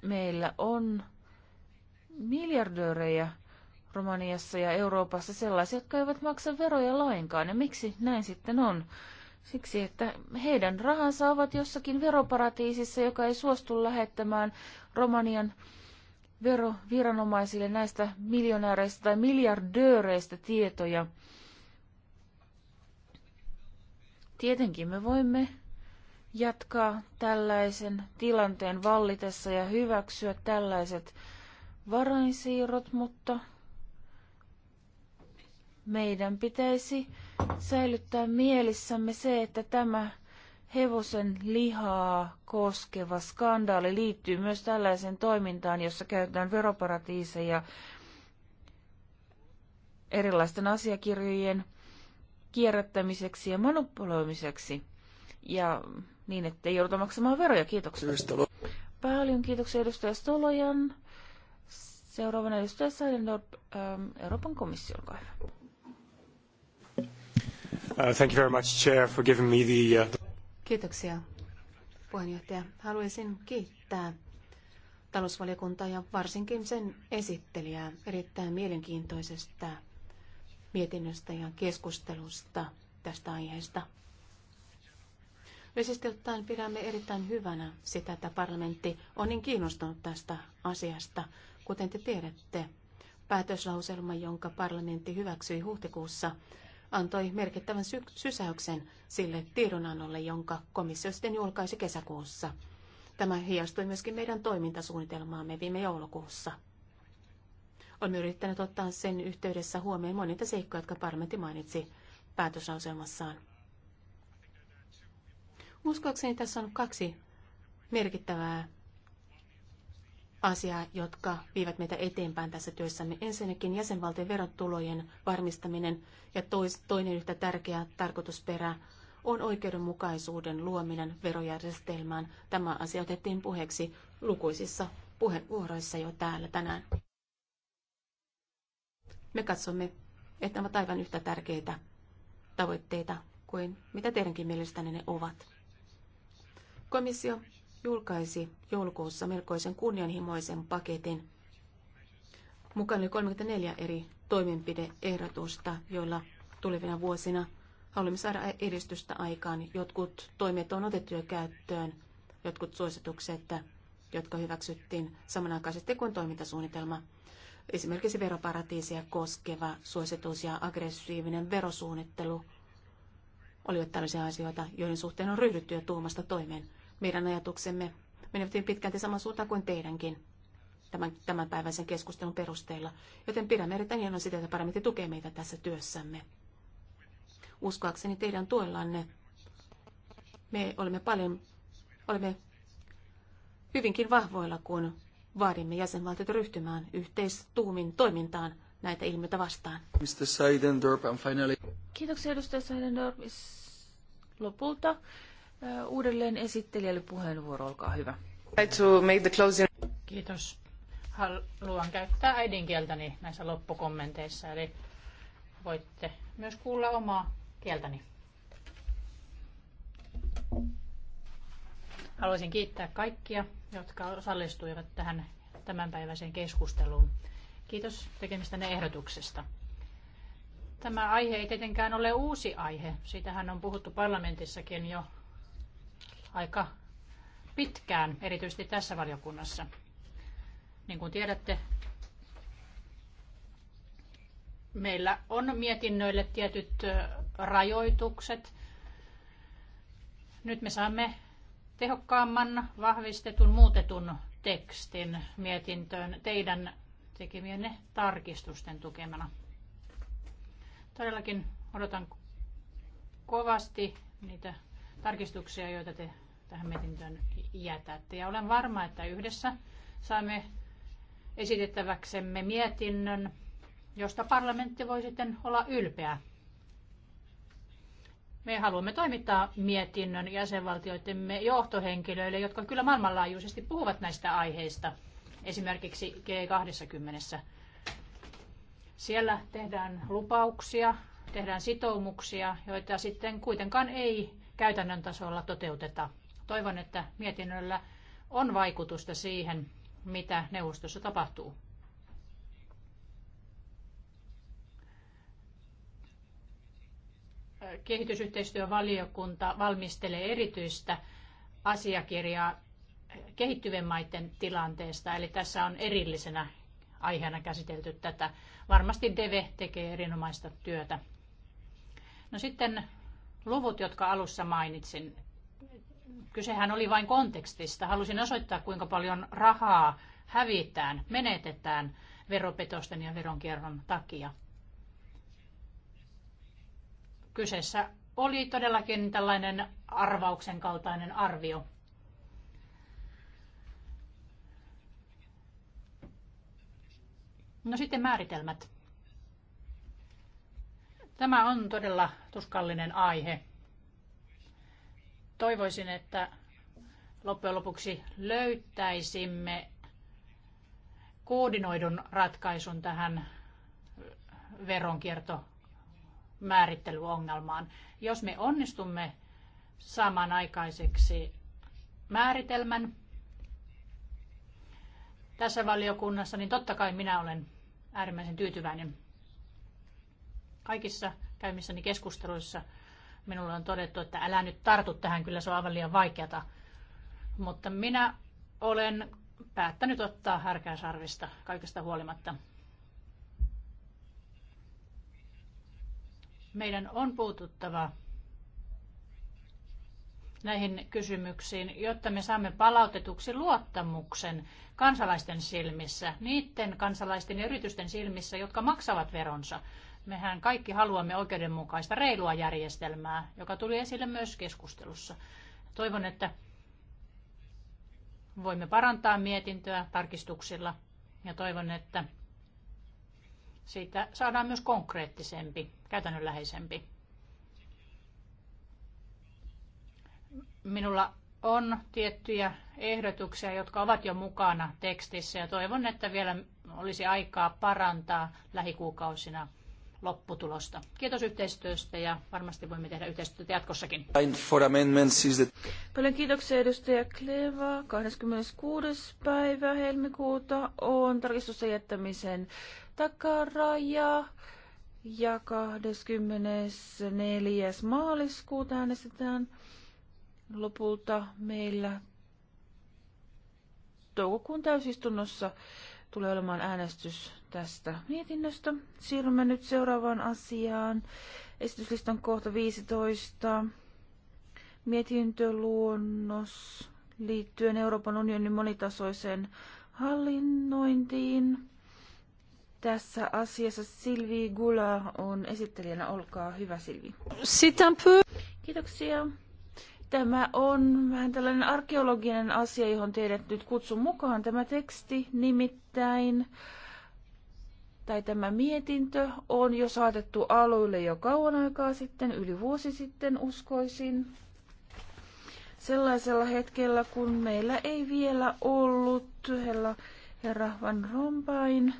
Meillä on miljardöörejä, Romaniassa ja Euroopassa sellaisia, jotka eivät maksa veroja lainkaan. Ja miksi näin sitten on? Siksi, että heidän rahansa ovat jossakin veroparatiisissa, joka ei suostu lähettämään Romanian veroviranomaisille näistä miljonääreistä tai miljardööreistä tietoja. Tietenkin me voimme jatkaa tällaisen tilanteen vallitessa ja hyväksyä tällaiset varainsiirrot, mutta meidän pitäisi säilyttää mielissämme se, että tämä hevosen lihaa koskeva skandaali liittyy myös tällaiseen toimintaan, jossa käytetään veroparatiiseja erilaisten asiakirjojen kierrättämiseksi ja manipuloimiseksi ja niin, että ei jouduta maksamaan veroja. Kiitoksia. Paljon kiitoksia edustaja Stolojan. Seuraavana edustaja Sailen ähm, Euroopan komission kaiva. Uh, thank you very much, Chair, for giving me uh, the... Kiitoksia, puheenjohtaja. Haluaisin kiittää talousvaliokuntaa ja varsinkin sen esittelijää erittäin mielenkiintoisesta mietinnöstä ja keskustelusta tästä aiheesta. Yleisesti ottaen pidämme erittäin hyvänä sitä, että parlamentti on niin kiinnostunut tästä asiasta. Kuten te tiedätte, päätöslauselma, jonka parlamentti hyväksyi huhtikuussa, antoi merkittävän sy- sysäyksen sille tiedonannolle, jonka komissio sitten julkaisi kesäkuussa. Tämä heijastui myöskin meidän toimintasuunnitelmaamme viime joulukuussa. Olemme yrittäneet ottaa sen yhteydessä huomioon monita seikkoja, jotka parlamentti mainitsi päätöslauselmassaan. Uskoakseni tässä on kaksi merkittävää asiaa, jotka viivät meitä eteenpäin tässä työssämme. Ensinnäkin jäsenvaltion verotulojen varmistaminen ja tois, toinen yhtä tärkeä tarkoitusperä on oikeudenmukaisuuden luominen verojärjestelmään. Tämä asia otettiin puheeksi lukuisissa puheenvuoroissa jo täällä tänään. Me katsomme, että nämä ovat aivan yhtä tärkeitä tavoitteita kuin mitä teidänkin mielestänne ne ovat. Komissio julkaisi joulukuussa melkoisen kunnianhimoisen paketin. Mukana oli 34 eri toimenpideehdotusta, joilla tulevina vuosina haluamme saada edistystä aikaan. Jotkut toimet on otettu jo käyttöön, jotkut suositukset, jotka hyväksyttiin samanaikaisesti kuin toimintasuunnitelma. Esimerkiksi veroparatiisia koskeva suositus ja aggressiivinen verosuunnittelu olivat tällaisia asioita, joiden suhteen on ryhdytty jo tuumasta toimeen. Meidän ajatuksemme menevät pitkälti saman suuntaan kuin teidänkin tämän, päiväisen keskustelun perusteella, joten pidämme erittäin hienoa sitä, että parlamentti tukee meitä tässä työssämme. Uskoakseni teidän tuellanne me olemme paljon, olemme hyvinkin vahvoilla, kun vaadimme jäsenvaltioita ryhtymään yhteistuumin toimintaan näitä ilmiöitä vastaan. Mr. Seidendorp, and finally... Kiitoksia edustaja Seidendorp lopulta. Uudelleen esittelijälle puheenvuoro, olkaa hyvä. Kiitos. Haluan käyttää äidinkieltäni näissä loppukommenteissa, eli voitte myös kuulla omaa kieltäni. Haluaisin kiittää kaikkia, jotka osallistuivat tähän tämänpäiväiseen keskusteluun. Kiitos tekemistänne ehdotuksesta. Tämä aihe ei tietenkään ole uusi aihe. Siitähän on puhuttu parlamentissakin jo aika pitkään, erityisesti tässä valiokunnassa. Niin kuin tiedätte, meillä on mietinnöille tietyt rajoitukset. Nyt me saamme tehokkaamman, vahvistetun, muutetun tekstin mietintöön teidän tekemienne tarkistusten tukemana. Todellakin odotan kovasti niitä tarkistuksia, joita te tähän mietintöön jätätte. Ja olen varma, että yhdessä saamme esitettäväksemme mietinnön, josta parlamentti voi sitten olla ylpeä. Me haluamme toimittaa mietinnön jäsenvaltioidemme johtohenkilöille, jotka kyllä maailmanlaajuisesti puhuvat näistä aiheista, esimerkiksi G20. Siellä tehdään lupauksia, tehdään sitoumuksia, joita sitten kuitenkaan ei käytännön tasolla toteuteta. Toivon, että mietinnöllä on vaikutusta siihen, mitä neuvostossa tapahtuu. Kehitysyhteistyövaliokunta valmistelee erityistä asiakirjaa kehittyvien maiden tilanteesta, eli tässä on erillisenä aiheena käsitelty tätä. Varmasti DEVE tekee erinomaista työtä. No sitten luvut, jotka alussa mainitsin, kysehän oli vain kontekstista. Halusin osoittaa, kuinka paljon rahaa hävitään, menetetään veropetosten ja veronkierron takia. Kyseessä oli todellakin tällainen arvauksen kaltainen arvio. No sitten määritelmät. Tämä on todella tuskallinen aihe. Toivoisin, että loppujen lopuksi löytäisimme koordinoidun ratkaisun tähän veronkierto määrittelyongelmaan. Jos me onnistumme saamaan aikaiseksi määritelmän tässä valiokunnassa, niin totta kai minä olen äärimmäisen tyytyväinen kaikissa käymissäni keskusteluissa minulle on todettu, että älä nyt tartu tähän, kyllä se on aivan liian vaikeata. Mutta minä olen päättänyt ottaa härkää sarvista kaikesta huolimatta. Meidän on puututtava näihin kysymyksiin, jotta me saamme palautetuksi luottamuksen kansalaisten silmissä, niiden kansalaisten ja yritysten silmissä, jotka maksavat veronsa. Mehän kaikki haluamme oikeudenmukaista, reilua järjestelmää, joka tuli esille myös keskustelussa. Toivon, että voimme parantaa mietintöä tarkistuksilla ja toivon, että siitä saadaan myös konkreettisempi, käytännönläheisempi. Minulla on tiettyjä ehdotuksia, jotka ovat jo mukana tekstissä ja toivon, että vielä olisi aikaa parantaa lähikuukausina – lopputulosta. Kiitos yhteistyöstä ja varmasti voimme tehdä yhteistyötä jatkossakin. Paljon kiitoksia edustaja Kleva. 26. päivä helmikuuta on tarkistusten jättämisen takaraja. Ja 24. maaliskuuta äänestetään lopulta meillä toukokuun täysistunnossa tulee olemaan äänestys tästä mietinnöstä. Siirrymme nyt seuraavaan asiaan. Esityslistan kohta 15. Mietintöluonnos liittyen Euroopan unionin monitasoiseen hallinnointiin. Tässä asiassa Silvi Gula on esittelijänä. Olkaa hyvä Silvi. Sitä Kiitoksia. Tämä on vähän tällainen arkeologinen asia, johon teidät nyt kutsun mukaan. Tämä teksti nimittäin, tai tämä mietintö, on jo saatettu aloille jo kauan aikaa sitten, yli vuosi sitten uskoisin. Sellaisella hetkellä, kun meillä ei vielä ollut herra Van Rompain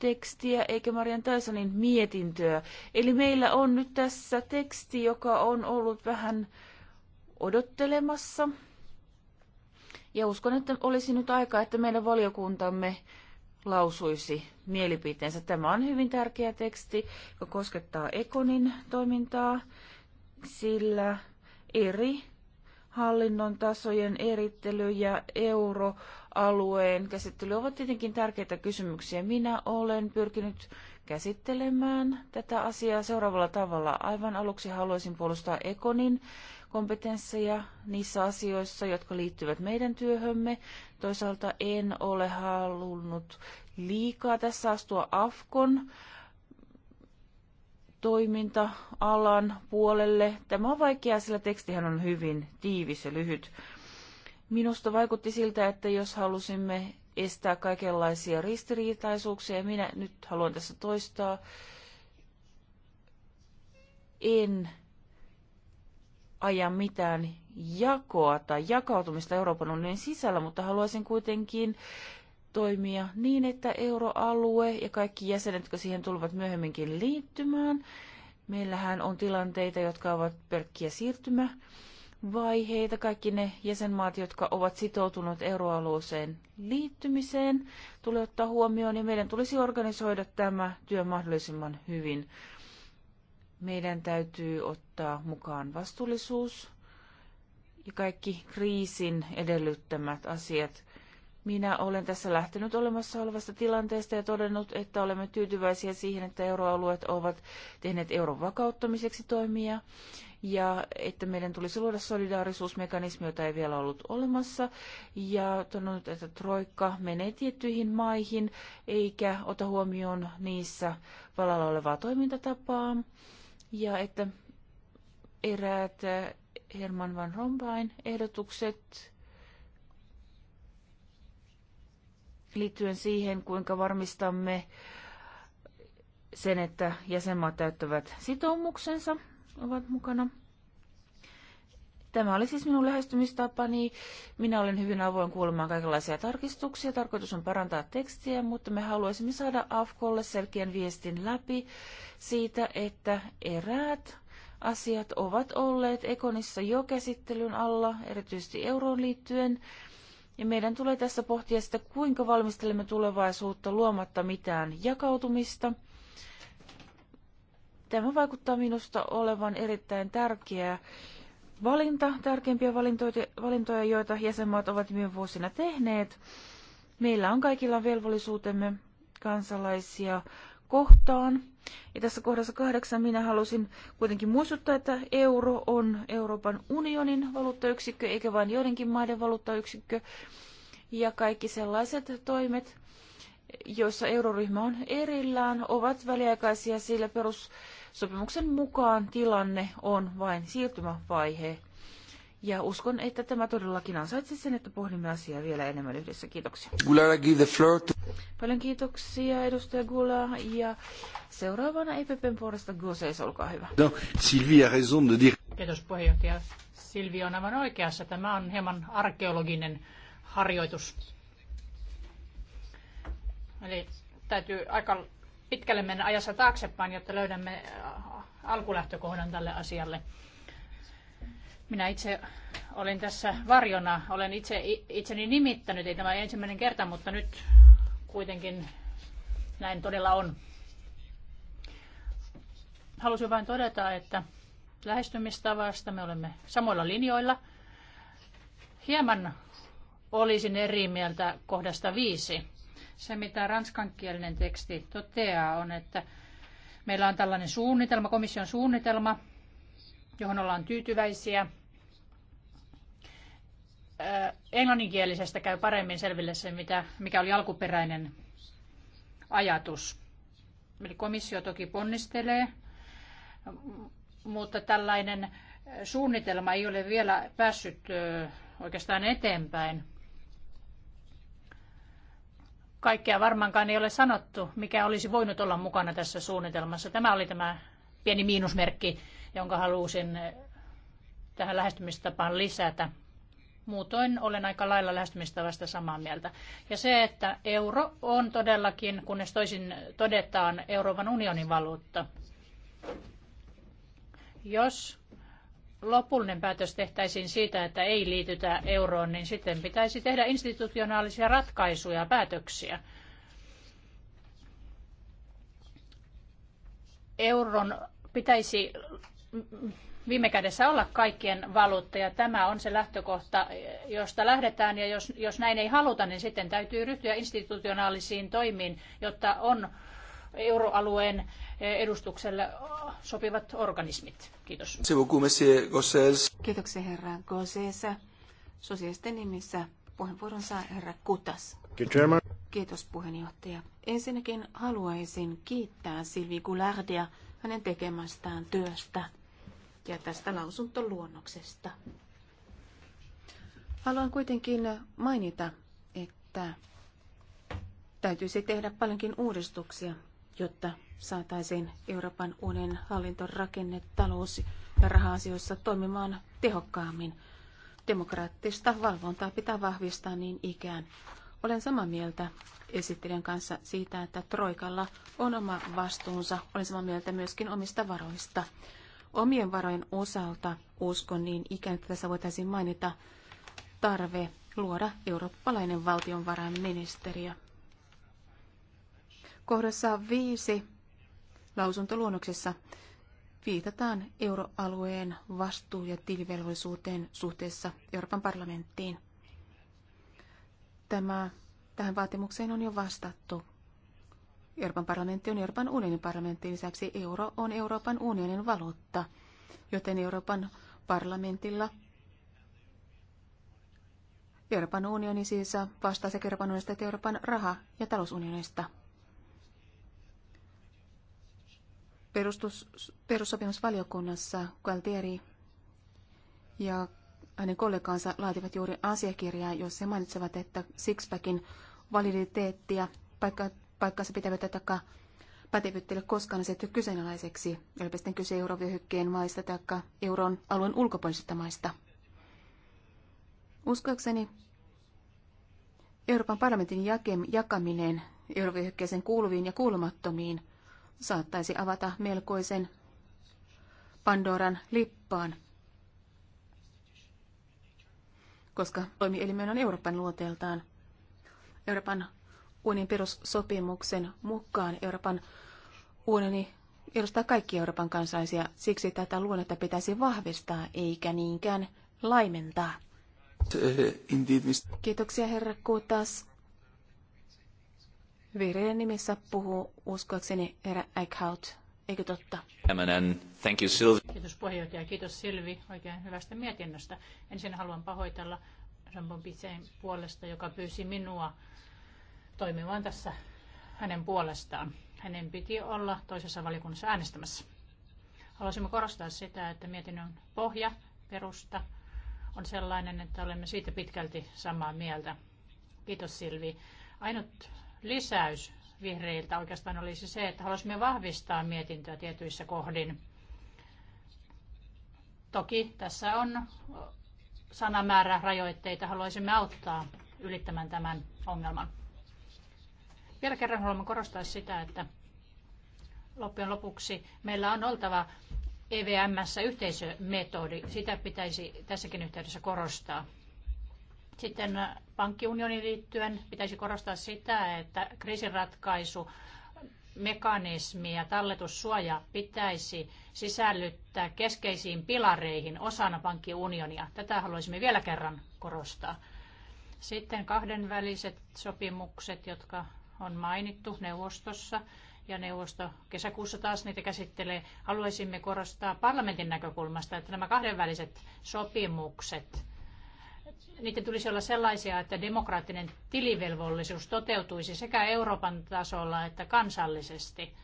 tekstiä eikä Marian Taisonin mietintöä. Eli meillä on nyt tässä teksti, joka on ollut vähän odottelemassa. Ja uskon, että olisi nyt aika, että meidän valiokuntamme lausuisi mielipiteensä. Tämä on hyvin tärkeä teksti, joka koskettaa Ekonin toimintaa, sillä eri hallinnon tasojen erittely ja euro alueen käsittely ovat tietenkin tärkeitä kysymyksiä. Minä olen pyrkinyt käsittelemään tätä asiaa seuraavalla tavalla. Aivan aluksi haluaisin puolustaa Ekonin kompetensseja niissä asioissa, jotka liittyvät meidän työhömme. Toisaalta en ole halunnut liikaa tässä astua Afkon toiminta-alan puolelle. Tämä on vaikeaa, sillä tekstihän on hyvin tiivis ja lyhyt. Minusta vaikutti siltä, että jos halusimme estää kaikenlaisia ristiriitaisuuksia, ja minä nyt haluan tässä toistaa, en aja mitään jakoa tai jakautumista Euroopan unionin sisällä, mutta haluaisin kuitenkin toimia niin, että euroalue ja kaikki jäsenet, jotka siihen tulevat myöhemminkin liittymään, meillähän on tilanteita, jotka ovat pelkkiä siirtymä vaiheita, kaikki ne jäsenmaat, jotka ovat sitoutuneet euroalueeseen liittymiseen, tulee ottaa huomioon ja meidän tulisi organisoida tämä työ mahdollisimman hyvin. Meidän täytyy ottaa mukaan vastuullisuus ja kaikki kriisin edellyttämät asiat. Minä olen tässä lähtenyt olemassa olevasta tilanteesta ja todennut, että olemme tyytyväisiä siihen, että euroalueet ovat tehneet euron vakauttamiseksi toimia ja että meidän tulisi luoda solidaarisuusmekanismi, jota ei vielä ollut olemassa. Ja todennut, että Troikka menee tiettyihin maihin eikä ota huomioon niissä valalla olevaa toimintatapaa. Ja että eräät eh, Herman van Rompuyn ehdotukset liittyen siihen, kuinka varmistamme sen, että jäsenmaat täyttävät sitoumuksensa ovat mukana. Tämä oli siis minun lähestymistapani. Minä olen hyvin avoin kuulemaan kaikenlaisia tarkistuksia. Tarkoitus on parantaa tekstiä, mutta me haluaisimme saada AFKolle selkeän viestin läpi siitä, että eräät asiat ovat olleet Ekonissa jo käsittelyn alla, erityisesti euroon liittyen. Ja meidän tulee tässä pohtia sitä, kuinka valmistelemme tulevaisuutta luomatta mitään jakautumista – Tämä vaikuttaa minusta olevan erittäin tärkeä valinta, tärkeimpiä valintoja, joita jäsenmaat ovat viime vuosina tehneet. Meillä on kaikilla velvollisuutemme kansalaisia kohtaan. Ja tässä kohdassa kahdeksan minä halusin kuitenkin muistuttaa, että euro on Euroopan unionin valuuttayksikkö, eikä vain joidenkin maiden valuuttayksikkö. Ja kaikki sellaiset toimet, joissa euroryhmä on erillään, ovat väliaikaisia, sillä perus Sopimuksen mukaan tilanne on vain siirtymävaihe. Ja uskon, että tämä todellakin ansaitsee sen, että pohdimme asiaa vielä enemmän yhdessä. Kiitoksia. give the floor to... Paljon kiitoksia, edustaja Gula. Ja seuraavana EPPn puolesta Gosees, olkaa hyvä. No, Sylvie raison de dire... Kiitos puheenjohtaja. Silvi on aivan oikeassa. Tämä on hieman arkeologinen harjoitus. Eli täytyy aika pitkälle mennä ajassa taaksepäin, jotta löydämme äh, alkulähtökohdan tälle asialle. Minä itse olin tässä varjona, olen itse itseni nimittänyt, ei tämä ensimmäinen kerta, mutta nyt kuitenkin näin todella on. Halusin vain todeta, että lähestymistavasta me olemme samoilla linjoilla. Hieman olisin eri mieltä kohdasta viisi se, mitä ranskankielinen teksti toteaa, on, että meillä on tällainen suunnitelma, komission suunnitelma, johon ollaan tyytyväisiä. Englanninkielisestä käy paremmin selville se, mitä, mikä oli alkuperäinen ajatus. Eli komissio toki ponnistelee, mutta tällainen suunnitelma ei ole vielä päässyt oikeastaan eteenpäin kaikkea varmaankaan ei ole sanottu, mikä olisi voinut olla mukana tässä suunnitelmassa. Tämä oli tämä pieni miinusmerkki, jonka halusin tähän lähestymistapaan lisätä. Muutoin olen aika lailla lähestymistavasta samaa mieltä. Ja se, että euro on todellakin, kunnes toisin todetaan, Euroopan unionin valuutta. Jos lopullinen päätös tehtäisiin siitä, että ei liitytä euroon, niin sitten pitäisi tehdä institutionaalisia ratkaisuja ja päätöksiä. Euron pitäisi viime kädessä olla kaikkien valuutta ja tämä on se lähtökohta, josta lähdetään ja jos, jos näin ei haluta, niin sitten täytyy ryhtyä institutionaalisiin toimiin, jotta on euroalueen edustukselle sopivat organismit. Kiitos. Kiitoksia herra Gosses. Sosiaalisten nimissä puheenvuoron saa herra Kutas. Kiitos puheenjohtaja. Ensinnäkin haluaisin kiittää Silvi Goulardia hänen tekemästään työstä ja tästä lausuntoluonnoksesta. Haluan kuitenkin mainita, että täytyisi tehdä paljonkin uudistuksia jotta saataisiin Euroopan unionin hallintorakenne talous- ja raha-asioissa toimimaan tehokkaammin. Demokraattista valvontaa pitää vahvistaa niin ikään. Olen samaa mieltä esittelijän kanssa siitä, että Troikalla on oma vastuunsa. Olen samaa mieltä myöskin omista varoista. Omien varojen osalta uskon niin ikään, että tässä voitaisiin mainita tarve luoda eurooppalainen valtionvarainministeriö. Kohdassa viisi lausuntoluonnoksessa viitataan euroalueen vastuu- ja tilivelvollisuuteen suhteessa Euroopan parlamenttiin. Tämä, tähän vaatimukseen on jo vastattu. Euroopan parlamentti on Euroopan unionin parlamentti, lisäksi euro on Euroopan unionin valuutta, joten Euroopan parlamentilla Euroopan unioni siis vastaa sekä Euroopan unionista että Euroopan raha- ja talousunionista. Perustus, perussopimusvaliokunnassa Gualtieri ja hänen kollegaansa laativat juuri asiakirjaa, jossa he mainitsevat, että Sixpackin validiteettia paikka, paikkansa pitävät takaa pätevyyttä ei koskaan asettu kyseenalaiseksi, olipa kyse eurovyöhykkeen maista tai euron alueen ulkopuolisista maista. Uskoakseni Euroopan parlamentin jakeminen jakaminen eurovyöhykkeeseen kuuluviin ja kuulumattomiin saattaisi avata melkoisen Pandoran lippaan, koska toimielimen on Euroopan luoteeltaan. Euroopan unionin perussopimuksen mukaan Euroopan unioni edustaa kaikki Euroopan kansalaisia. Siksi tätä luonnetta pitäisi vahvistaa eikä niinkään laimentaa. Eh, Kiitoksia herra Kutas. Vihreiden nimissä puhuu uskoakseni erä Eichhout. Eikö totta? Thank you, Sylvie. Kiitos puheenjohtaja. Kiitos Silvi oikein hyvästä mietinnöstä. Ensin haluan pahoitella Rambon Pitsen puolesta, joka pyysi minua toimimaan tässä hänen puolestaan. Hänen piti olla toisessa valiokunnassa äänestämässä. Haluaisimme korostaa sitä, että mietinnön pohja, perusta on sellainen, että olemme siitä pitkälti samaa mieltä. Kiitos Silvi. Ainut lisäys vihreiltä oikeastaan olisi se, että haluaisimme vahvistaa mietintöä tietyissä kohdin. Toki tässä on sanamäärä rajoitteita, haluaisimme auttaa ylittämään tämän ongelman. Vielä kerran haluamme korostaa sitä, että loppujen lopuksi meillä on oltava EVMssä yhteisömetodi. Sitä pitäisi tässäkin yhteydessä korostaa. Sitten äh, pankkiunionin liittyen pitäisi korostaa sitä, että kriisinratkaisu mekanismi ja talletussuoja pitäisi sisällyttää keskeisiin pilareihin osana pankkiunionia. Tätä haluaisimme vielä kerran korostaa. Sitten kahdenväliset sopimukset, jotka on mainittu neuvostossa ja neuvosto kesäkuussa taas niitä käsittelee. Haluaisimme korostaa parlamentin näkökulmasta, että nämä kahdenväliset sopimukset niiden tulisi olla sellaisia, että demokraattinen tilivelvollisuus toteutuisi sekä Euroopan tasolla että kansallisesti.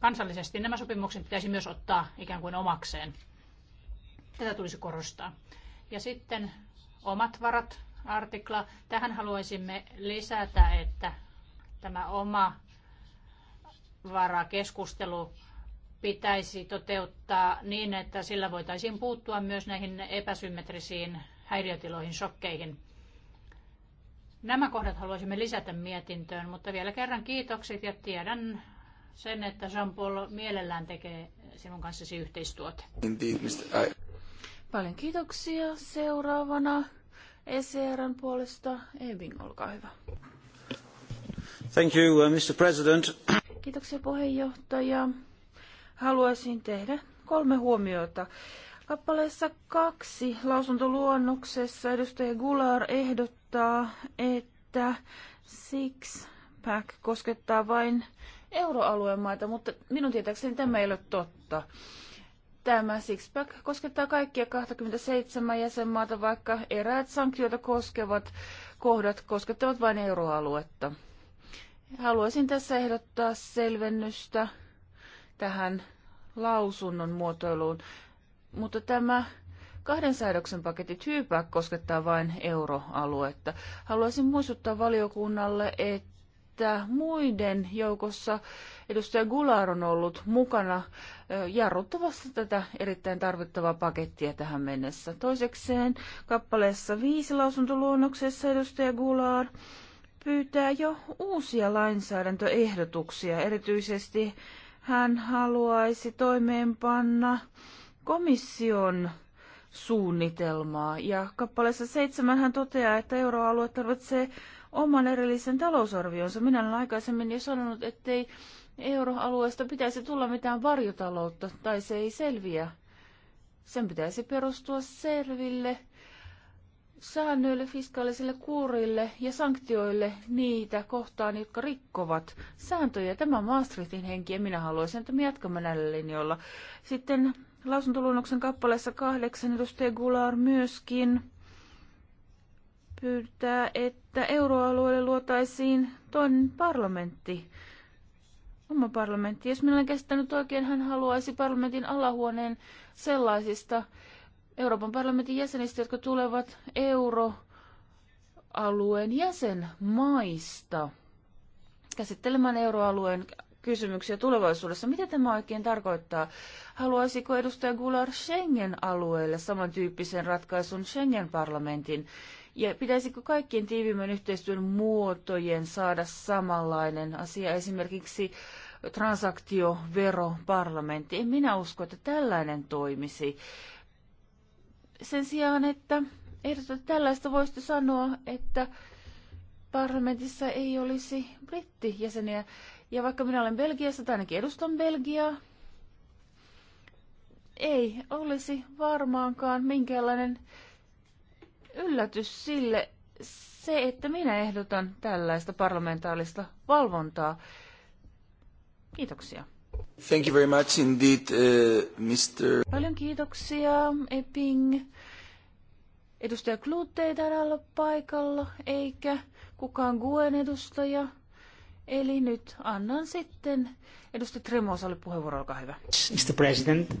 Kansallisesti nämä sopimukset pitäisi myös ottaa ikään kuin omakseen. Tätä tulisi korostaa. Ja sitten omat varat artikla. Tähän haluaisimme lisätä, että tämä oma varakeskustelu keskustelu pitäisi toteuttaa niin, että sillä voitaisiin puuttua myös näihin epäsymmetrisiin häiriötiloihin, shokkeihin. Nämä kohdat haluaisimme lisätä mietintöön, mutta vielä kerran kiitokset ja tiedän sen, että Jean-Paul mielellään tekee sinun kanssasi yhteistyötä. Paljon kiitoksia. Seuraavana ECRn puolesta Ebing, olkaa hyvä. Thank you, uh, Mr. President. Kiitoksia puheenjohtaja haluaisin tehdä kolme huomiota. Kappaleessa kaksi lausuntoluonnoksessa edustaja Gular ehdottaa, että six-pack koskettaa vain euroalueen maita, mutta minun tietääkseni tämä ei ole totta. Tämä six-pack koskettaa kaikkia 27 jäsenmaata, vaikka eräät sanktioita koskevat kohdat koskettavat vain euroaluetta. Haluaisin tässä ehdottaa selvennystä tähän lausunnon muotoiluun, mutta tämä kahden säädöksen paketti tyypää koskettaa vain euroaluetta. Haluaisin muistuttaa valiokunnalle, että muiden joukossa edustaja Gular on ollut mukana jarruttavassa tätä erittäin tarvittavaa pakettia tähän mennessä. Toisekseen kappaleessa viisi lausuntoluonnoksessa edustaja Gular pyytää jo uusia lainsäädäntöehdotuksia, erityisesti hän haluaisi toimeenpanna komission suunnitelmaa. Ja kappaleessa seitsemän hän toteaa, että euroalue tarvitsee oman erillisen talousarvionsa. Minä olen aikaisemmin jo sanonut, ettei euroalueesta pitäisi tulla mitään varjotaloutta, tai se ei selviä. Sen pitäisi perustua selville säännöille, fiskaalisille kuurille ja sanktioille niitä kohtaan, jotka rikkovat sääntöjä. Tämä on Maastrichtin henki ja minä haluaisin, että me jatkamme näillä linjoilla. Sitten lausuntoluonnoksen kappaleessa kahdeksan edustaja Gular myöskin pyytää, että euroalueelle luotaisiin toinen parlamentti. Oma parlamentti. Jos minä olen käsittänyt oikein, hän haluaisi parlamentin alahuoneen sellaisista Euroopan parlamentin jäsenistä, jotka tulevat euroalueen jäsenmaista käsittelemään euroalueen kysymyksiä tulevaisuudessa. Mitä tämä oikein tarkoittaa? Haluaisiko edustaja Gular Schengen-alueelle samantyyppisen ratkaisun Schengen-parlamentin? Ja pitäisikö kaikkien tiiviimmän yhteistyön muotojen saada samanlainen asia, esimerkiksi transaktiovero parlamentti? En minä usko, että tällainen toimisi sen sijaan, että ehdotat tällaista, voisi sanoa, että parlamentissa ei olisi brittijäseniä. Ja vaikka minä olen Belgiassa tai ainakin edustan Belgiaa, ei olisi varmaankaan minkäänlainen yllätys sille se, että minä ehdotan tällaista parlamentaarista valvontaa. Kiitoksia. Thank you very much indeed, uh, Mr. Paljon kiitoksia, Eping. Edustaja Klute ei täällä ole paikalla, eikä kukaan Guen edustaja. Eli nyt annan sitten edustaja Tremosalle puheenvuoro, olkaa hyvä. Mr. President.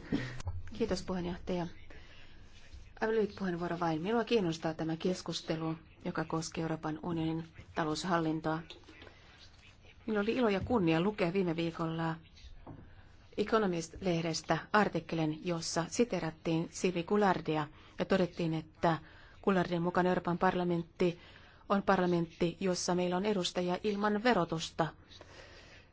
Kiitos puheenjohtaja. Aivan lyhyt puheenvuoro vain. Minua kiinnostaa tämä keskustelu, joka koskee Euroopan unionin taloushallintoa. Minulla oli ilo ja kunnia lukea viime viikolla Economist-lehdestä artikkelin, jossa siterattiin Silvi Kulardia ja todettiin, että Kulardin mukaan Euroopan parlamentti on parlamentti, jossa meillä on edustajia ilman verotusta,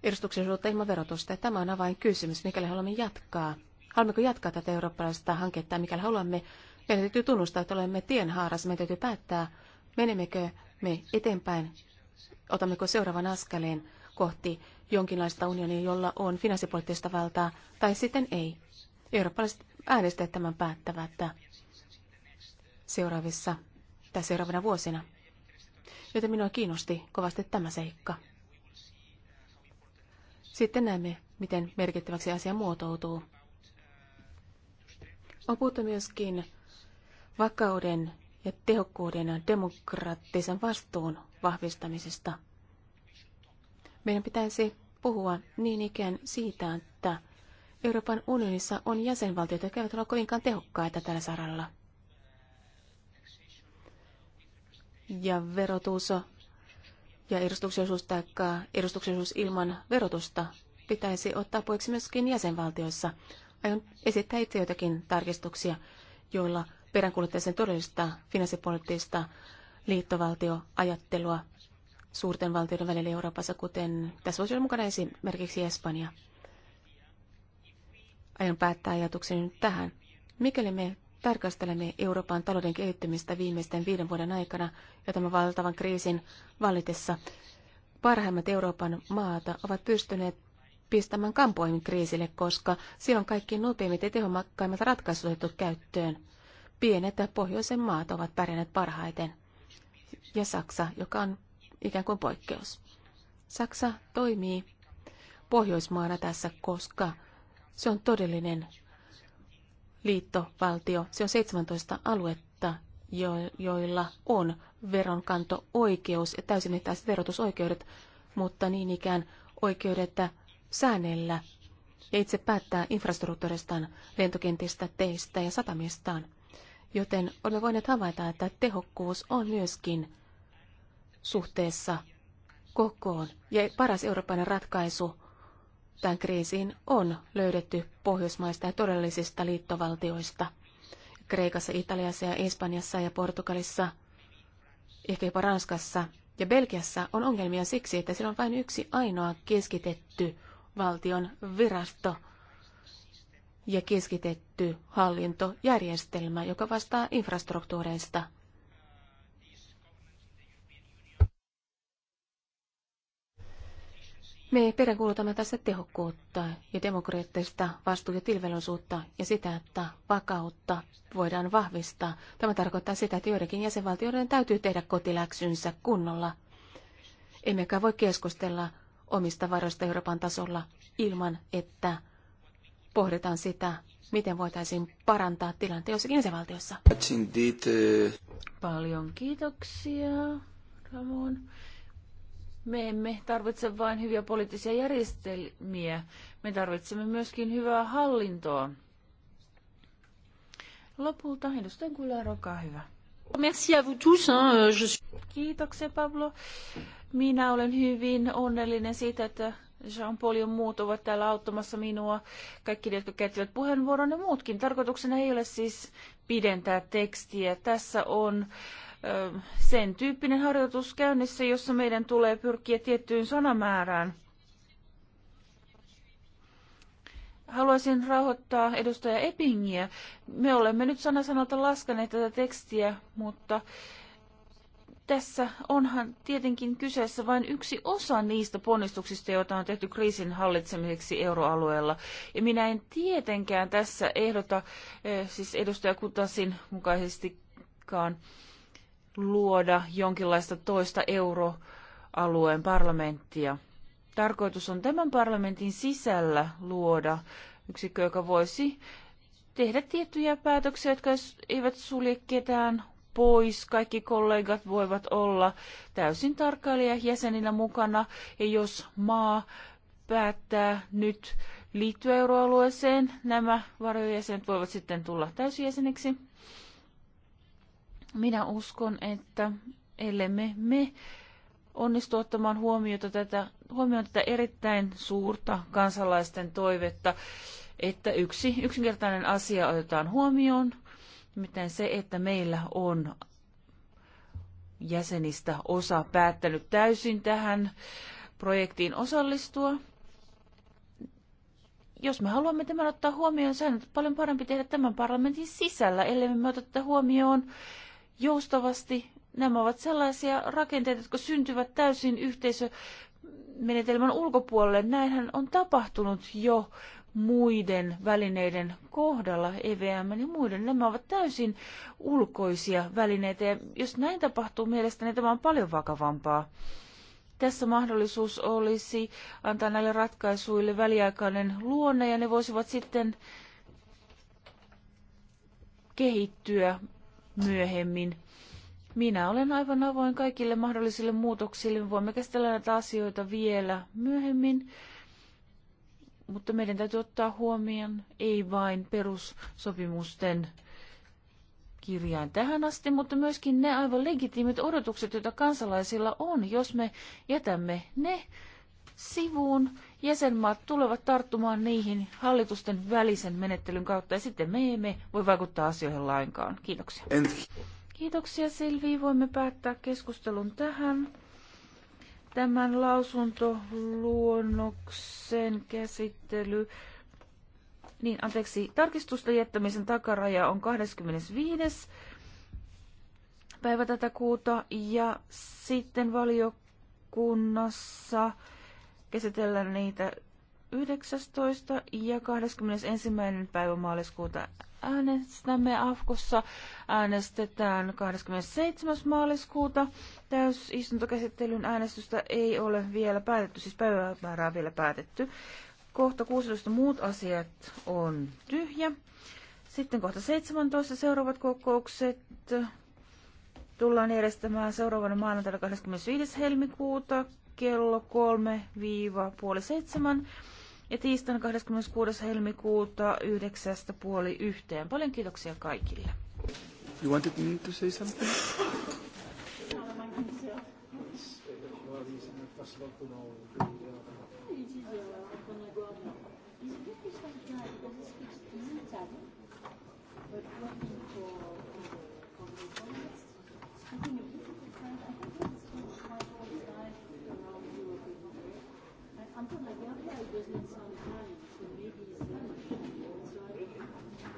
edustuksellisuutta ilman verotusta. Tämä on avainkysymys, mikäli haluamme jatkaa. Haluammeko jatkaa tätä eurooppalaista hanketta, mikäli haluamme, meidän täytyy tunnustaa, että olemme tienhaarassa, meidän täytyy päättää, menemmekö me eteenpäin, otammeko seuraavan askeleen kohti jonkinlaista unionia, jolla on finanssipoliittista valtaa, tai sitten ei. Eurooppalaiset äänestäjät tämän päättävät seuraavissa tai seuraavina vuosina. Joten minua kiinnosti kovasti tämä seikka. Sitten näemme, miten merkittäväksi asia muotoutuu. On puhuttu myöskin vakauden ja tehokkuuden ja demokraattisen vastuun vahvistamisesta – meidän pitäisi puhua niin ikään siitä, että Euroopan unionissa on jäsenvaltioita, jotka eivät ole kovinkaan tehokkaita tällä saralla. Ja verotus ja edustuksellisuus tai edustuksellisuus ilman verotusta pitäisi ottaa pois myöskin jäsenvaltioissa. Aion esittää itse joitakin tarkistuksia, joilla peräänkuuluttaisen todellista finanssipoliittista liittovaltioajattelua suurten valtioiden välillä Euroopassa, kuten tässä voisi olla mukana esimerkiksi Espanja. Aion päättää ajatukseni nyt tähän. Mikäli me tarkastelemme Euroopan talouden kehittymistä viimeisten viiden vuoden aikana ja tämän valtavan kriisin vallitessa, parhaimmat Euroopan maata ovat pystyneet pistämään kampoihin kriisille, koska silloin kaikki nopeimmat ja tehokkaimmat ratkaisut otettu käyttöön. Pienet ja pohjoisen maat ovat pärjänneet parhaiten. Ja Saksa, joka on ikään kuin poikkeus. Saksa toimii pohjoismaana tässä, koska se on todellinen liittovaltio. Se on 17 aluetta, jo- joilla on veronkanto-oikeus ja täysin mittaiset verotusoikeudet, mutta niin ikään oikeudet säännellä ja itse päättää infrastruktuuristaan, lentokentistä, teistä ja satamistaan. Joten olemme voineet havaita, että tehokkuus on myöskin suhteessa kokoon. Ja paras eurooppalainen ratkaisu tämän kriisiin on löydetty pohjoismaista ja todellisista liittovaltioista. Kreikassa, Italiassa ja Espanjassa ja Portugalissa, ehkä jopa Ranskassa ja Belgiassa on ongelmia siksi, että siellä on vain yksi ainoa keskitetty valtion virasto ja keskitetty hallintojärjestelmä, joka vastaa infrastruktuureista – Me peräänkuulutamme tässä tehokkuutta ja demokraattista vastuu- ja tilvelosuutta ja sitä, että vakautta voidaan vahvistaa. Tämä tarkoittaa sitä, että joidenkin jäsenvaltioiden täytyy tehdä kotiläksynsä kunnolla. Emmekä voi keskustella omista varoista Euroopan tasolla ilman, että pohditaan sitä, miten voitaisiin parantaa tilanteen jossakin jäsenvaltiossa. Eh. Paljon kiitoksia, Ramon. Me emme tarvitse vain hyviä poliittisia järjestelmiä, me tarvitsemme myöskin hyvää hallintoa. Lopulta edustajan Kuller, olkaa hyvä. Merci à vous tous. Hein, euh, je... Kiitoksia Pablo. Minä olen hyvin onnellinen siitä, että Jean-Paul ja muut ovat täällä auttamassa minua. Kaikki ne, jotka käyttivät puheenvuoron ja muutkin. Tarkoituksena ei ole siis pidentää tekstiä. Tässä on äh, sen tyyppinen harjoitus käynnissä, jossa meidän tulee pyrkiä tiettyyn sanamäärään. Haluaisin rauhoittaa edustaja epingiä. Me olemme nyt sanalta laskaneet tätä tekstiä, mutta tässä onhan tietenkin kyseessä vain yksi osa niistä ponnistuksista, joita on tehty kriisin hallitsemiseksi euroalueella. Ja minä en tietenkään tässä ehdota, siis edustaja Kutasin mukaisestikaan, luoda jonkinlaista toista euroalueen parlamenttia. Tarkoitus on tämän parlamentin sisällä luoda yksikkö, joka voisi tehdä tiettyjä päätöksiä, jotka eivät sulje ketään pois. Kaikki kollegat voivat olla täysin tarkkailija jäseninä mukana. Ja jos maa päättää nyt liittyä euroalueeseen, nämä varjojäsenet voivat sitten tulla täysjäseniksi. Minä uskon, että ellemme me onnistu ottamaan huomiota tätä, huomioon tätä erittäin suurta kansalaisten toivetta, että yksi yksinkertainen asia otetaan huomioon, nimittäin se, että meillä on jäsenistä osa päättänyt täysin tähän projektiin osallistua. Jos me haluamme tämän ottaa huomioon, sehän on paljon parempi tehdä tämän parlamentin sisällä, ellei me ottaa huomioon joustavasti. Nämä ovat sellaisia rakenteita, jotka syntyvät täysin yhteisömenetelmän ulkopuolelle. Näinhän on tapahtunut jo muiden välineiden kohdalla, EVM ja muiden, nämä ovat täysin ulkoisia välineitä. Ja jos näin tapahtuu, mielestäni tämä on paljon vakavampaa. Tässä mahdollisuus olisi antaa näille ratkaisuille väliaikainen luonne ja ne voisivat sitten kehittyä myöhemmin. Minä olen aivan avoin kaikille mahdollisille muutoksille. Me voimme käsitellä näitä asioita vielä myöhemmin, mutta meidän täytyy ottaa huomioon ei vain perussopimusten kirjaan tähän asti, mutta myöskin ne aivan legitiimit odotukset, joita kansalaisilla on, jos me jätämme ne sivuun, jäsenmaat tulevat tarttumaan niihin hallitusten välisen menettelyn kautta ja sitten me emme voi vaikuttaa asioihin lainkaan. Kiitoksia. Kiitoksia Silvi. Voimme päättää keskustelun tähän. Tämän lausuntoluonnoksen käsittely niin anteeksi, Tarkistusta jättämisen takaraja on 25. päivä tätä kuuta ja sitten valiokunnassa käsitellä niitä 19. ja 21. päivä maaliskuuta äänestämme Afkossa. Äänestetään 27. maaliskuuta. Täysistuntokäsittelyn äänestystä ei ole vielä päätetty, siis päivämäärää vielä päätetty. Kohta 16 muut asiat on tyhjä. Sitten kohta 17 seuraavat kokoukset tullaan järjestämään seuraavana maanantaina 25. helmikuuta kello 3-7 ja tiistaina 26. helmikuuta 9.30 yhteen. Paljon kiitoksia kaikille. You wanted me to say something? possible